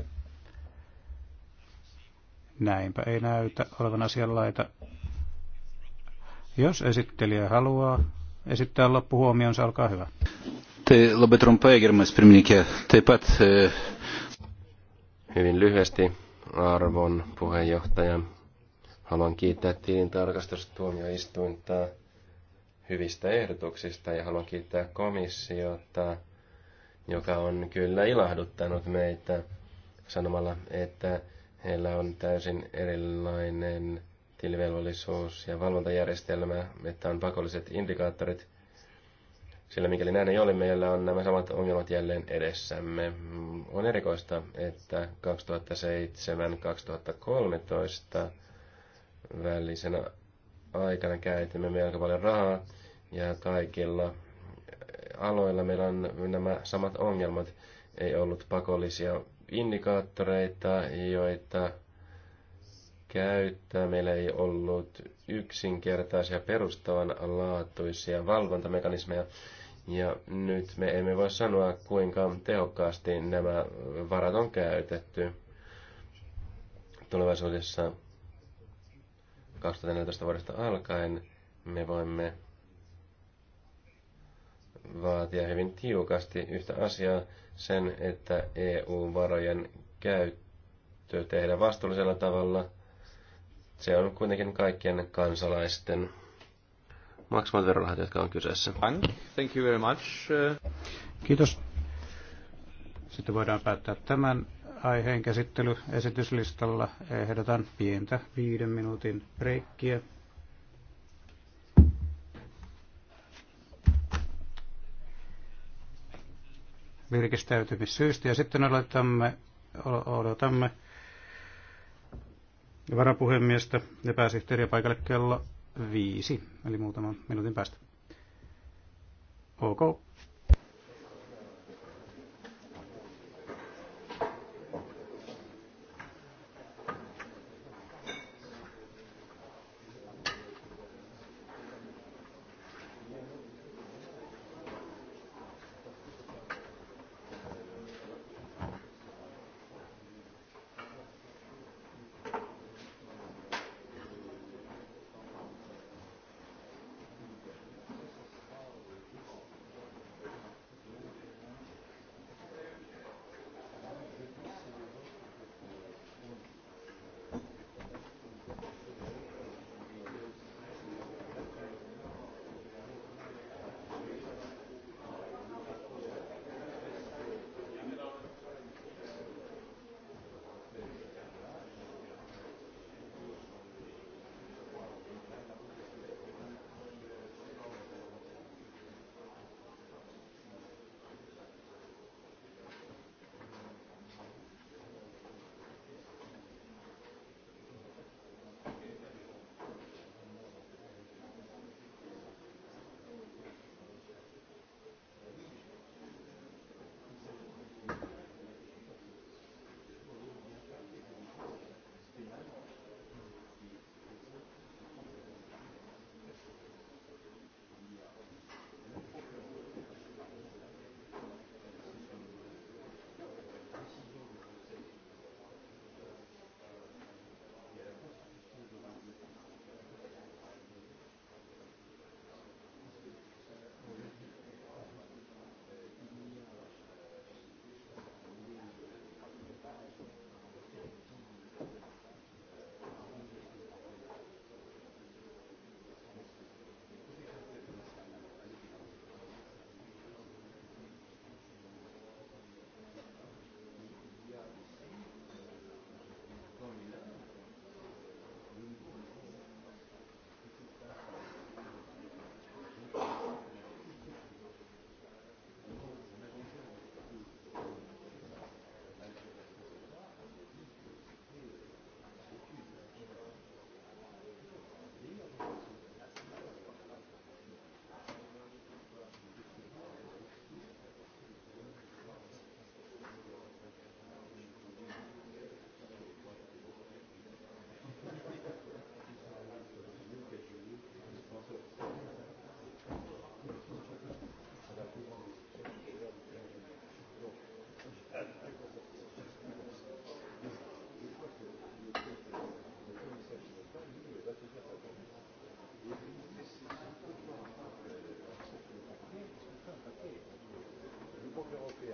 Näinpä ei näytä olevan asian laita. Jos esittelijä haluaa esittää loppuhuomionsa, olkaa hyvä. Te Hyvin lyhyesti, arvon puheenjohtaja. Haluan kiittää tilintarkastustuomioistuinta hyvistä ehdotuksista ja haluan kiittää komissiota joka on kyllä ilahduttanut meitä sanomalla, että heillä on täysin erilainen tilivelvollisuus ja valvontajärjestelmä, että on pakolliset indikaattorit, sillä mikäli näin ei ole, meillä on nämä samat ongelmat jälleen edessämme. On erikoista, että 2007-2013 välisenä aikana käytimme melko paljon rahaa ja kaikilla aloilla meillä on nämä samat ongelmat. Ei ollut pakollisia indikaattoreita, joita käyttää. Meillä ei ollut yksinkertaisia perustavanlaatuisia valvontamekanismeja. Ja nyt me emme voi sanoa, kuinka tehokkaasti nämä varat on käytetty tulevaisuudessa 2014 vuodesta alkaen. Me voimme vaatia hyvin tiukasti yhtä asiaa, sen, että EU-varojen käyttö tehdään vastuullisella tavalla. Se on kuitenkin kaikkien kansalaisten maksamat verorahat, jotka on kyseessä. Thank you very much. Kiitos. Sitten voidaan päättää tämän aiheen käsittely esityslistalla. Ehdotan pientä viiden minuutin breikkiä. virkistäytymissyistä. Ja sitten odotamme, odotamme varapuhemiestä ja pääsihteeriä paikalle kello viisi, eli muutaman minuutin päästä. Ok. Yeah.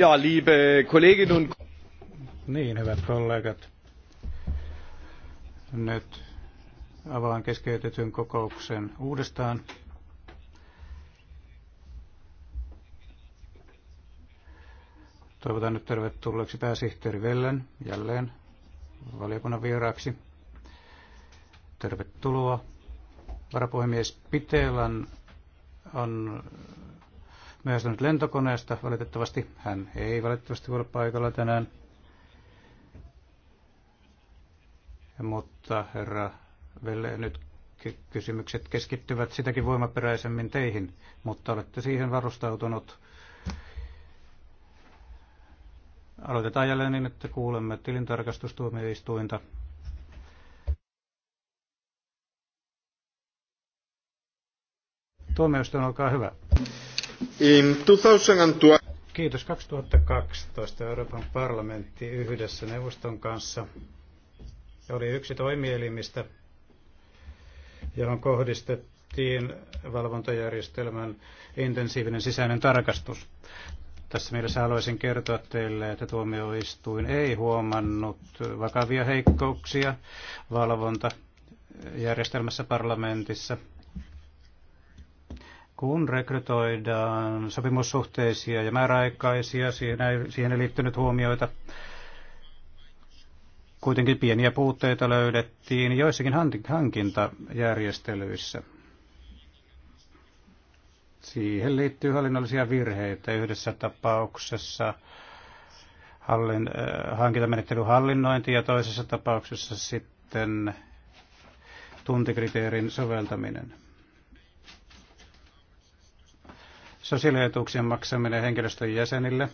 Ja, liebe Kolleginnen und Niin, hyvät kollegat. Nyt avaan keskeytetyn kokouksen uudestaan. Toivotan nyt tervetulleeksi pääsihteeri Vellen jälleen valiokunnan vieraaksi. Tervetuloa. Varapuhemies Pitelan on myöhästynyt lentokoneesta. Valitettavasti hän ei valitettavasti voi olla paikalla tänään. Mutta herra Velle, nyt kysymykset keskittyvät sitäkin voimaperäisemmin teihin, mutta olette siihen varustautunut. Aloitetaan jälleen niin, että kuulemme tilintarkastustuomioistuinta. Tuomioistuin, olkaa hyvä. In 2012... Kiitos. 2012 Euroopan parlamentti yhdessä neuvoston kanssa oli yksi toimielimistä, johon kohdistettiin valvontajärjestelmän intensiivinen sisäinen tarkastus. Tässä mielessä haluaisin kertoa teille, että tuomioistuin ei huomannut vakavia heikkouksia valvontajärjestelmässä parlamentissa kun rekrytoidaan sopimussuhteisia ja määräaikaisia, siihen ei liittynyt huomioita. Kuitenkin pieniä puutteita löydettiin joissakin hankintajärjestelyissä. Siihen liittyy hallinnollisia virheitä. Yhdessä tapauksessa hallin, äh, hankintamenettelyn hallinnointi ja toisessa tapauksessa sitten tuntikriteerin soveltaminen. sosiaalietuuksien maksaminen henkilöstön jäsenille.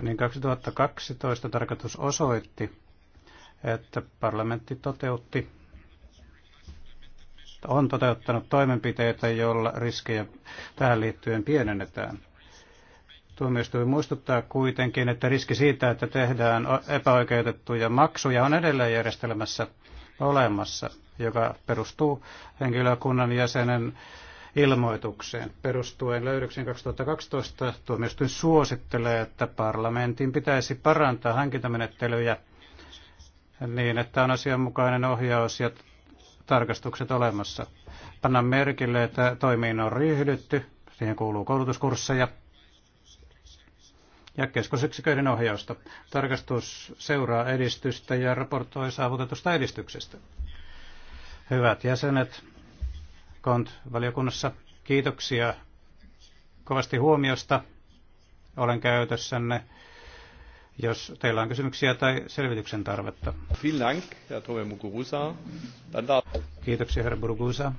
Niin 2012 tarkoitus osoitti, että parlamentti toteutti on toteuttanut toimenpiteitä, joilla riskejä tähän liittyen pienennetään. Tuomioistuin muistuttaa kuitenkin, että riski siitä, että tehdään epäoikeutettuja maksuja, on edelleen järjestelmässä olemassa, joka perustuu henkilökunnan jäsenen ilmoitukseen. Perustuen löydöksen 2012 tuomioistuin suosittelee, että parlamentin pitäisi parantaa hankintamenettelyjä niin, että on asianmukainen ohjaus ja tarkastukset olemassa. Panna merkille, että toimiin on ryhdytty, siihen kuuluu koulutuskursseja ja keskusyksiköiden ohjausta. Tarkastus seuraa edistystä ja raportoi saavutetusta edistyksestä. Hyvät jäsenet, KONT-valiokunnassa. Kiitoksia kovasti huomiosta. Olen käytössänne, jos teillä on kysymyksiä tai selvityksen tarvetta. Kiitoksia, herra Burgusa.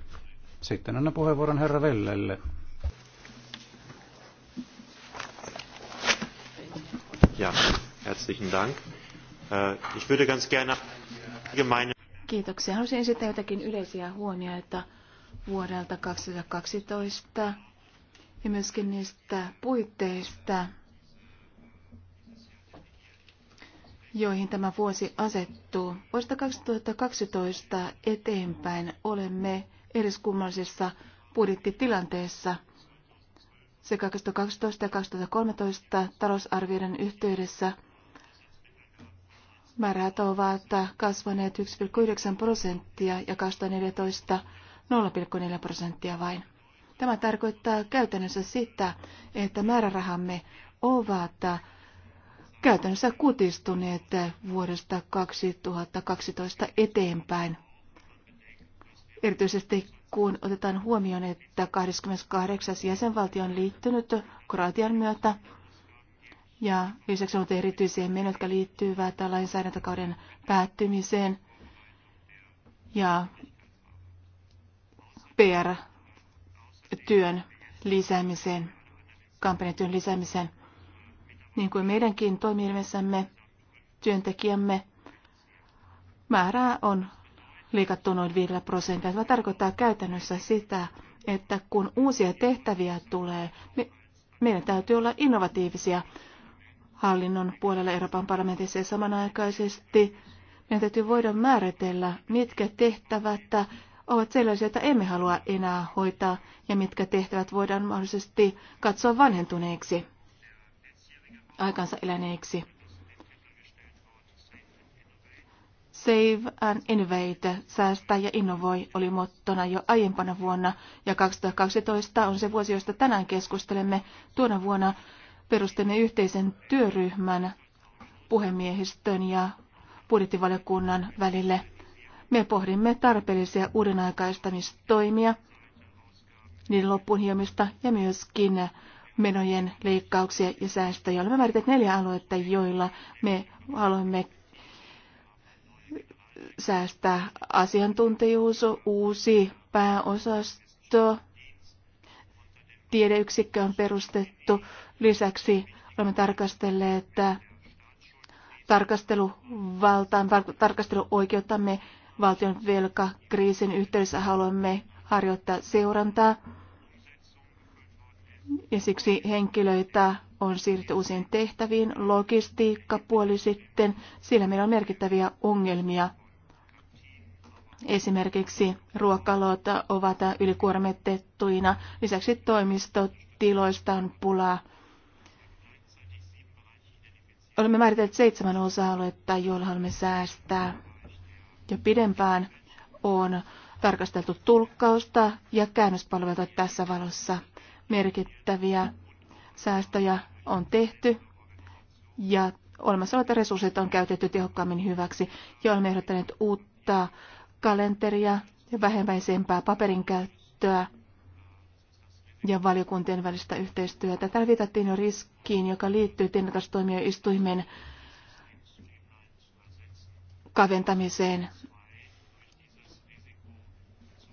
Sitten annan puheenvuoron herra Vellelle. Ja, herzlichen Dank. Äh, ich würde ganz gerne allgemeine Kiitoksia. Haluaisin esittää jotakin yleisiä huomioita vuodelta 2012 ja myöskin niistä puitteista, joihin tämä vuosi asettuu. Vuodesta 2012 eteenpäin olemme eriskummallisessa budjettitilanteessa. Sekä 2012 ja 2013 talousarvioiden yhteydessä määrät ovat kasvaneet 1,9 prosenttia ja 2014 0,4 prosenttia vain. Tämä tarkoittaa käytännössä sitä, että määrärahamme ovat käytännössä kutistuneet vuodesta 2012 eteenpäin. Erityisesti kun otetaan huomioon, että 28. jäsenvaltio on liittynyt Kroatian myötä ja lisäksi on ollut erityisiä menoja, jotka liittyvät lainsäädäntökauden päättymiseen ja PR-työn lisäämiseen, kampanjatyön lisäämiseen. Niin kuin meidänkin toimielimessämme, työntekijämme määrää on liikattu noin 5 prosenttia. Tämä tarkoittaa käytännössä sitä, että kun uusia tehtäviä tulee, me, meidän täytyy olla innovatiivisia hallinnon puolella Euroopan parlamentissa ja samanaikaisesti meidän täytyy voida määritellä, mitkä tehtävät ovat sellaisia, että emme halua enää hoitaa ja mitkä tehtävät voidaan mahdollisesti katsoa vanhentuneiksi, aikansa eläneeksi. Save and Innovate, säästä ja innovoi, oli mottona jo aiempana vuonna, ja 2012 on se vuosi, josta tänään keskustelemme. Tuona vuonna perustimme yhteisen työryhmän puhemiehistön ja budjettivaliokunnan välille me pohdimme tarpeellisia uudenaikaistamistoimia, niiden loppuun hiomista ja myöskin menojen leikkauksia ja säästöjä. Olemme määritelleet neljä aluetta, joilla me haluamme säästää asiantuntijuus, uusi pääosasto, tiedeyksikkö on perustettu. Lisäksi olemme tarkastelleet tarkasteluvaltaan, tarkasteluoikeuttamme valtion velkakriisin yhteydessä haluamme harjoittaa seurantaa. Ja siksi henkilöitä on siirretty uusiin tehtäviin, logistiikkapuoli sitten, sillä meillä on merkittäviä ongelmia. Esimerkiksi ruokalot ovat ylikuormitettuina, lisäksi toimistotiloista on pulaa. Olemme määritelleet seitsemän osa-aluetta, joilla haluamme säästää jo pidempään on tarkasteltu tulkkausta ja käännöspalveluita tässä valossa. Merkittäviä säästöjä on tehty ja olemassa olevat resurssit on käytetty tehokkaammin hyväksi ja olemme ehdottaneet uutta kalenteria ja vähemmäisempää paperin käyttöä ja valiokuntien välistä yhteistyötä. Täällä viitattiin jo riskiin, joka liittyy tilintarkastustoimioistuimen istuimen kaventamiseen.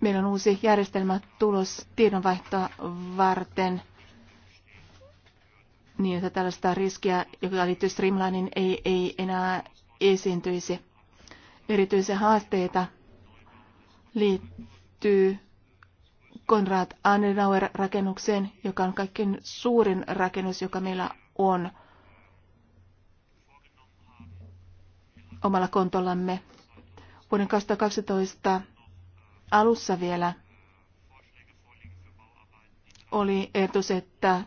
Meillä on uusi järjestelmä tulos tiedonvaihtoa varten niin, että tällaista riskiä, joka liittyy Streamlinein, ei, ei enää esiintyisi. Erityisiä haasteita liittyy Konrad Adenauer-rakennukseen, joka on kaikkein suurin rakennus, joka meillä on – omalla kontollamme. Vuoden 2012 alussa vielä oli ehdotus, että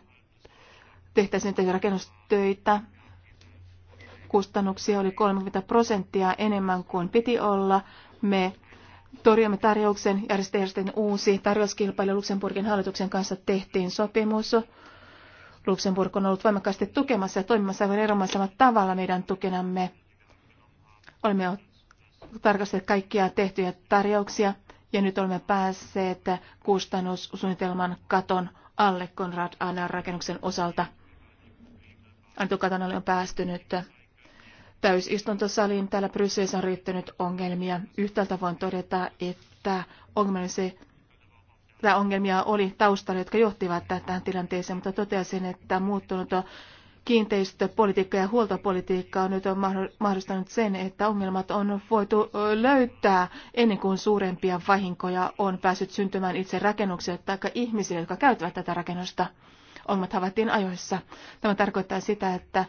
tehtäisiin näitä rakennustöitä. Kustannuksia oli 30 prosenttia enemmän kuin piti olla. Me torjumme tarjouksen, järjestettiin uusi tarjouskilpailu Luxemburgin hallituksen kanssa tehtiin sopimus. Luxemburg on ollut voimakkaasti tukemassa ja toimimassa aivan erinomaisella tavalla meidän tukenamme. Olemme tarkastelleet kaikkia tehtyjä tarjouksia ja nyt olemme päässeet kustannussuunnitelman katon alle Konrad Adenauer rakennuksen osalta. Antu katon alle on päästynyt täysistuntosaliin. Täällä Brysselissä on riittänyt ongelmia. Yhtäältä voin todeta, että ongelmia oli taustalla, jotka johtivat tähän tilanteeseen, mutta totesin, että muuttunut kiinteistöpolitiikka ja huoltopolitiikka on nyt on mahdollistanut sen, että ongelmat on voitu löytää ennen kuin suurempia vahinkoja on päässyt syntymään itse rakennukselle tai ihmisille, jotka käyttävät tätä rakennusta. Ongelmat havaittiin ajoissa. Tämä tarkoittaa sitä, että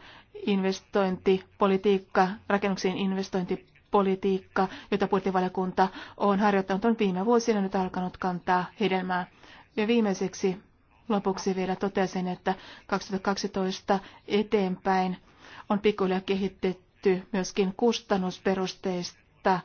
investointipolitiikka, rakennuksiin investointipolitiikka, jota budjettivaliokunta on harjoittanut, on viime vuosina nyt alkanut kantaa hedelmää. Ja viimeiseksi Lopuksi vielä totesin, että 2012 eteenpäin on pikkuhiljaa kehitetty myöskin kustannusperusteista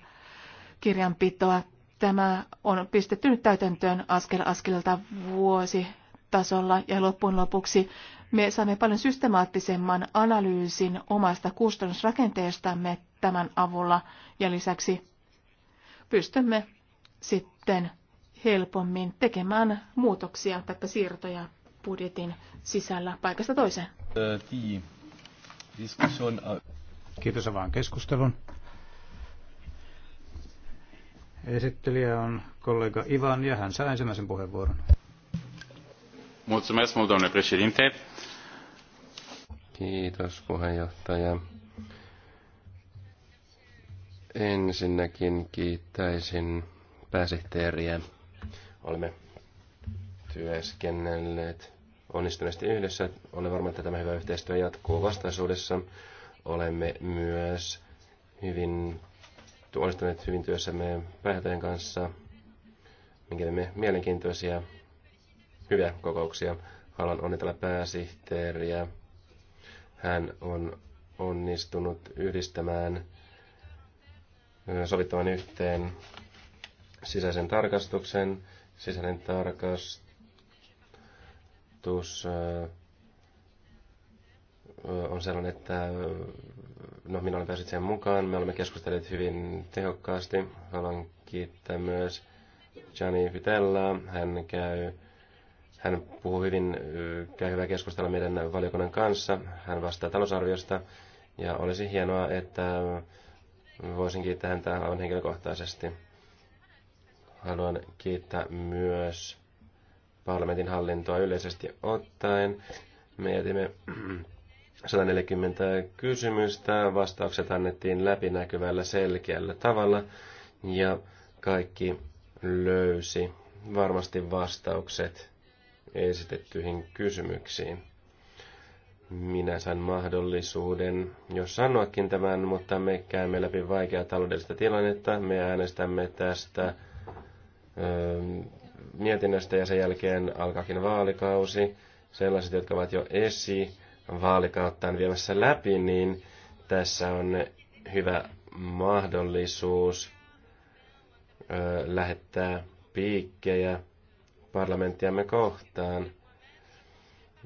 kirjanpitoa. Tämä on pistetty nyt täytäntöön askel askelelta vuositasolla ja loppujen lopuksi me saamme paljon systemaattisemman analyysin omasta kustannusrakenteestamme tämän avulla ja lisäksi pystymme sitten helpommin tekemään muutoksia tai siirtoja budjetin sisällä paikasta toiseen. Kiitos avaan keskustelun. Esittelijä on kollega Ivan ja hän saa ensimmäisen puheenvuoron. Kiitos puheenjohtaja. Ensinnäkin kiittäisin pääsihteeriä Olemme työskennelleet onnistuneesti yhdessä. Olen varma, että tämä hyvä yhteistyö jatkuu vastaisuudessa. Olemme myös hyvin onnistuneet hyvin työssämme päihätöjen kanssa, minkä me mielenkiintoisia hyviä kokouksia. Haluan onnitella pääsihteeriä. Hän on onnistunut yhdistämään, äh, sovittavan yhteen sisäisen tarkastuksen, sisäinen tarkastus äh, on sellainen, että äh, no, minä olen päässyt sen mukaan. Me olemme keskustelleet hyvin tehokkaasti. Haluan kiittää myös Gianni Vitella. Hän käy hän puhuu hyvin, äh, käy hyvää keskustella meidän valiokunnan kanssa. Hän vastaa talousarviosta ja olisi hienoa, että voisin kiittää häntä aivan henkilökohtaisesti. Haluan kiittää myös parlamentin hallintoa yleisesti ottaen. Me jätimme 140 [clears throat] kysymystä, vastaukset annettiin läpinäkyvällä selkeällä tavalla ja kaikki löysi varmasti vastaukset esitettyihin kysymyksiin. Minä sain mahdollisuuden jos sanoakin tämän, mutta me käymme läpi vaikeaa taloudellista tilannetta. Me äänestämme tästä mietinnöstä ja sen jälkeen alkaakin vaalikausi. Sellaiset, jotka ovat jo esi vaalikauttaan viemässä läpi, niin tässä on hyvä mahdollisuus lähettää piikkejä parlamenttiamme kohtaan.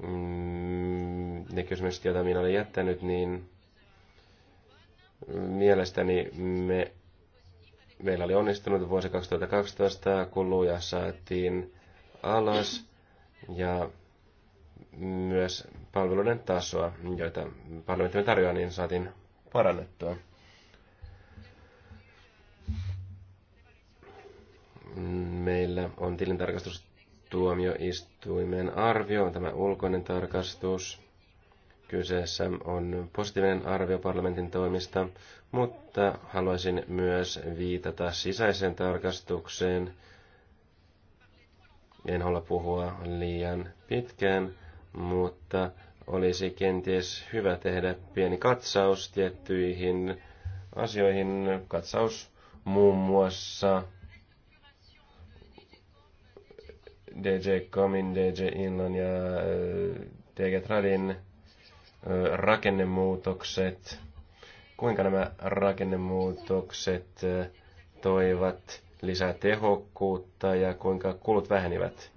Mm, ne kysymykset, joita minä olen jättänyt, niin mielestäni me meillä oli onnistunut vuosi 2012, kuluja saatiin alas ja myös palveluiden tasoa, joita palveluita tarjoaa, niin saatiin parannettua. Meillä on tilintarkastustuomioistuimen arvio, on tämä ulkoinen tarkastus, Kyseessä on positiivinen arvio parlamentin toimista, mutta haluaisin myös viitata sisäiseen tarkastukseen. En halua puhua liian pitkään, mutta olisi kenties hyvä tehdä pieni katsaus tiettyihin asioihin. Katsaus muun muassa DJ Comin, DJ Inlan ja DJ äh, Tradin rakennemuutokset, kuinka nämä rakennemuutokset toivat lisää tehokkuutta ja kuinka kulut vähenivät.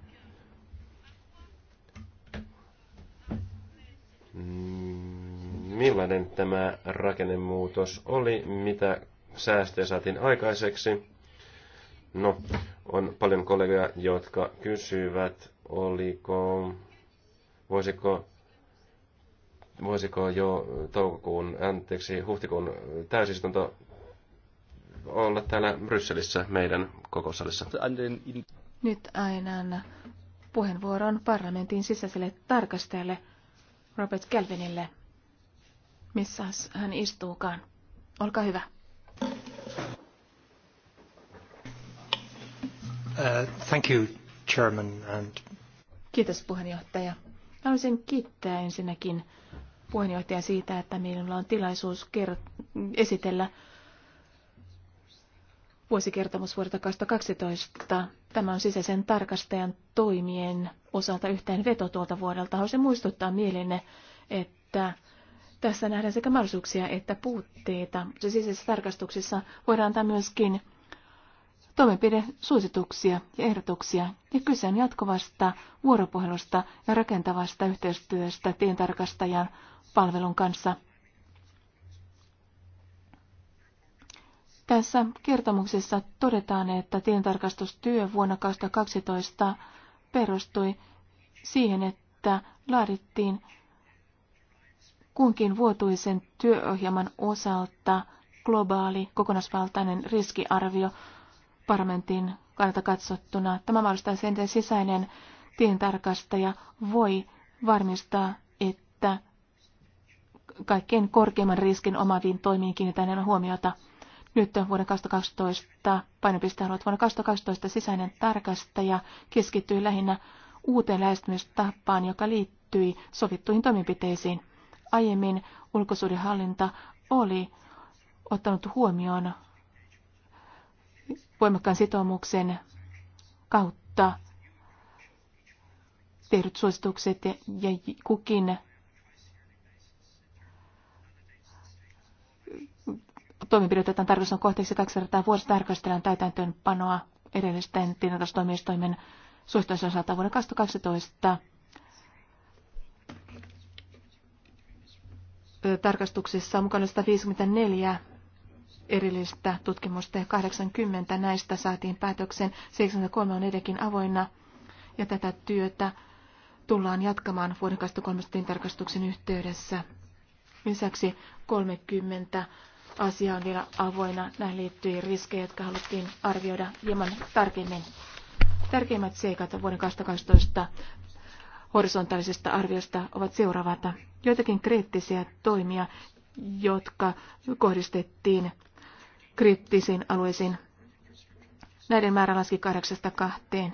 Mm, millainen tämä rakennemuutos oli, mitä säästöjä saatiin aikaiseksi? No, on paljon kollegoja, jotka kysyvät, oliko, voisiko voisiko jo toukokuun, anteeksi, huhtikuun täysistunto olla täällä Brysselissä meidän kokoussalissa. Nyt aina puheenvuoron parlamentin sisäiselle tarkastajalle Robert Kelvinille. Missä hän istuukaan? Olkaa hyvä. Uh, thank you, Chairman. And... Kiitos puheenjohtaja. Haluaisin kiittää ensinnäkin puheenjohtaja siitä, että meillä on tilaisuus esitellä vuosikertomus vuodelta 2012. Tämä on sisäisen tarkastajan toimien osalta yhteen veto tuolta vuodelta. Haluaisin muistuttaa mielenne, että tässä nähdään sekä mahdollisuuksia että puutteita. Sisäisissä tarkastuksissa voidaan antaa myöskin toimenpidesuosituksia ja ehdotuksia, ja kyse on jatkuvasta vuoropuhelusta ja rakentavasta yhteistyöstä tientarkastajan palvelun kanssa. Tässä kertomuksessa todetaan, että tilintarkastustyö vuonna 2012 perustui siihen, että laadittiin kunkin vuotuisen työohjelman osalta globaali kokonaisvaltainen riskiarvio parlamentin kannalta katsottuna. Tämä mahdollistaa sen, että sisäinen tilintarkastaja voi varmistaa, että kaikkein korkeimman riskin omaviin toimiin kiinnitetään enemmän huomiota. Nyt vuoden 2012 painopistealueet vuonna 2012 sisäinen tarkastaja keskittyi lähinnä uuteen lähestymistapaan, joka liittyi sovittuihin toimenpiteisiin. Aiemmin ulkosuudenhallinta oli ottanut huomioon voimakkaan sitoumuksen kautta tehdyt suositukset ja kukin Toimenpiteet tarkoitus on kohteeksi kertaa vuosi tarkastellaan täytäntöönpanoa edellisten tilintarkastustoimistoimen suhteessa osalta vuonna 2012. Tarkastuksissa on mukana 154 erillistä tutkimusta ja 80 näistä saatiin päätöksen. 73 on edekin avoinna ja tätä työtä tullaan jatkamaan vuoden 2013 tarkastuksen yhteydessä. Lisäksi 30 asia on vielä avoinna. Näihin liittyy riskejä, jotka haluttiin arvioida hieman tarkemmin. Tärkeimmät seikat vuoden 2012 horisontaalisesta arviosta ovat seuraavat. Joitakin kriittisiä toimia, jotka kohdistettiin kriittisiin alueisiin. Näiden määrä laski kahdeksasta kahteen.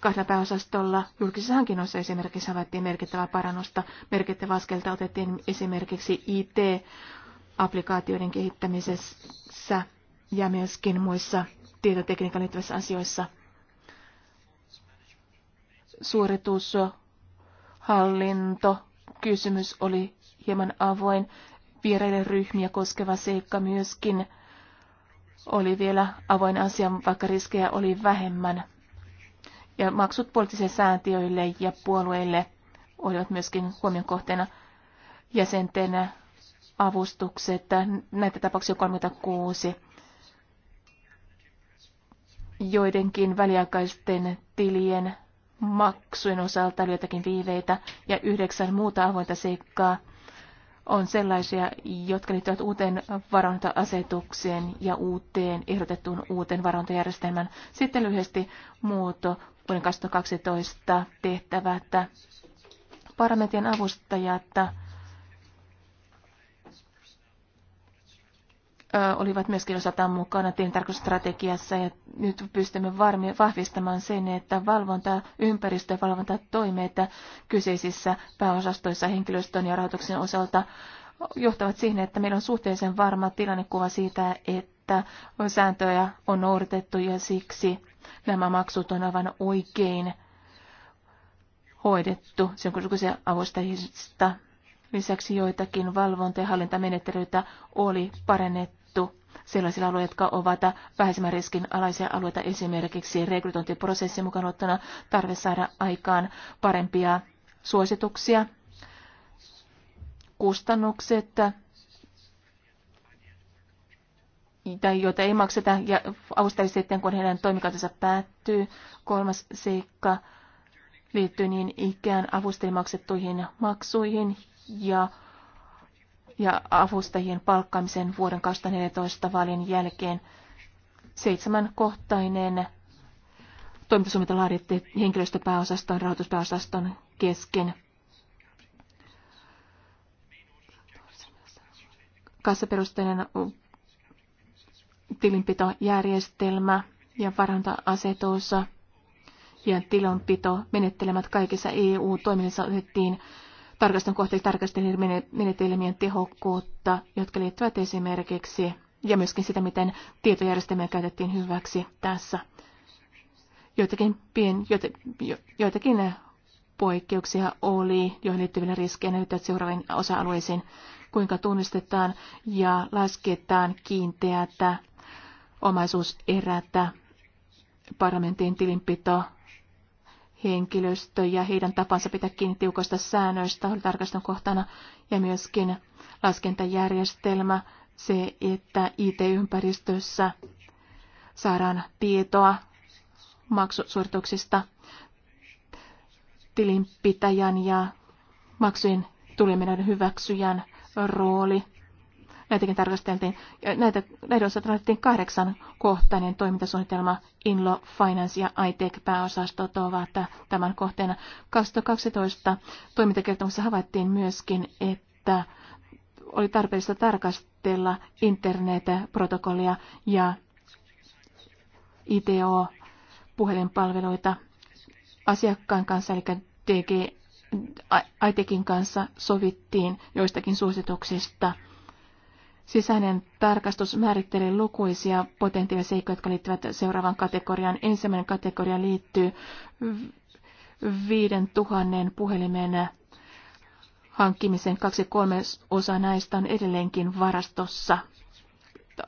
Kahdella pääosastolla julkisissa hankinnoissa esimerkiksi havaittiin merkittävää parannusta. Merkittävä askelta otettiin esimerkiksi IT applikaatioiden kehittämisessä ja myöskin muissa tietotekniikan liittyvissä asioissa. Suoritushallinto kysymys oli hieman avoin. Viereiden ryhmiä koskeva seikka myöskin oli vielä avoin asia, vaikka riskejä oli vähemmän. Ja maksut poliittisille sääntiöille ja puolueille olivat myöskin huomion kohteena jäsentenä avustukset, näitä tapauksia 36, joidenkin väliaikaisten tilien maksujen osalta oli jotakin viiveitä ja yhdeksän muuta avointa seikkaa on sellaisia, jotka liittyvät uuteen varantoasetukseen ja uuteen ehdotettuun uuteen varantojärjestelmään. Sitten lyhyesti muuto vuoden 2012 tehtävät parlamentin avustajat olivat myöskin osataan mukana tilintarkastusstrategiassa ja nyt pystymme varmi, vahvistamaan sen, että valvonta, ympäristö- ja valvontatoimet kyseisissä pääosastoissa henkilöstön ja rahoituksen osalta johtavat siihen, että meillä on suhteellisen varma tilannekuva siitä, että sääntöjä on noudatettu ja siksi nämä maksut on aivan oikein hoidettu, sen kun avustajista Lisäksi joitakin valvonta- ja hallintamenettelyitä oli parannettu sellaisilla alueilla, jotka ovat vähäisemmän riskin alaisia alueita, esimerkiksi rekrytointiprosessin mukaan ottana tarve saada aikaan parempia suosituksia, kustannukset, tai joita ei makseta ja avustajille sitten, kun heidän toimikautensa päättyy. Kolmas seikka liittyy niin ikään avustajille maksettuihin maksuihin ja ja avustajien palkkaamisen vuoden 2014 vaalien jälkeen. Seitsemän kohtainen toimintasuunnitelma laadittiin henkilöstöpääosaston rahoituspääosaston kesken. Kassaperusteinen tilinpitojärjestelmä ja varantoasetus ja tilonpito menettelemät kaikissa EU-toiminnassa otettiin tarkaston kohteeksi tarkastelin menetelmien tehokkuutta, jotka liittyvät esimerkiksi ja myöskin sitä, miten tietojärjestelmiä käytettiin hyväksi tässä. Joitakin, pien, joita, jo, joitakin poikkeuksia oli, joihin liittyvillä riskejä näyttää seuraaviin osa-alueisiin, kuinka tunnistetaan ja lasketaan kiinteätä omaisuuserätä, parlamentin tilinpito, henkilöstö ja heidän tapansa pitää kiinni tiukoista säännöistä oli tarkaston kohtana ja myöskin laskentajärjestelmä, se, että IT-ympäristössä saadaan tietoa maksusuorituksista tilinpitäjän ja maksujen tuleminen hyväksyjän rooli Näitäkin tarkasteltiin, näitä, näiden osalta laadittiin kahdeksan kohtainen toimintasuunnitelma. Inlo Finance ja ITEC pääosastot ovat tämän kohteena. 2012 toimintakertomuksessa havaittiin myöskin, että oli tarpeellista tarkastella internet-protokollia ja ITO-puhelinpalveluita asiakkaan kanssa, eli DG, ITEKin kanssa sovittiin joistakin suosituksista – Sisäinen tarkastus määrittelee lukuisia potentiaalisia seikkoja, jotka liittyvät seuraavaan kategoriaan. Ensimmäinen kategoria liittyy 5000 puhelimen hankkimisen. Kaksi osa näistä on edelleenkin varastossa,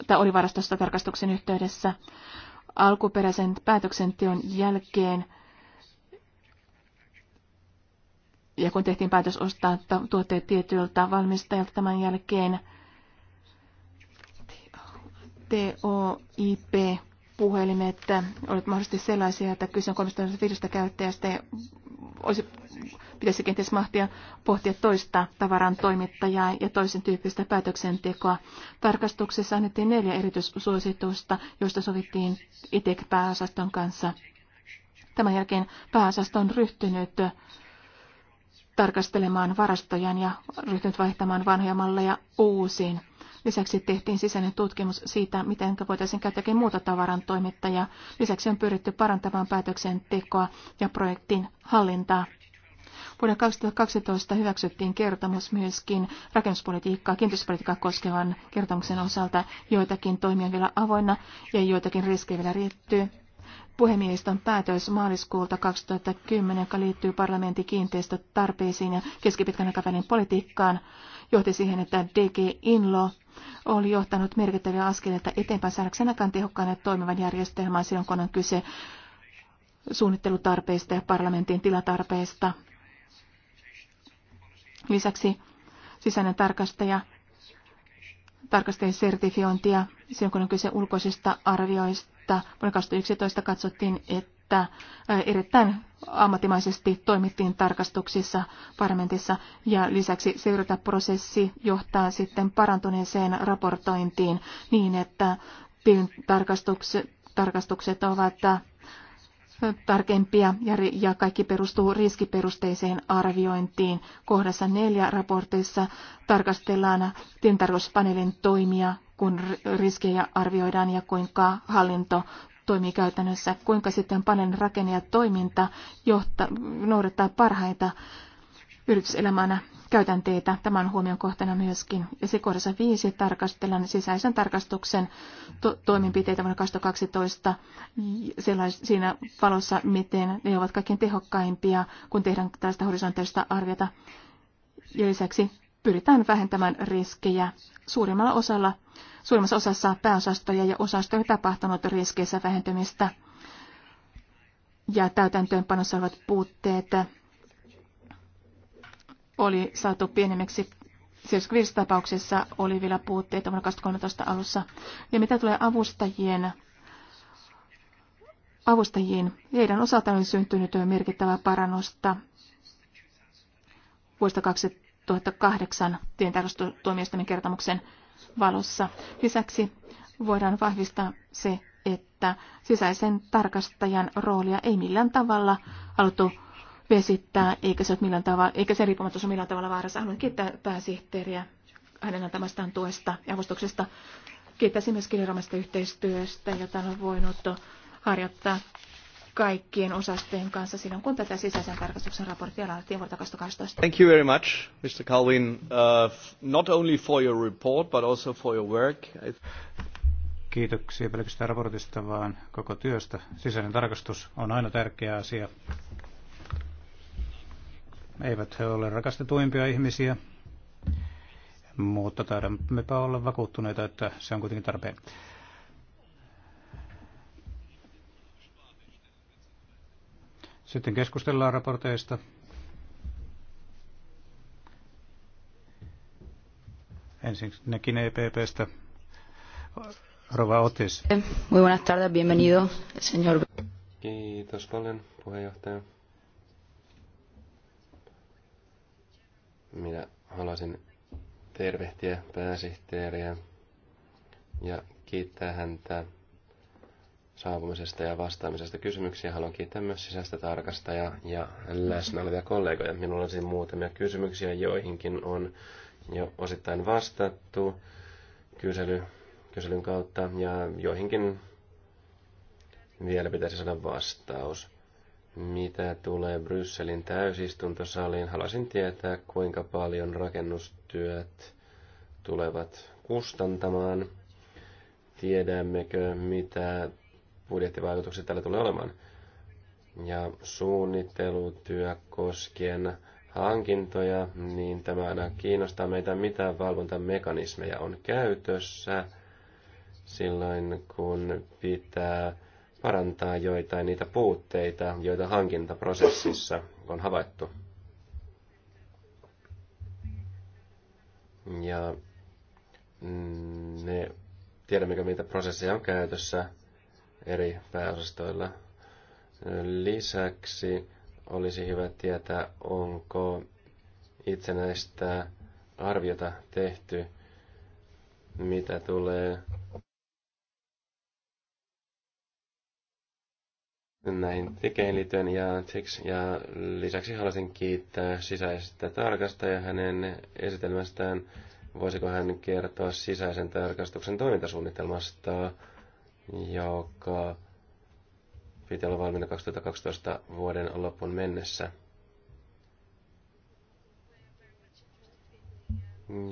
tai oli varastossa tarkastuksen yhteydessä. Alkuperäisen päätöksenteon jälkeen ja kun tehtiin päätös ostaa tuotteet tietyiltä valmistajilta tämän jälkeen, TOIP-puhelimet olet mahdollisesti sellaisia, että kyse on 35 käyttäjästä ja olisi, pitäisi kenties mahtia pohtia toista tavaran toimittajaa ja toisen tyyppistä päätöksentekoa. Tarkastuksessa annettiin neljä erityissuositusta, joista sovittiin ITEC-pääosaston kanssa. Tämän jälkeen pääosasto on ryhtynyt tarkastelemaan varastojan ja ryhtynyt vaihtamaan vanhoja malleja uusiin. Lisäksi tehtiin sisäinen tutkimus siitä, miten voitaisiin käyttääkin muuta tavaran toimittajaa. Lisäksi on pyritty parantamaan päätöksentekoa ja projektin hallintaa. Vuonna 2012 hyväksyttiin kertomus myöskin rakennuspolitiikkaa, kiinteistöpolitiikkaa koskevan kertomuksen osalta. Joitakin toimia vielä avoinna ja joitakin riskejä vielä riittyy puhemiehistön päätös maaliskuulta 2010, joka liittyy parlamentin kiinteistötarpeisiin ja keskipitkän aikavälin politiikkaan, johti siihen, että DG Inlo oli johtanut merkittäviä askeleita eteenpäin saadakseen aikaan tehokkaan ja toimivan järjestelmän silloin, kun on kyse suunnittelutarpeista ja parlamentin tilatarpeista. Lisäksi sisäinen tarkastaja tarkastajien sertifiointia silloin, kun on kyse ulkoisista arvioista mutta vuonna 2011 katsottiin, että erittäin ammattimaisesti toimittiin tarkastuksissa parlamentissa ja lisäksi seurataprosessi johtaa sitten parantuneeseen raportointiin niin, että tarkastukset, tarkastukset ovat tarkempia ja, kaikki perustuu riskiperusteiseen arviointiin. Kohdassa neljä raportissa tarkastellaan tintarvospaneelin toimia kun riskejä arvioidaan ja kuinka hallinto toimii käytännössä, kuinka sitten panen rakenne ja toiminta johta, noudattaa parhaita yrityselämänä käytänteitä. Tämän huomion kohtana myöskin. Ja se kohdassa viisi tarkastellaan sisäisen tarkastuksen to- toimenpiteitä vuonna 2012 sellais- siinä valossa, miten ne ovat kaikkein tehokkaimpia, kun tehdään tästä horisontista arviota. Ja lisäksi pyritään vähentämään riskejä. Suurimmalla osalla, suurimmassa osassa pääosastoja ja osastoja tapahtunut riskeissä vähentymistä ja täytäntöönpanossa olevat puutteet oli saatu pienemmiksi 75 tapauksessa oli vielä puutteita vuonna 2013 alussa. Ja mitä tulee avustajien, avustajiin, heidän osaltaan on syntynyt merkittävää parannusta vuodesta 2000 2008 tientarkastustuomioistuimen kertomuksen valossa. Lisäksi voidaan vahvistaa se, että sisäisen tarkastajan roolia ei millään tavalla haluttu vesittää, eikä se, millään tavalla, eikä se riippumattomuus millään tavalla vaarassa. Haluan kiittää pääsihteeriä hänen antamastaan tuesta ja avustuksesta. Kiittäisin myös kirjallista yhteistyöstä, jota on voinut harjoittaa kaikkien osastojen kanssa silloin, kun tätä sisäisen tarkastuksen raporttia laadittiin vuodelta 2012. Thank you very much, Mr. Calvin, uh, not only for your report, but also for your work. Kiitoksia pelkästään raportista, vaan koko työstä. Sisäinen tarkastus on aina tärkeä asia. Eivät he ole rakastetuimpia ihmisiä, mutta taidammepa olla vakuuttuneita, että se on kuitenkin tarpeen. Sitten keskustellaan raporteista. Ensinnäkin EPPstä. Rova Otis. Muy buenas tardes, bienvenido, señor. Kiitos paljon, puheenjohtaja. Minä haluaisin tervehtiä pääsihteeriä ja kiittää häntä saapumisesta ja vastaamisesta kysymyksiä. Haluan kiittää myös sisäistä tarkastajaa ja läsnä olevia kollegoja. Minulla on siis muutamia kysymyksiä, joihinkin on jo osittain vastattu kysely, kyselyn kautta ja joihinkin vielä pitäisi saada vastaus. Mitä tulee Brysselin täysistuntosaliin, haluaisin tietää, kuinka paljon rakennustyöt tulevat kustantamaan. Tiedämmekö, mitä budjettivaikutukset tällä tulee olemaan. Ja suunnittelutyö koskien hankintoja, niin tämä aina kiinnostaa meitä, mitä valvontamekanismeja on käytössä silloin, kun pitää parantaa joitain niitä puutteita, joita hankintaprosessissa on havaittu. Ja ne, tiedämmekö mitä prosesseja on käytössä, eri pääosastoilla. Lisäksi olisi hyvä tietää, onko itsenäistä arviota tehty, mitä tulee näihin tekeen liittyen ja, ja lisäksi haluaisin kiittää sisäistä tarkastajaa hänen esitelmästään. Voisiko hän kertoa sisäisen tarkastuksen toimintasuunnitelmasta joka piti olla valmiina 2012 vuoden loppuun mennessä.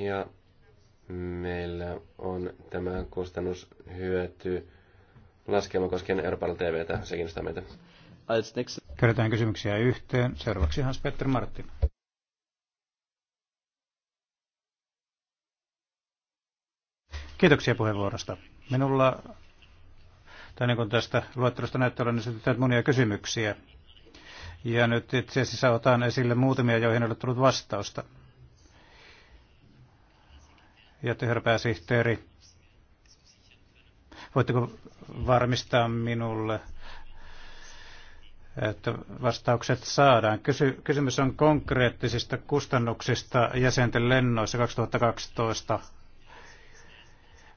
Ja meillä on tämä kustannushyöty laskelma koskien Euroopan TVtä, sekin sitä meitä. Kerätään kysymyksiä yhteen. Seuraavaksi Hans-Petter Martti. Kiitoksia puheenvuorosta. Minulla tai niin kuin tästä luettelosta näyttää olla, niin sytytään monia kysymyksiä. Ja nyt itse asiassa otan esille muutamia, joihin ei ole tullut vastausta. Ja herra pääsihteeri, voitteko varmistaa minulle, että vastaukset saadaan. Kysy, kysymys on konkreettisista kustannuksista jäsenten lennoissa 2012.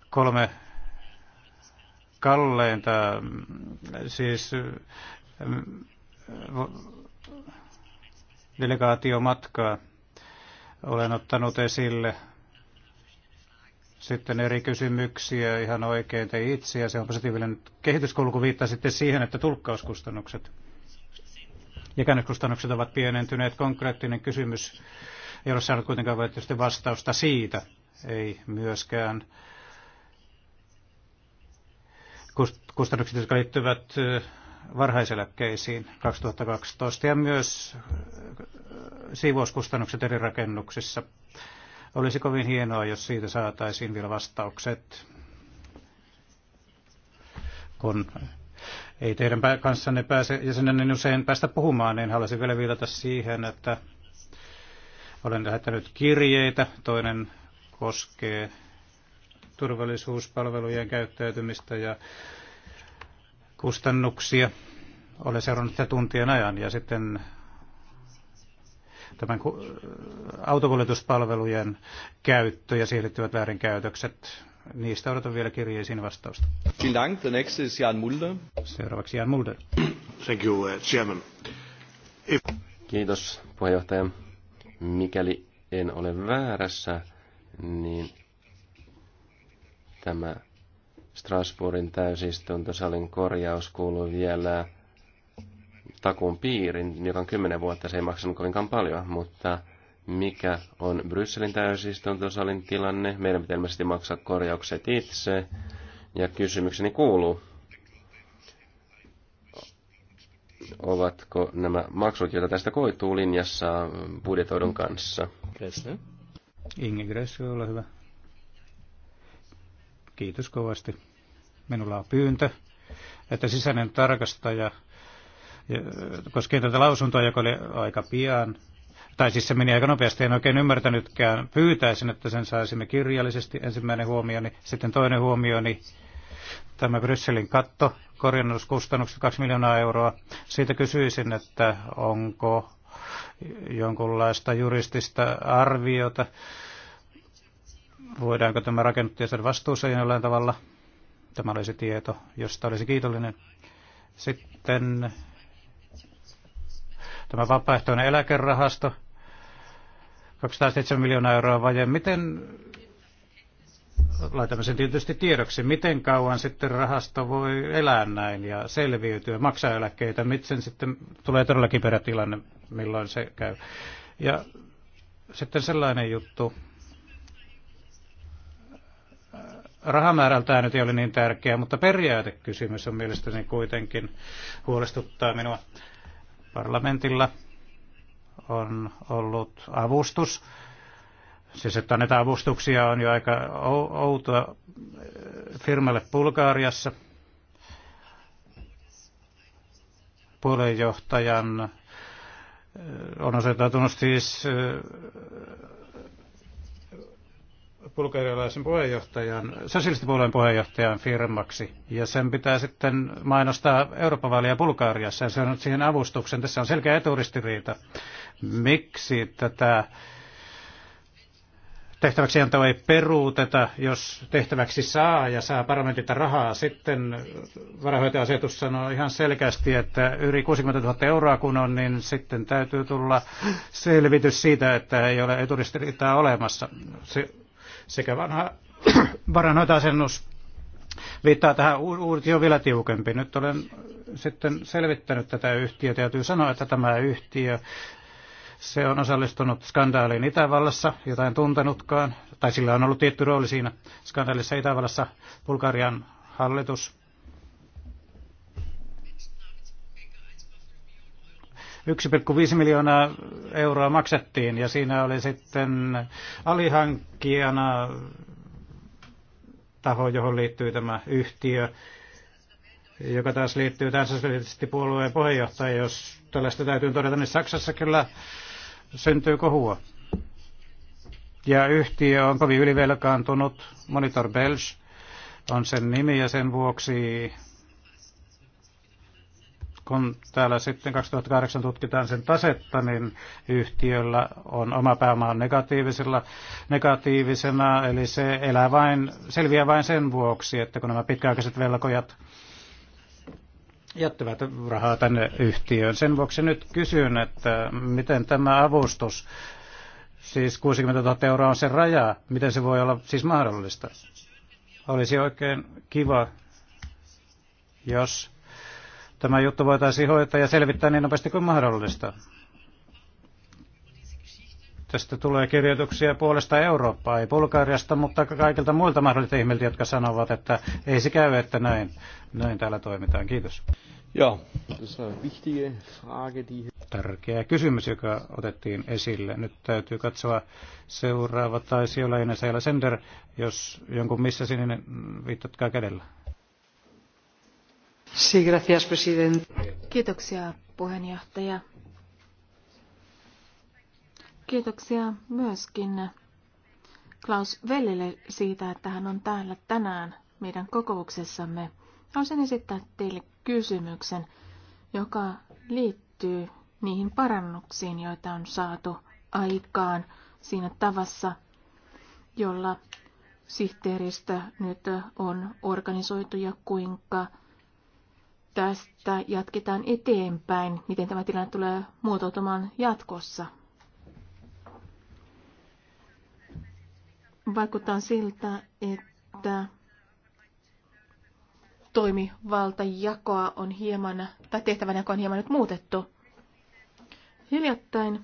Kolme kalleinta, siis mm, delegaatiomatkaa olen ottanut esille. Sitten eri kysymyksiä ihan oikein te itse, ja se on positiivinen kehityskulku. sitten siihen, että tulkkauskustannukset ja käännöskustannukset ovat pienentyneet. Konkreettinen kysymys ei ole saanut kuitenkaan vastausta siitä, ei myöskään kustannukset, jotka liittyvät varhaiseläkkeisiin 2012 ja myös siivouskustannukset eri rakennuksissa. Olisi kovin hienoa, jos siitä saataisiin vielä vastaukset, kun ei teidän kanssanne pääse jäsenenne niin usein päästä puhumaan, niin haluaisin vielä viitata siihen, että olen lähettänyt kirjeitä. Toinen koskee turvallisuuspalvelujen käyttäytymistä ja kustannuksia. Olen seurannut sitä tuntien ajan ja sitten tämän autokuljetuspalvelujen käyttö ja siihen liittyvät väärinkäytökset. Niistä odotan vielä kirjeisiin vastausta. Dank. The next is Jan Mulder. Seuraavaksi Jan Mulder. Thank you, uh, Chairman. If... Kiitos, puheenjohtaja. Mikäli en ole väärässä, niin Tämä Strasbourgin täysistuntosalin korjaus kuuluu vielä takun piirin, joka on kymmenen vuotta, se ei maksanut kovinkaan paljon, mutta mikä on Brysselin täysistuntosalin tilanne? Meidän pitää ilmeisesti maksaa korjaukset itse. Ja kysymykseni kuuluu, ovatko nämä maksut, joita tästä koituu linjassa budjetoidun kanssa? Gressle. Inge Gressi, ole hyvä. Kiitos kovasti. Minulla on pyyntö, että sisäinen tarkastaja koskien tätä lausuntoa, joka oli aika pian, tai siis se meni aika nopeasti, en oikein ymmärtänytkään. Pyytäisin, että sen saisimme kirjallisesti ensimmäinen huomioni, sitten toinen huomioni, tämä Brysselin katto, korjannuskustannukset 2 miljoonaa euroa. Siitä kysyisin, että onko jonkunlaista juristista arviota voidaanko tämä rakennuttaja saada vastuuseen jollain tavalla. Tämä olisi tieto, josta olisi kiitollinen. Sitten tämä vapaaehtoinen eläkerahasto, 207 miljoonaa euroa vaje. Miten, laitamme sen tietysti tiedoksi, miten kauan sitten rahasto voi elää näin ja selviytyä, maksaa eläkkeitä, miten sitten tulee todella kiperä tilanne, milloin se käy. Ja sitten sellainen juttu, rahamäärältään nyt ei ole niin tärkeä, mutta periaatekysymys on mielestäni kuitenkin huolestuttaa minua. Parlamentilla on ollut avustus. Siis, että näitä avustuksia on jo aika outoa äh, firmalle Bulgaariassa. Puolenjohtajan äh, on osoittautunut siis äh, bulgarialaisen puheenjohtajan, sosialistipuolueen puheenjohtajan firmaksi. Ja sen pitää sitten mainostaa Euroopan vaaleja Bulgariassa ja se on siihen avustuksen. Tässä on selkeä eturistiriita. Miksi tätä tehtäväksi antaa ei peruuteta, jos tehtäväksi saa ja saa parlamentilta rahaa. Sitten varahoitajasetus sanoo ihan selkeästi, että yli 60 000 euroa kun on, niin sitten täytyy tulla selvitys siitä, että ei ole eturistiriitaa olemassa. Se sekä vanha [coughs] varanoita-asennus viittaa tähän uutio vielä tiukempi. Nyt olen sitten selvittänyt tätä yhtiötä. Täytyy sanoa, että tämä yhtiö se on osallistunut skandaaliin Itävallassa, jota en tuntenutkaan, tai sillä on ollut tietty rooli siinä skandaalissa Itävallassa. Bulgarian hallitus 1,5 miljoonaa euroa maksettiin ja siinä oli sitten alihankkijana taho, johon liittyy tämä yhtiö, joka taas liittyy tänsä puolueen puheenjohtajan, Jos tällaista täytyy todeta, niin Saksassa kyllä syntyy kohua. Ja yhtiö on kovin ylivelkaantunut. Monitor Belge on sen nimi ja sen vuoksi kun täällä sitten 2008 tutkitaan sen tasetta, niin yhtiöllä on oma pääoma negatiivisella, negatiivisena, eli se elää vain, selviää vain sen vuoksi, että kun nämä pitkäaikaiset velkojat jättävät rahaa tänne yhtiöön. Sen vuoksi nyt kysyn, että miten tämä avustus, siis 60 000 euroa on se raja, miten se voi olla siis mahdollista? Olisi oikein kiva, jos tämä juttu voitaisiin hoitaa ja selvittää niin nopeasti kuin mahdollista. Tästä tulee kirjoituksia puolesta Eurooppaa, ei Bulgariasta, mutta kaikilta muilta mahdollisilta ihmiltä, jotka sanovat, että ei se käy, että näin, näin täällä toimitaan. Kiitos. Ja, Tärkeä kysymys, joka otettiin esille. Nyt täytyy katsoa seuraava, tai siellä Ines Sender, jos jonkun missä sininen, viittatkaa kädellä. Arvoisa puhemies. Kiitoksia, myöskin Klaus Vellille siitä, että hän on täällä tänään meidän kokouksessamme. Haluaisin esittää teille kysymyksen, joka liittyy niihin parannuksiin, joita on saatu aikaan siinä tavassa, jolla sihteeristö nyt on organisoitu ja kuinka tästä jatketaan eteenpäin, miten tämä tilanne tulee muotoutumaan jatkossa. Vaikuttaa siltä, että toimivaltajakoa on hieman, tai tehtävänjakoa on hieman nyt muutettu. Hiljattain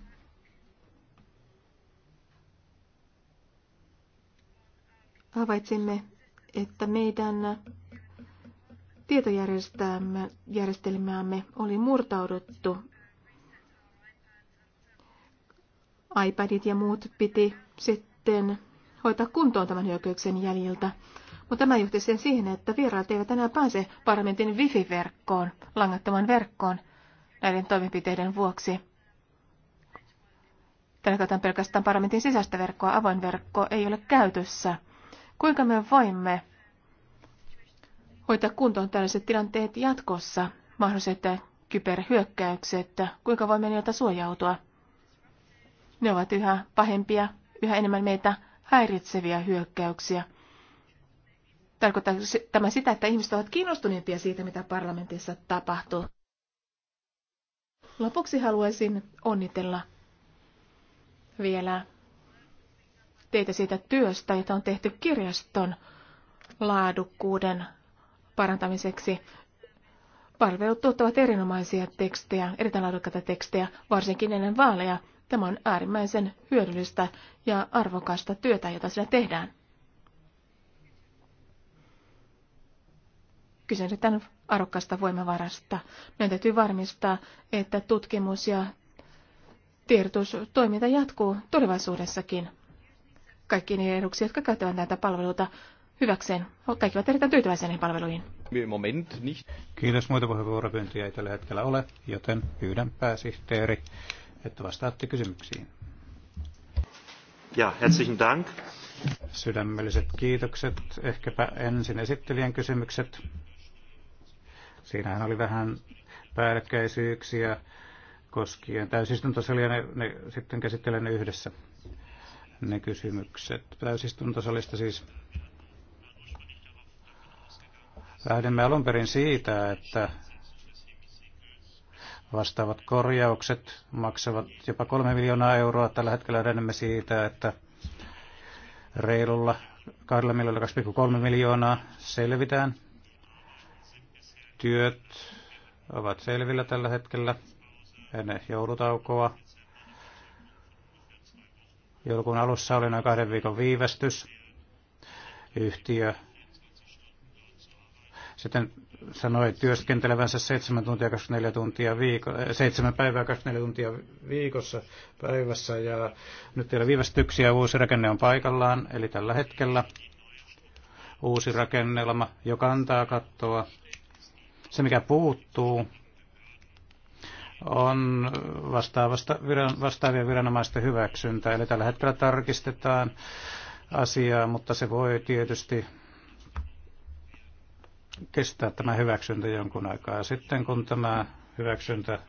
havaitsimme, että meidän tietojärjestelmäämme oli murtauduttu. iPadit ja muut piti sitten hoitaa kuntoon tämän hyökkäyksen jäljiltä. Mutta tämä johti sen siihen, että vieraat eivät enää pääse parlamentin wifi-verkkoon, langattoman verkkoon näiden toimenpiteiden vuoksi. Tarkoitan pelkästään parlamentin sisäistä verkkoa, avoin verkko ei ole käytössä. Kuinka me voimme hoitaa kuntoon tällaiset tilanteet jatkossa, mahdolliset kyberhyökkäykset, kuinka voimme niiltä suojautua. Ne ovat yhä pahempia, yhä enemmän meitä häiritseviä hyökkäyksiä. Tarkoittaa tämä sitä, että ihmiset ovat kiinnostuneempia siitä, mitä parlamentissa tapahtuu? Lopuksi haluaisin onnitella vielä teitä siitä työstä, jota on tehty kirjaston laadukkuuden parantamiseksi. Palvelut tuottavat erinomaisia tekstejä, erittäin laadukkaita tekstejä, varsinkin ennen vaaleja. Tämä on äärimmäisen hyödyllistä ja arvokasta työtä, jota sillä tehdään. Kyse on arvokkaasta voimavarasta. Meidän täytyy varmistaa, että tutkimus ja tiedotustoiminta jatkuu tulevaisuudessakin. Kaikki ne eduksia, jotka käyttävät näitä palveluita, hyväkseen. Kaikki ovat erittäin tyytyväisiä näihin palveluihin. Moment, niin. Kiitos, muita puheenvuoropyyntöjä ei tällä hetkellä ole, joten pyydän pääsihteeri, että vastaatte kysymyksiin. Ja, herzlichen Dank. Sydämelliset kiitokset. Ehkäpä ensin esittelijän kysymykset. Siinähän oli vähän päällekkäisyyksiä koskien täysistuntosalia, ne, ne sitten käsittelen yhdessä ne kysymykset. Täysistuntosalista siis Lähdemme alun perin siitä, että vastaavat korjaukset maksavat jopa kolme miljoonaa euroa. Tällä hetkellä lähdemme siitä, että reilulla 2 miljoonalla 2,3 miljoonaa selvitään. Työt ovat selvillä tällä hetkellä ennen joulutaukoa. Joulukuun alussa oli noin kahden viikon viivästys. Yhtiö sitten sanoi työskentelevänsä 7 tuntia 24 tuntia viiko, 7 eh, päivää 24 tuntia viikossa päivässä ja nyt ei viivästyksiä, uusi rakenne on paikallaan, eli tällä hetkellä uusi rakennelma, joka antaa kattoa. Se, mikä puuttuu, on vastaavasta, viran, vastaavien viranomaisten hyväksyntä. Eli tällä hetkellä tarkistetaan asiaa, mutta se voi tietysti kestää tämä hyväksyntä jonkun aikaa. Sitten kun tämä hyväksyntä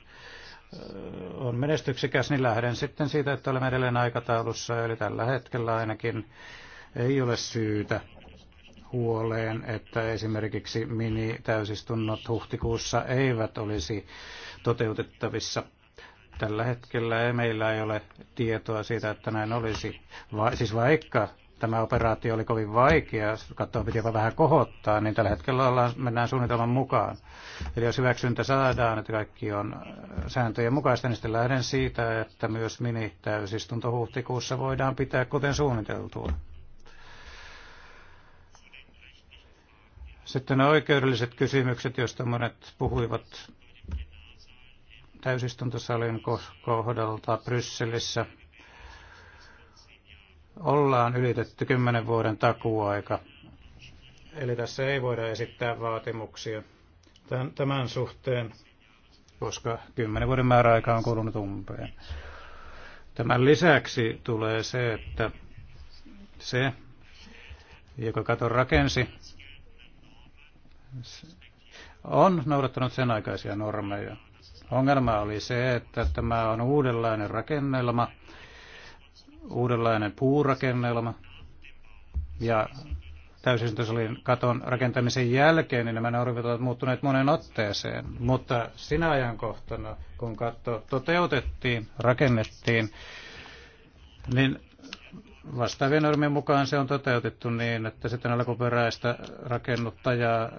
on menestyksekäs, niin lähden sitten siitä, että olemme edelleen aikataulussa, eli tällä hetkellä ainakin ei ole syytä huoleen, että esimerkiksi mini-täysistunnot huhtikuussa eivät olisi toteutettavissa. Tällä hetkellä ei, meillä ei ole tietoa siitä, että näin olisi. Va- siis vaikka tämä operaatio oli kovin vaikea, kattoa piti jopa vähän kohottaa, niin tällä hetkellä ollaan, mennään suunnitelman mukaan. Eli jos hyväksyntä saadaan, että kaikki on äh, sääntöjen mukaista, niin sitten lähden siitä, että myös mini-täysistunto huhtikuussa voidaan pitää kuten suunniteltua. Sitten oikeudelliset kysymykset, joista monet puhuivat täysistuntosalin kohdalta Brysselissä – ollaan ylitetty kymmenen vuoden takuaika. Eli tässä ei voida esittää vaatimuksia tämän suhteen, koska kymmenen vuoden määräaika on kulunut umpeen. Tämän lisäksi tulee se, että se, joka kato rakensi, on noudattanut sen aikaisia normeja. Ongelma oli se, että tämä on uudenlainen rakennelma, uudenlainen puurakennelma ja täysistuntosalin katon rakentamisen jälkeen, niin nämä normit ovat muuttuneet monen otteeseen. Mutta sinä ajankohtana, kun katto toteutettiin, rakennettiin, niin vastaavien normien mukaan se on toteutettu niin, että sitten alkuperäistä rakennuttajaa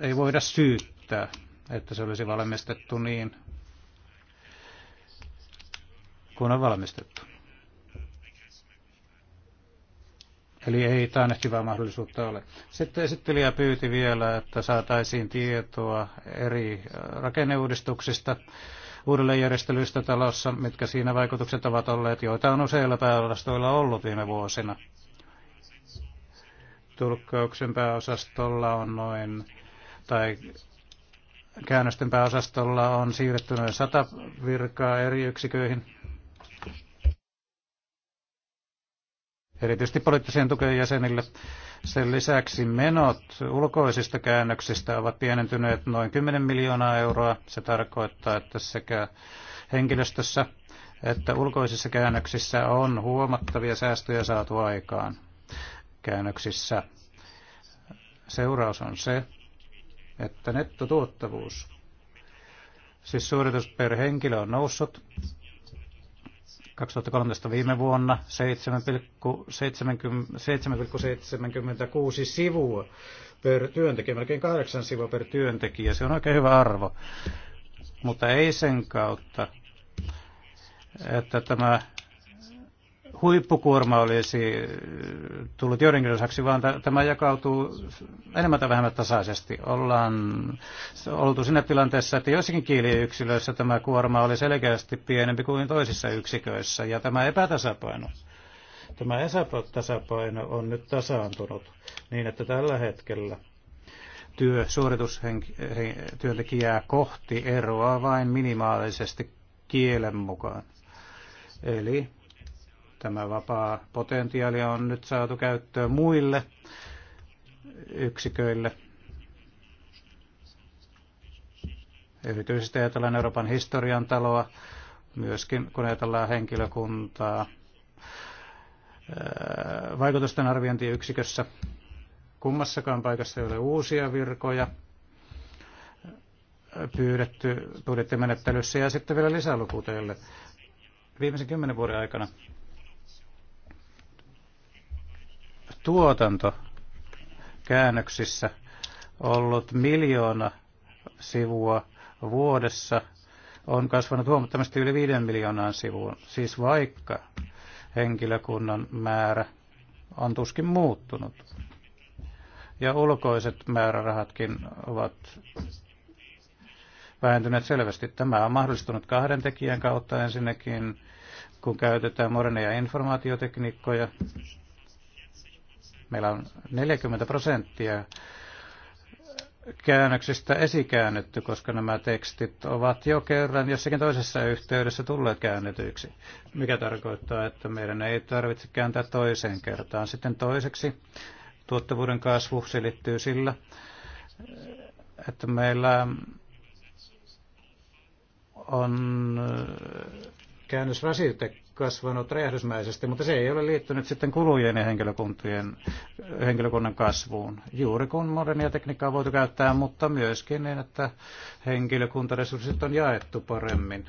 ei voida syyttää, että se olisi valmistettu niin, kun on valmistettu. Eli ei taannehtivaa mahdollisuutta ole. Sitten esittelijä pyyti vielä, että saataisiin tietoa eri äh, rakenneuudistuksista, uudelleenjärjestelyistä talossa, mitkä siinä vaikutukset ovat olleet, joita on useilla pääosastoilla ollut viime vuosina. Tulkkauksen pääosastolla on noin, tai käännösten pääosastolla on siirretty noin sata virkaa eri yksiköihin, erityisesti poliittisen tukeen jäsenille. Sen lisäksi menot ulkoisista käännöksistä ovat pienentyneet noin 10 miljoonaa euroa. Se tarkoittaa, että sekä henkilöstössä että ulkoisissa käännöksissä on huomattavia säästöjä saatu aikaan käännöksissä. Seuraus on se, että nettotuottavuus, siis suoritus per henkilö on noussut 2013 viime vuonna 7,76 sivua per työntekijä, melkein kahdeksan sivua per työntekijä. Se on oikein hyvä arvo, mutta ei sen kautta, että tämä huippukuorma olisi äh, tullut joidenkin osaksi, vaan tämä jakautuu enemmän tai vähemmän tasaisesti. Ollaan oltu siinä tilanteessa, että joissakin kiiliyksilöissä tämä kuorma oli selkeästi pienempi kuin toisissa yksiköissä, ja tämä epätasapaino, tämä tasapaino on nyt tasaantunut niin, että tällä hetkellä työ suoritustyöntekijää kohti eroaa vain minimaalisesti kielen mukaan. Eli Tämä vapaa potentiaali on nyt saatu käyttöön muille yksiköille. Erityisesti ajatellaan Euroopan historian taloa, myöskin kun ajatellaan henkilökuntaa vaikutusten arviointiyksikössä. Kummassakaan paikassa ei ole uusia virkoja pyydetty budjettimenettelyssä ja sitten vielä lisäluku teille. Viimeisen kymmenen vuoden aikana tuotanto käännöksissä ollut miljoona sivua vuodessa on kasvanut huomattavasti yli viiden miljoonaan sivuun. Siis vaikka henkilökunnan määrä on tuskin muuttunut. Ja ulkoiset määrärahatkin ovat vähentyneet selvästi. Tämä on mahdollistunut kahden tekijän kautta ensinnäkin, kun käytetään moderneja informaatiotekniikkoja, Meillä on 40 prosenttia käännöksistä esikäännetty, koska nämä tekstit ovat jo kerran jossakin toisessa yhteydessä tulleet käännetyiksi, mikä tarkoittaa, että meidän ei tarvitse kääntää toiseen kertaan. Sitten toiseksi tuottavuuden kasvu selittyy sillä, että meillä on käännösrasite kasvanut räjähdysmäisesti, mutta se ei ole liittynyt sitten kulujen ja henkilökuntien, henkilökunnan kasvuun. Juuri kun modernia tekniikkaa on voitu käyttää, mutta myöskin niin, että henkilökuntaresurssit on jaettu paremmin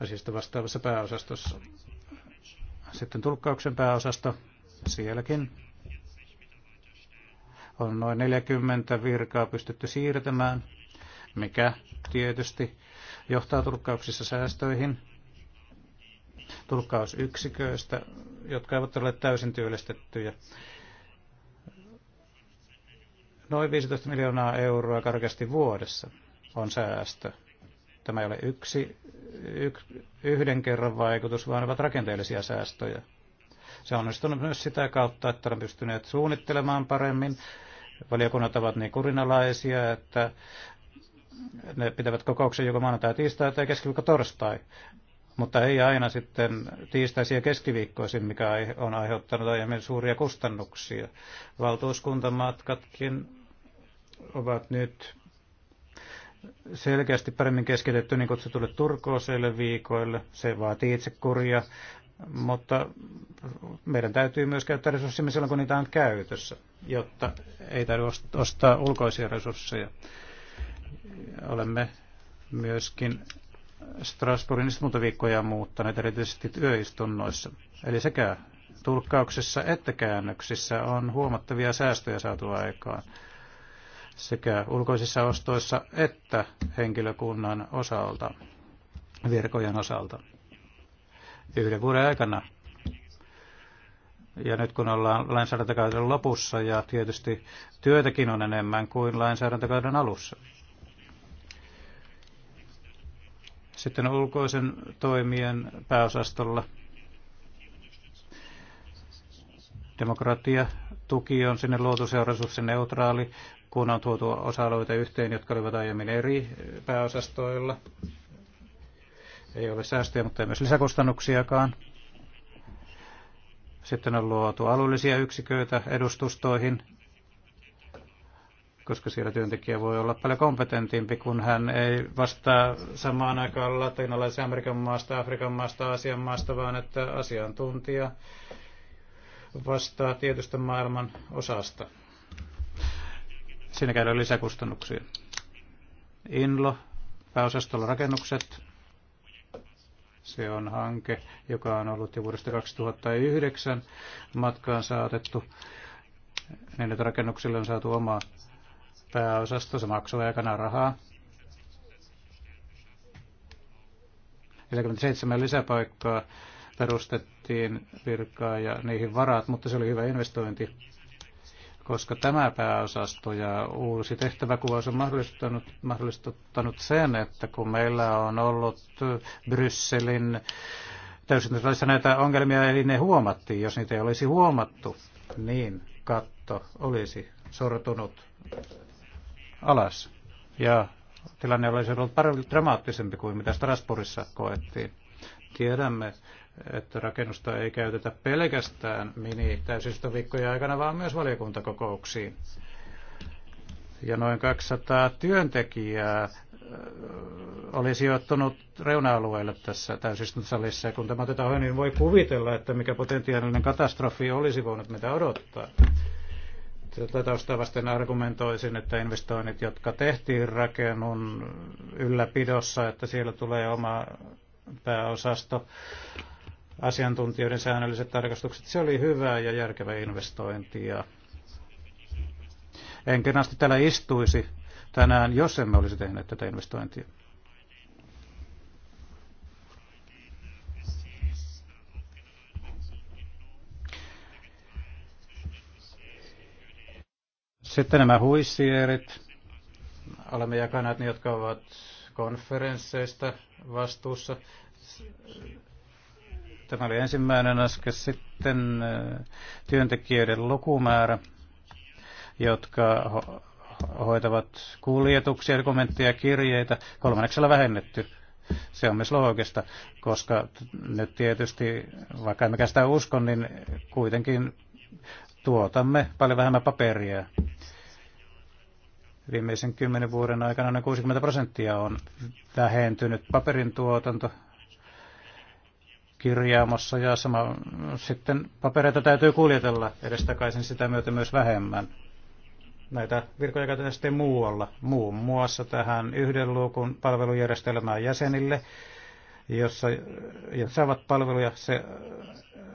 asiasta vastaavassa pääosastossa. Sitten tulkkauksen pääosasto sielläkin on noin 40 virkaa pystytty siirtämään, mikä tietysti johtaa tulkkauksissa säästöihin – tulkkausyksiköistä, jotka eivät ole täysin työllistettyjä. Noin 15 miljoonaa euroa karkeasti vuodessa on säästö. Tämä ei ole yksi, yk, yhden kerran vaikutus, vaan ne ovat rakenteellisia säästöjä. Se on onnistunut myös sitä kautta, että on pystyneet suunnittelemaan paremmin. Valiokunnat ovat niin kurinalaisia, että ne pitävät kokouksen joko maanantai, tiistai tai keskiviikko torstai mutta ei aina sitten tiistaisia keskiviikkoisin, mikä on aiheuttanut aiemmin suuria kustannuksia. Valtuuskuntamatkatkin ovat nyt selkeästi paremmin keskitetty niin kutsutulle turkooseille viikoille. Se vaatii itsekuria, mutta meidän täytyy myös käyttää resursseja silloin, kun niitä on käytössä, jotta ei tarvitse ostaa ulkoisia resursseja. Olemme myöskin Strasbourgin istuntoviikkoja muuttaneet erityisesti työistunnoissa. Eli sekä tulkkauksessa että käännöksissä on huomattavia säästöjä saatu aikaan sekä ulkoisissa ostoissa että henkilökunnan osalta, virkojen osalta. Yhden vuoden aikana ja nyt kun ollaan lainsäädäntökauden lopussa ja tietysti työtäkin on enemmän kuin lainsäädäntökauden alussa, Sitten ulkoisen toimien pääosastolla demokratia tuki on sinne luotu, se on resurssineutraali, kun on tuotu osa-alueita yhteen, jotka olivat aiemmin eri pääosastoilla. Ei ole säästöjä, mutta ei myös lisäkustannuksiakaan. Sitten on luotu alueellisia yksiköitä edustustoihin, koska siellä työntekijä voi olla paljon kompetentimpi, kun hän ei vastaa samaan aikaan latinalaisen Amerikan maasta, Afrikan maasta, Aasian maasta, vaan että asiantuntija vastaa tietystä maailman osasta. Siinä käydään lisäkustannuksia. Inlo, pääosastolla rakennukset. Se on hanke, joka on ollut jo vuodesta 2009 matkaan saatettu niin että rakennuksille on saatu oma pääosasta, se maksoi aikana rahaa. 47 lisäpaikkaa perustettiin virkaa ja niihin varat, mutta se oli hyvä investointi, koska tämä pääosasto ja uusi tehtäväkuvaus on mahdollistanut, mahdollistuttanut sen, että kun meillä on ollut Brysselin täysin näitä ongelmia, eli ne huomattiin, jos niitä ei olisi huomattu, niin katto olisi sortunut alas. Ja tilanne olisi ollut paljon dramaattisempi kuin mitä Strasbourgissa koettiin. Tiedämme, että rakennusta ei käytetä pelkästään mini-täysistöviikkojen aikana, vaan myös valiokuntakokouksiin. Ja noin 200 työntekijää oli sijoittunut reuna-alueelle tässä täysistuntosalissa. Ja kun tämä otetaan niin voi kuvitella, että mikä potentiaalinen katastrofi olisi voinut mitä odottaa. Tätä taustaa vasten argumentoisin, että investoinnit, jotka tehtiin rakennun ylläpidossa, että siellä tulee oma pääosasto, asiantuntijoiden säännölliset tarkastukset, se oli hyvä ja järkevä investointi. Ja enkä asti täällä istuisi tänään, jos emme olisi tehneet tätä investointia. Sitten nämä huissierit. Olemme jakaneet ne, jotka ovat konferensseista vastuussa. Tämä oli ensimmäinen askel. Sitten eh, työntekijöiden lukumäärä, jotka hoitavat kuljetuksia, kommentteja kirjeitä. Kolmanneksella vähennetty. Se on myös loogista, koska nyt tietysti, vaikka emmekä sitä usko, niin kuitenkin tuotamme paljon vähemmän paperia. Viimeisen kymmenen vuoden aikana noin 60 prosenttia on vähentynyt paperin tuotanto kirjaamossa ja sama, sitten papereita täytyy kuljetella edestakaisin sitä myötä myös vähemmän. Näitä virkoja käytetään sitten muualla, muun muassa tähän yhden luukun palvelujärjestelmään jäsenille, jossa, ja saavat palveluja, se äh,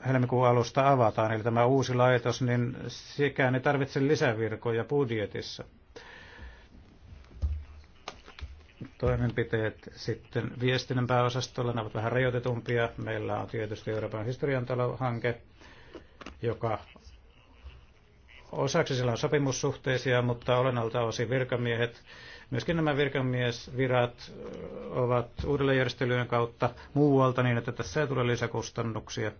helmikuun alusta avataan. Eli tämä uusi laitos, niin sekään ei tarvitse lisävirkoja budjetissa. Toimenpiteet sitten viestinnän pääosastolla, ne ovat vähän rajoitetumpia. Meillä on tietysti Euroopan historian hanke, joka osaksi sillä on sopimussuhteisia, mutta olennalta osin virkamiehet Myöskin nämä virkamiesvirat ovat uudelleenjärjestelyjen kautta muualta niin, että tässä ei tule lisäkustannuksia.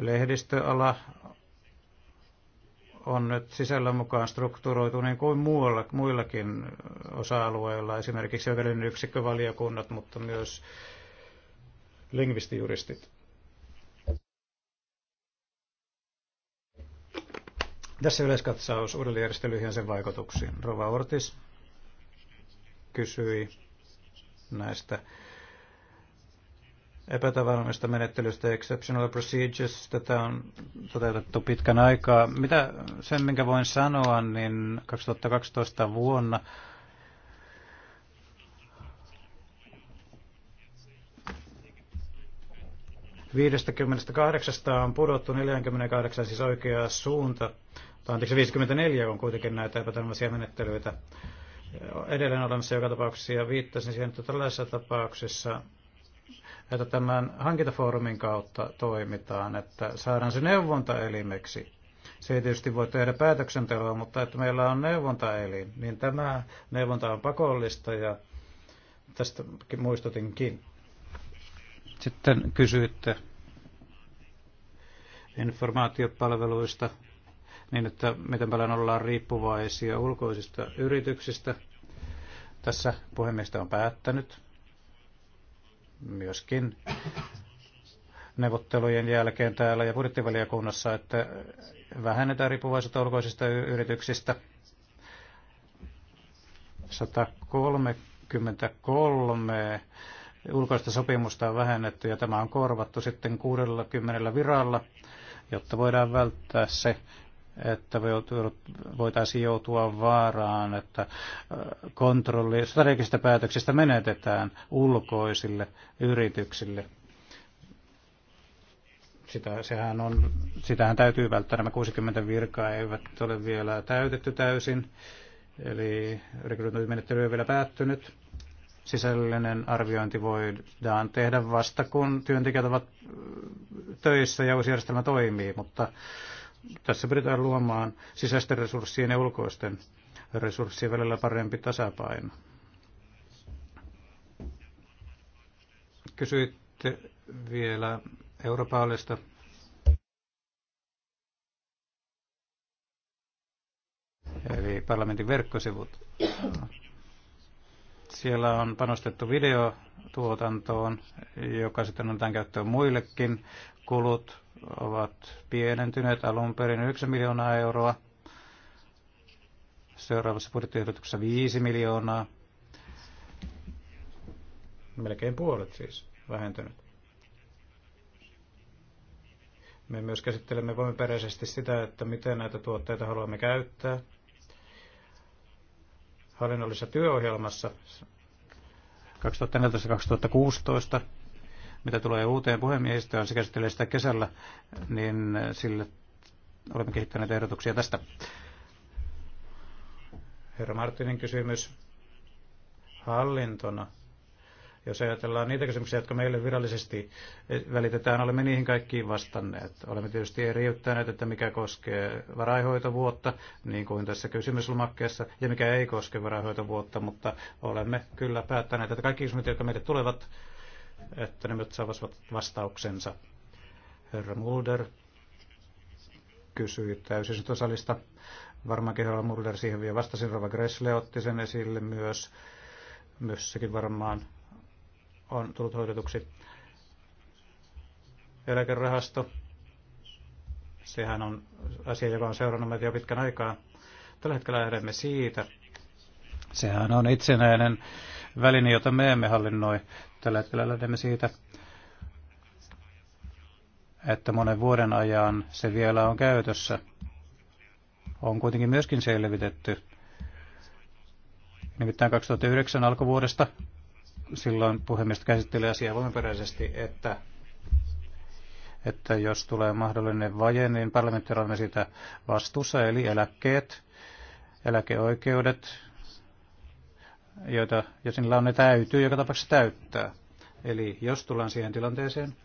Lehdistöala on nyt sisällä mukaan strukturoitu niin kuin muualla, muillakin osa-alueilla, esimerkiksi oikeuden yksikkövaliokunnat, mutta myös lingvistijuristit. Tässä yleiskatsaus uudelleenjärjestelyihin ja sen vaikutuksiin. Rova Ortis kysyi näistä epätavallisista menettelystä, exceptional procedures, tätä on toteutettu pitkän aikaa. Mitä sen, minkä voin sanoa, niin 2012 vuonna Viidestäkymmenestä on pudottu 48, siis oikea suunta anteeksi 54 on kuitenkin näitä epätoivoisia menettelyitä edelleen olemassa joka tapauksessa ja viittasin siihen, että tällaisessa tapauksessa että tämän hankintafoorumin kautta toimitaan, että saadaan se neuvontaelimeksi. Se ei tietysti voi tehdä päätöksentelua, mutta että meillä on neuvontaelin, niin tämä neuvonta on pakollista ja tästä muistutinkin. Sitten kysyitte informaatiopalveluista niin että miten paljon ollaan riippuvaisia ulkoisista yrityksistä. Tässä puhemiestä on päättänyt myöskin neuvottelujen jälkeen täällä ja budjettivaliokunnassa, että vähennetään riippuvaisuutta ulkoisista yrityksistä. 133 ulkoista sopimusta on vähennetty ja tämä on korvattu sitten 60 viralla, jotta voidaan välttää se, että voitaisiin joutua vaaraan, että kontrolli strategisista päätöksistä menetetään ulkoisille yrityksille. Sitä, sehän on, sitähän täytyy välttää. Nämä 60 virkaa eivät ole vielä täytetty täysin, eli rekrytointimenettely on vielä päättynyt sisällinen arviointi voidaan tehdä vasta, kun työntekijät ovat töissä ja uusi järjestelmä toimii, mutta tässä pyritään luomaan sisäisten resurssien ja ulkoisten resurssien välillä parempi tasapaino. Kysyitte vielä Euroopallista eli parlamentin verkkosivut. Siellä on panostettu videotuotantoon, joka sitten annetaan käyttöön muillekin kulut ovat pienentyneet alun perin 1 miljoonaa euroa, seuraavassa budjettiehdotuksessa 5 miljoonaa, melkein puolet siis vähentynyt. Me myös käsittelemme voimaperäisesti sitä, että miten näitä tuotteita haluamme käyttää. Hallinnollisessa työohjelmassa 2014-2016 mitä tulee uuteen puhemiehistöön, se käsittelee sitä kesällä, niin sille olemme kehittäneet ehdotuksia tästä. Herra Martinin kysymys hallintona. Jos ajatellaan niitä kysymyksiä, jotka meille virallisesti välitetään, olemme niihin kaikkiin vastanneet. Olemme tietysti eriyttäneet, että mikä koskee varainhoitovuotta, niin kuin tässä kysymyslomakkeessa, ja mikä ei koske varainhoitovuotta, mutta olemme kyllä päättäneet, että kaikki kysymykset, jotka meille tulevat, että ne myös saavat vastauksensa. Herra Mulder kysyi täysistuntosalista. Varmaankin herra Mulder siihen vielä vastasi. Rova Gressle otti sen esille myös. Myös sekin varmaan on tullut hoidetuksi. Eläkerahasto. Sehän on asia, joka on seurannut meitä jo pitkän aikaa. Tällä hetkellä lähdemme siitä. Sehän on itsenäinen väline, jota me emme hallinnoi. Tällä hetkellä lähdemme siitä, että monen vuoden ajan se vielä on käytössä. On kuitenkin myöskin selvitetty. Nimittäin 2009 alkuvuodesta silloin puhemies käsitteli asiaa voimaperäisesti, että, että jos tulee mahdollinen vaje, niin parlamentti on sitä vastuussa, eli eläkkeet, eläkeoikeudet, joita jäsenillä on, ne täytyy joka tapauksessa täyttää. Eli jos tullaan siihen tilanteeseen,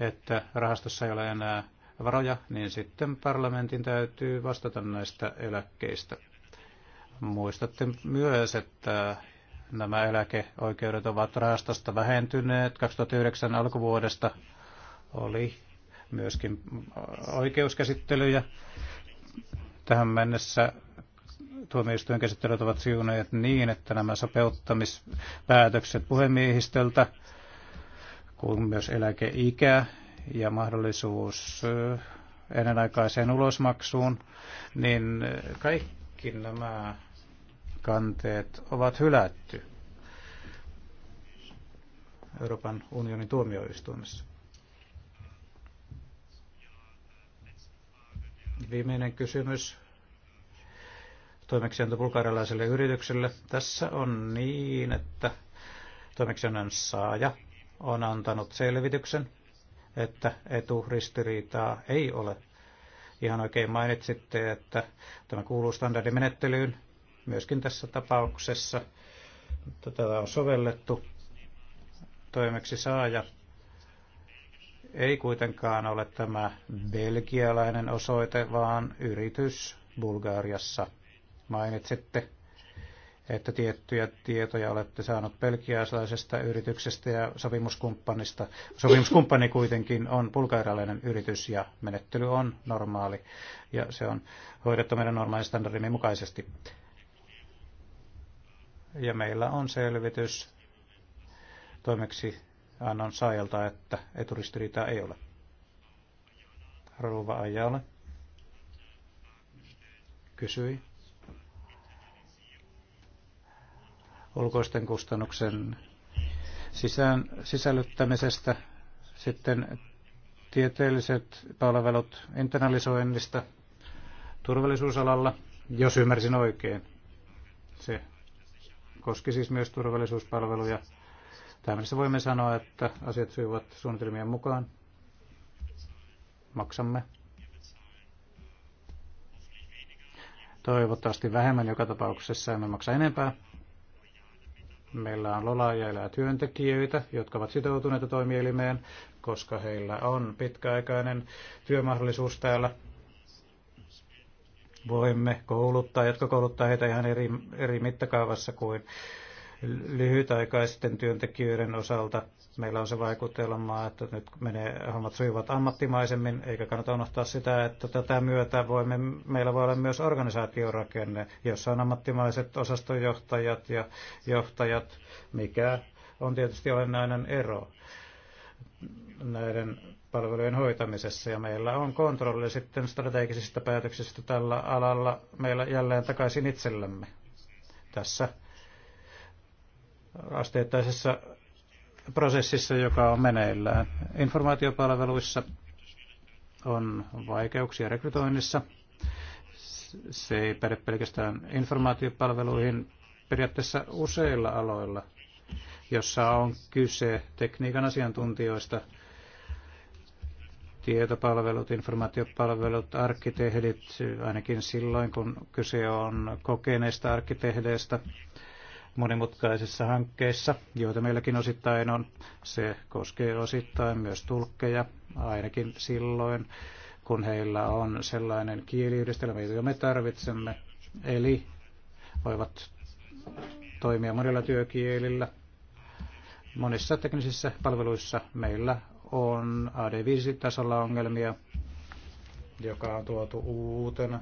että rahastossa ei ole enää varoja, niin sitten parlamentin täytyy vastata näistä eläkkeistä. Muistatte myös, että nämä eläkeoikeudet ovat rahastosta vähentyneet. 2009 alkuvuodesta oli myöskin oikeuskäsittelyjä. Tähän mennessä tuomioistuin käsittelyt ovat siuneet niin, että nämä sopeuttamispäätökset puhemiehistöltä, kuin myös eläkeikä ja mahdollisuus ennenaikaiseen ulosmaksuun, niin kaikki nämä kanteet ovat hylätty Euroopan unionin tuomioistuimessa. Viimeinen kysymys toimeksianto bulgarialaiselle yritykselle. Tässä on niin, että toimeksiannon saaja on antanut selvityksen, että eturistiriitaa ei ole. Ihan oikein mainitsitte, että tämä kuuluu standardimenettelyyn myöskin tässä tapauksessa. Tätä on sovellettu. Toimeksi saaja ei kuitenkaan ole tämä belgialainen osoite, vaan yritys Bulgariassa – Mainitsitte, että tiettyjä tietoja olette saanut belgialaisesta yrityksestä ja sopimuskumppanista. Sopimuskumppani kuitenkin on bulgarialainen yritys ja menettely on normaali ja se on hoidettu meidän normaalin standardimme mukaisesti. Ja meillä on selvitys toimeksi annon saajalta, että eturistiriitaa ei ole. Rouva Ajala kysyi ulkoisten kustannuksen sisään, sisällyttämisestä, sitten tieteelliset palvelut internalisoinnista turvallisuusalalla, jos ymmärsin oikein. Se koski siis myös turvallisuuspalveluja. Tämmöisessä voimme sanoa, että asiat sujuvat suunnitelmien mukaan. Maksamme. Toivottavasti vähemmän joka tapauksessa emme maksa enempää. Meillä on lolaajailla työntekijöitä, jotka ovat sitoutuneita toimielimeen, koska heillä on pitkäaikainen työmahdollisuus täällä. Voimme kouluttaa, jotka kouluttaa heitä ihan eri, eri mittakaavassa kuin lyhytaikaisten työntekijöiden osalta meillä on se vaikutelma, että nyt menee, hommat sujuvat ammattimaisemmin, eikä kannata unohtaa sitä, että tätä myötä voimme, meillä voi olla myös organisaatiorakenne, jossa on ammattimaiset osastonjohtajat ja johtajat, mikä on tietysti olennainen ero näiden palvelujen hoitamisessa ja meillä on kontrolli sitten strategisista päätöksistä tällä alalla meillä jälleen takaisin itsellämme. Tässä asteittaisessa prosessissa, joka on meneillään. Informaatiopalveluissa on vaikeuksia rekrytoinnissa. Se ei päde pelkästään informaatiopalveluihin. Periaatteessa useilla aloilla, jossa on kyse tekniikan asiantuntijoista, tietopalvelut, informaatiopalvelut, arkkitehdit, ainakin silloin kun kyse on kokeneista arkkitehdeistä, monimutkaisissa hankkeissa, joita meilläkin osittain on. Se koskee osittain myös tulkkeja, ainakin silloin, kun heillä on sellainen kieliyhdistelmä, jota me tarvitsemme. Eli voivat toimia monilla työkielillä. Monissa teknisissä palveluissa meillä on AD5-tasolla ongelmia, joka on tuotu uutena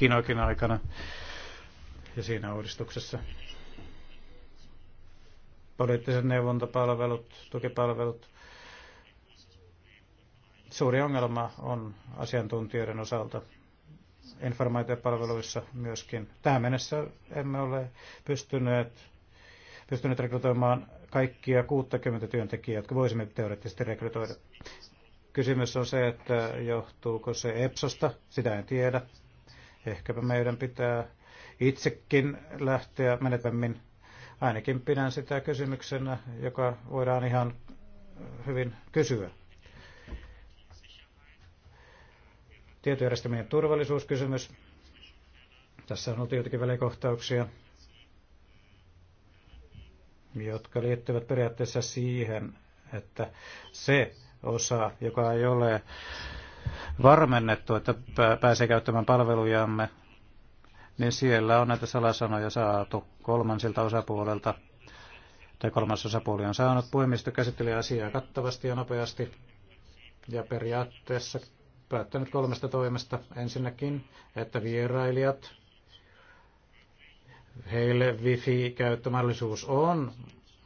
Kinoakin aikana ja siinä uudistuksessa. Poliittiset neuvontapalvelut, tukipalvelut. Suuri ongelma on asiantuntijoiden osalta informaatiopalveluissa myöskin. Tähän mennessä emme ole pystyneet, pystyneet rekrytoimaan kaikkia 60 työntekijää, jotka voisimme teoreettisesti rekrytoida. Kysymys on se, että johtuuko se EPSOsta, sitä en tiedä. Ehkäpä meidän pitää itsekin lähteä menetämmin. Ainakin pidän sitä kysymyksenä, joka voidaan ihan hyvin kysyä. Tietojärjestelmien turvallisuuskysymys. Tässä on ollut joitakin välikohtauksia, jotka liittyvät periaatteessa siihen, että se osa, joka ei ole varmennettu, että pääsee käyttämään palvelujamme, niin siellä on näitä salasanoja saatu kolmansilta osapuolelta, tai kolmas osapuoli on saanut. Puhemisto käsittelee asiaa kattavasti ja nopeasti, ja periaatteessa päättänyt kolmesta toimesta. Ensinnäkin, että vierailijat, heille wifi-käyttömahdollisuus on,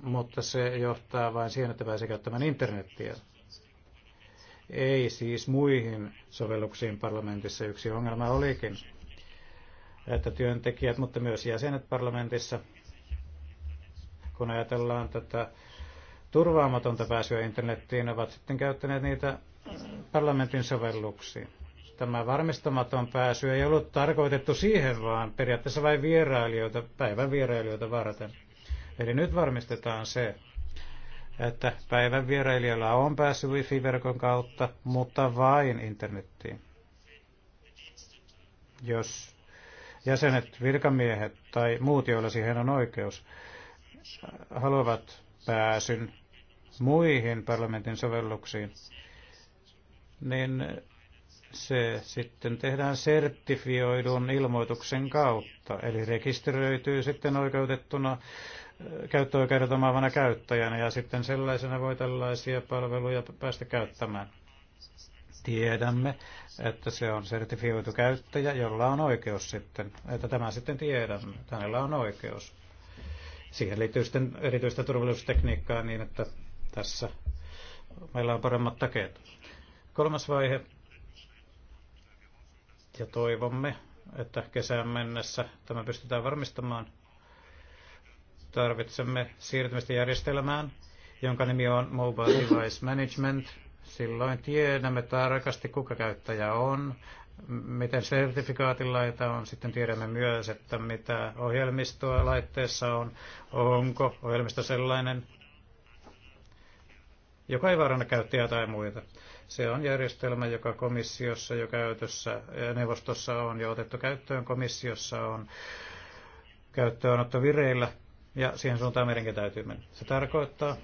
mutta se johtaa vain siihen, että pääsee käyttämään internettiä ei siis muihin sovelluksiin parlamentissa. Yksi ongelma olikin, että työntekijät, mutta myös jäsenet parlamentissa, kun ajatellaan tätä turvaamatonta pääsyä internettiin, ovat sitten käyttäneet niitä parlamentin sovelluksiin. Tämä varmistamaton pääsy ei ollut tarkoitettu siihen, vaan periaatteessa vain vierailijoita, päivän vierailijoita varten. Eli nyt varmistetaan se, että päivän vierailijoilla on päässyt wifi-verkon kautta, mutta vain internettiin. Jos jäsenet, virkamiehet tai muut, joilla siihen on oikeus, haluavat pääsyn muihin parlamentin sovelluksiin, niin se sitten tehdään sertifioidun ilmoituksen kautta, eli rekisteröityy sitten oikeutettuna käyttöoikeudet omaavana käyttäjänä ja sitten sellaisena voi tällaisia palveluja päästä käyttämään. Tiedämme, että se on sertifioitu käyttäjä, jolla on oikeus sitten, että tämä sitten tiedämme, että hänellä on oikeus. Siihen liittyy sitten erityistä turvallisuustekniikkaa niin, että tässä meillä on paremmat takeet. Kolmas vaihe, ja toivomme, että kesään mennessä tämä pystytään varmistamaan, tarvitsemme siirtymistä järjestelmään, jonka nimi on Mobile Device Management. Silloin tiedämme tarkasti, kuka käyttäjä on, miten laita on. Sitten tiedämme myös, että mitä ohjelmistoa laitteessa on, onko ohjelmisto sellainen, joka ei vaaranna käyttäjää tai muita. Se on järjestelmä, joka komissiossa jo käytössä, neuvostossa on jo otettu käyttöön, komissiossa on käyttöönotto vireillä – ja siihen suuntaan meidänkin täytyy mennä. Se tarkoittaa,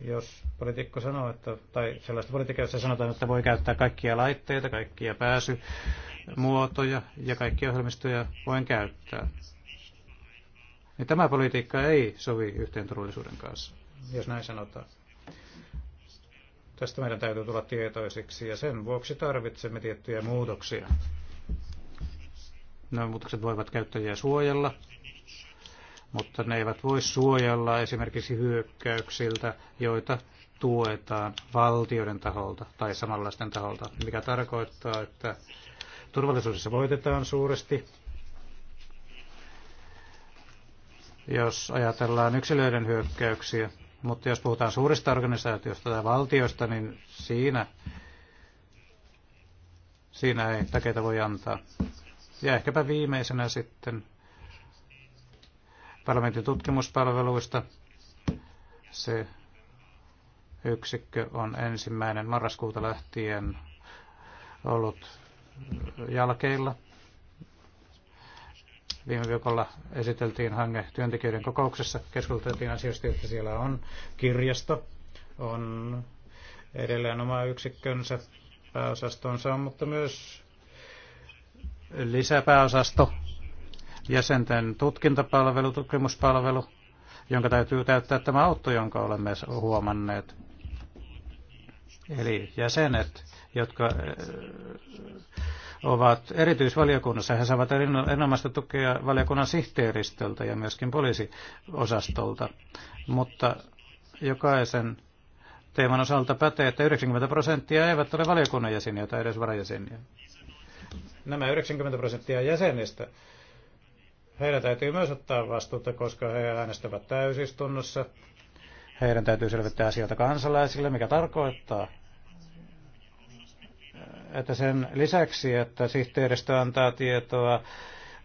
jos poliitikko sanoo, että, tai sellaista poliitikkoa, jossa sanotaan, että voi käyttää kaikkia laitteita, kaikkia pääsymuotoja ja kaikkia ohjelmistoja voin käyttää, niin tämä politiikka ei sovi yhteen turvallisuuden kanssa, jos näin sanotaan. Tästä meidän täytyy tulla tietoisiksi ja sen vuoksi tarvitsemme tiettyjä muutoksia. Nämä muutokset voivat käyttäjiä suojella, mutta ne eivät voi suojella esimerkiksi hyökkäyksiltä, joita tuetaan valtioiden taholta tai samanlaisten taholta, mikä tarkoittaa, että turvallisuudessa voitetaan suuresti. Jos ajatellaan yksilöiden hyökkäyksiä, mutta jos puhutaan suurista organisaatioista tai valtioista, niin siinä, siinä ei takeita voi antaa. Ja ehkäpä viimeisenä sitten parlamentin tutkimuspalveluista. Se yksikkö on ensimmäinen marraskuuta lähtien ollut jalkeilla. Viime viikolla esiteltiin hange työntekijöiden kokouksessa, keskusteltiin asioista, että siellä on kirjasto, on edelleen oma yksikkönsä, pääosastonsa, mutta myös lisäpääosasto jäsenten tutkintapalvelu, tutkimuspalvelu, jonka täytyy täyttää tämä auto, jonka olemme huomanneet. Eli jäsenet, jotka äh, ovat erityisvaliokunnassa, he saavat erinomaista tukea valiokunnan sihteeristöltä ja myöskin poliisiosastolta. Mutta jokaisen teeman osalta pätee, että 90 prosenttia eivät ole valiokunnan jäseniä tai edes varajäseniä. Nämä 90 prosenttia jäsenistä heidän täytyy myös ottaa vastuuta, koska he äänestävät täysistunnossa. Heidän täytyy selvittää asioita kansalaisille, mikä tarkoittaa, että sen lisäksi, että sihteeristö antaa tietoa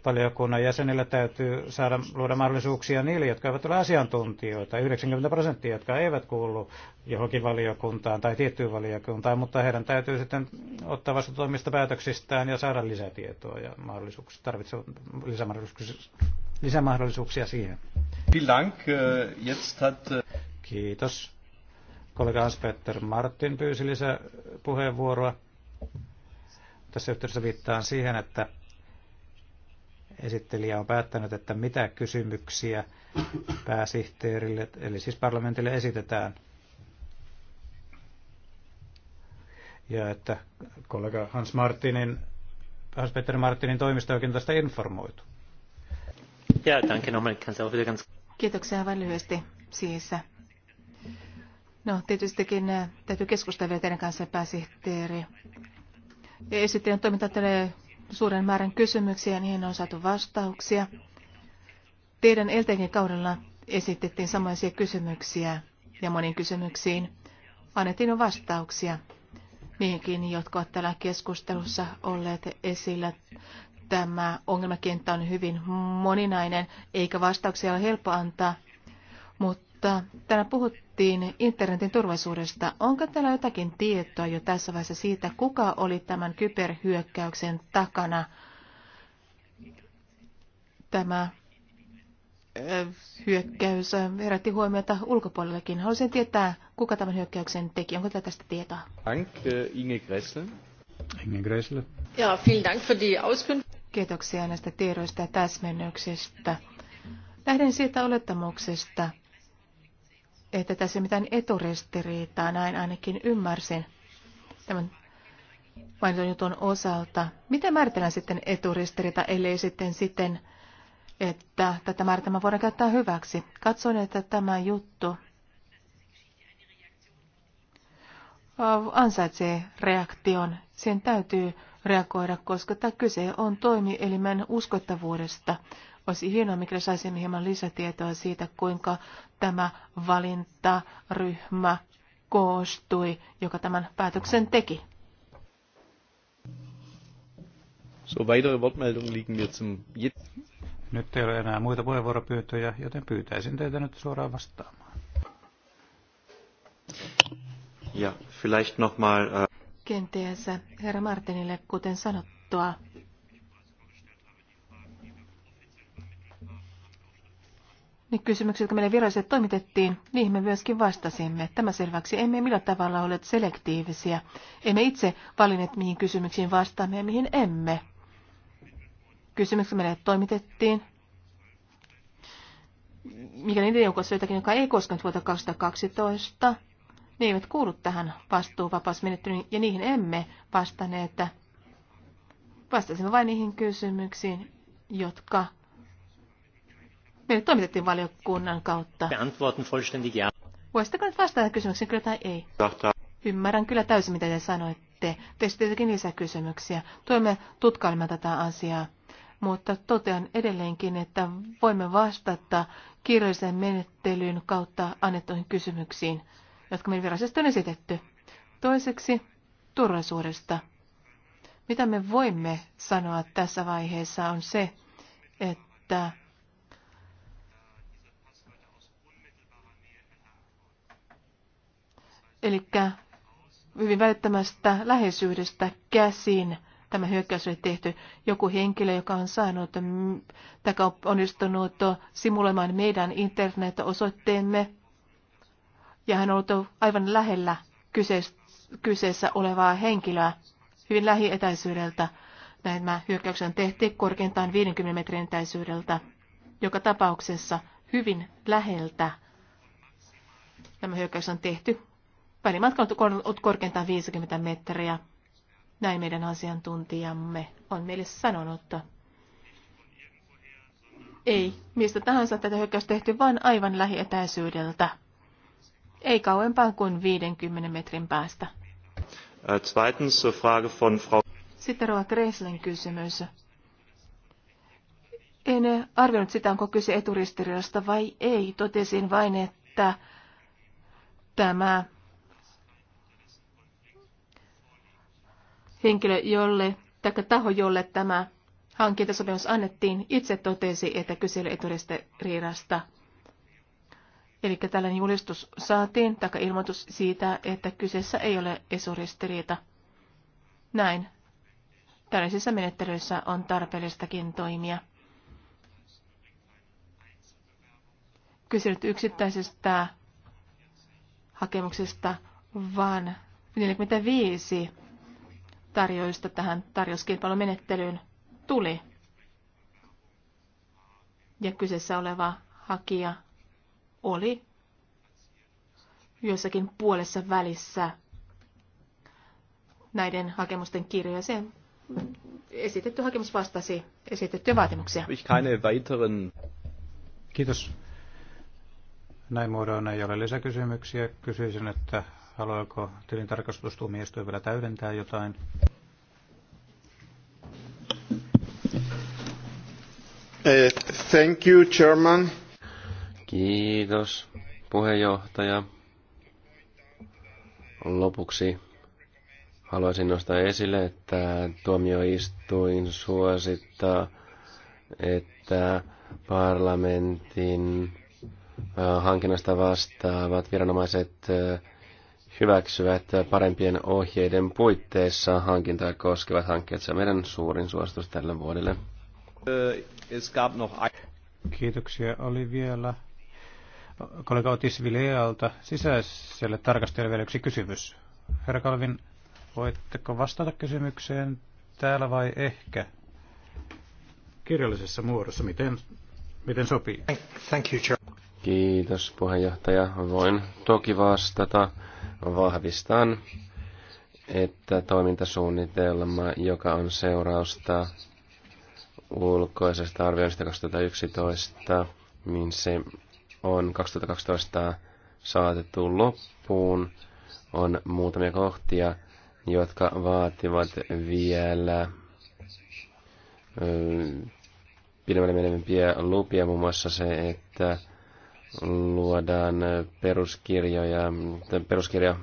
valiokunnan jäsenillä täytyy saada luoda mahdollisuuksia niille, jotka eivät ole asiantuntijoita. 90 prosenttia, jotka eivät kuulu johonkin valiokuntaan tai tiettyyn valiokuntaan, mutta heidän täytyy sitten ottaa vastuuta omista päätöksistään ja saada lisätietoa ja mahdollisuuksia, tarvitsevat lisämahdollisuuksia, lisämahdollisuuksia siihen. Äh, äh, Kiitos. Kollega Hans-Peter Martin pyysi lisäpuheenvuoroa. Tässä yhteydessä viittaan siihen, että esittelijä on päättänyt, että mitä kysymyksiä pääsihteerille, eli siis parlamentille esitetään. Ja että kollega Hans Martinin, Hans Peter Martinin toimisto onkin tästä informoitu. Kiitoksia vain lyhyesti siis. No tietystikin eh, täytyy keskustella vielä teidän kanssa pääsihteeri. esittelen toiminta tulee suuren määrän kysymyksiä ja niihin on saatu vastauksia. Teidän eltäkin kaudella esitettiin samaisia kysymyksiä ja moniin kysymyksiin annettiin jo vastauksia niihinkin, jotka ovat täällä keskustelussa olleet esillä. Tämä ongelmakenttä on hyvin moninainen, eikä vastauksia ole helppo antaa, mutta tänä puhuttiin puhuttiin internetin turvallisuudesta. Onko täällä jotakin tietoa jo tässä vaiheessa siitä, kuka oli tämän kyberhyökkäyksen takana? Tämä hyökkäys herätti huomiota ulkopuolellekin. Haluaisin tietää, kuka tämän hyökkäyksen teki. Onko teillä tästä tietoa? Dank, Inge Gressel. Inge Gressel. Ja, vielen Dank für die Auskunft. Kiitoksia näistä tiedoista ja täsmennyksistä. Lähden siitä olettamuksesta, että tässä mitään eturestiriitaa, näin ainakin ymmärsin tämän mainitun jutun osalta. Miten määritellään sitten eturistiriita, ellei sitten siten, että tätä määritelmää voidaan käyttää hyväksi? Katsoin, että tämä juttu ansaitsee reaktion. Sen täytyy reagoida, koska tämä kyse on toimielimen uskottavuudesta. Olisi hienoa, mikäli saisimme hieman lisätietoa siitä, kuinka tämä valintaryhmä koostui, joka tämän päätöksen teki. So, weitere Wortmeldungen liegen mir zum Nyt ei ole enää muita puheenvuoropyyntöjä, joten pyytäisin teitä nyt suoraan vastaamaan. Ja, vielleicht noch mal, uh... Kenties herra Martinille, kuten sanottua, ne kysymykset, jotka meille viralliset toimitettiin, niihin me myöskin vastasimme. Tämä selväksi emme millä tavalla ole selektiivisiä. Emme itse valinneet, mihin kysymyksiin vastaamme ja mihin emme. Kysymykset meille toimitettiin. Mikä niiden joukossa jotakin, joka ei koskenut vuotta 2012, ne eivät kuulu tähän vastuuvapausmenettelyyn ja niihin emme vastanneet. Vastasimme vain niihin kysymyksiin, jotka meille toimitettiin valiokunnan kautta. Voisitteko nyt vastata kysymykseen kyllä tai ei? Ymmärrän kyllä täysin, mitä te sanoitte. Teistä jotakin lisäkysymyksiä. Tuemme tutkailemaan tätä asiaa. Mutta totean edelleenkin, että voimme vastata kirjallisen menettelyn kautta annettuihin kysymyksiin, jotka meidän virallisesti on esitetty. Toiseksi turvallisuudesta. Mitä me voimme sanoa tässä vaiheessa on se, että Eli hyvin välittömästä läheisyydestä käsin tämä hyökkäys oli tehty. Joku henkilö, joka on saanut mm, tai onnistunut simuloimaan meidän internet-osoitteemme, ja hän on ollut aivan lähellä kyseessä olevaa henkilöä, hyvin lähietäisyydeltä. Nämä hyökkäyksen tehtiin korkeintaan 50 metrin etäisyydeltä, joka tapauksessa hyvin läheltä. tämä hyökkäys on tehty Välimatka on korkeintaan 50 metriä. Näin meidän asiantuntijamme on meille sanonut. Ei, mistä tahansa tätä hyökkäys tehty, vaan aivan lähietäisyydeltä. Ei kauempaa kuin 50 metrin päästä. Äh, zweitens, Frage von Frau... Sitten Rova Kreslin kysymys. En arvioinut sitä, onko kyse eturistiriidasta vai ei. Totesin vain, että tämä henkilö, jolle, tai taho, jolle tämä hankintasopimus annettiin, itse totesi, että kysely oli eturistiriidasta. Eli tällainen julistus saatiin, tai ilmoitus siitä, että kyseessä ei ole esuristiriita. Näin. Tällaisissa menettelyissä on tarpeellistakin toimia. Kyselyt yksittäisestä hakemuksesta, vaan 45 tarjoista tähän tarjouskilpailumenettelyyn tuli. Ja kyseessä oleva hakija oli jossakin puolessa välissä näiden hakemusten kirjoja. Se esitetty hakemus vastasi esitettyjä vaatimuksia. Kiitos. Näin muodoin ei ole lisäkysymyksiä. Kysyisin, että haluaako tilintarkastustuomioistuin vielä täydentää jotain? Eh, thank you, Chairman. Kiitos, puheenjohtaja. Lopuksi haluaisin nostaa esille, että tuomioistuin suosittaa, että parlamentin hankinnasta vastaavat viranomaiset hyväksyvät parempien ohjeiden puitteissa hankintaa koskevat hankkeet. Se on meidän suurin suositus tälle vuodelle. Äh, Kiitoksia. Oli vielä kollega Otis Vilealta sisäiselle tarkastajalle vielä yksi kysymys. Herra Kalvin, voitteko vastata kysymykseen täällä vai ehkä? Kirjallisessa muodossa, miten, miten sopii? Thank you, Chair. Kiitos puheenjohtaja. Voin toki vastata. Vahvistan, että toimintasuunnitelma, joka on seurausta ulkoisesta arvioinnista 2011, niin se on 2012 saatettu loppuun. On muutamia kohtia, jotka vaativat vielä pidemmälle menevimpiä lupia, muun muassa se, että luodaan peruskirjoja, peruskirja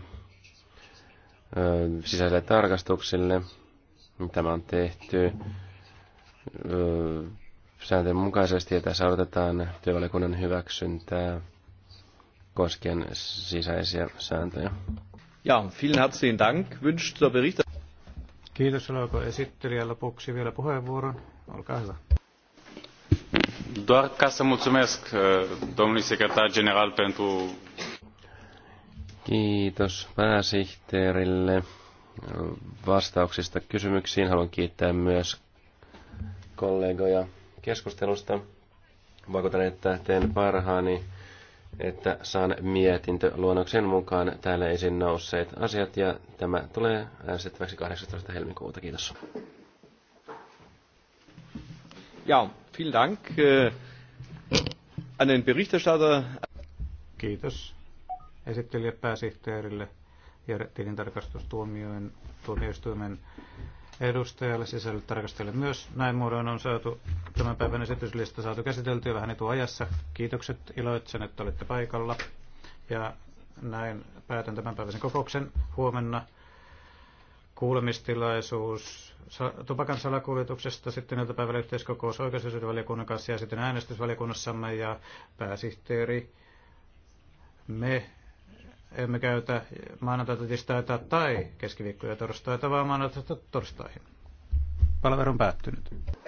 sisäisille tarkastuksille. Tämä on tehty sääntöjen mukaisesti ja tässä odotetaan työvaliokunnan hyväksyntää koskien sisäisiä sääntöjä. Ja, vielen herzlichen Dank. Wünscht der Berichter. Kiitos, haluaako esittelijä lopuksi vielä puheenvuoron. Olkaa hyvä. Doar ca să mulțumesc domnului secretar general pentru... Kiitos pääsihteerille vastauksista kysymyksiin. Haluan kiittää myös kollegoja keskustelusta. Vaikutan, että teen parhaani, että saan mietintö luonnoksen mukaan täällä esiin nousseet asiat, ja tämä tulee äänestettäväksi 18. helmikuuta. Kiitos. Ja, vielen Dank äh, an den Berichterstatter. Kiitos esittelijä pääsihteerille ja tilintarkastustuomioistuimen edustajalle, sisällötarkastajalle myös. Näin muodoin on saatu tämän päivän esityslista saatu käsiteltyä vähän etuajassa. Kiitokset, iloitsen, että olette paikalla. Ja näin päätän tämän päiväisen kokouksen. Huomenna kuulemistilaisuus tupakan salakuljetuksesta, sitten iltapäivällä yhteiskokous oikeusasioiden kanssa ja sitten äänestysvaliokunnassamme ja pääsihteeri me emme käytä maanantaita, tiistaita tai keskiviikkoja torstaita, vaan maanantaita torstaihin. Palvelu on päättynyt.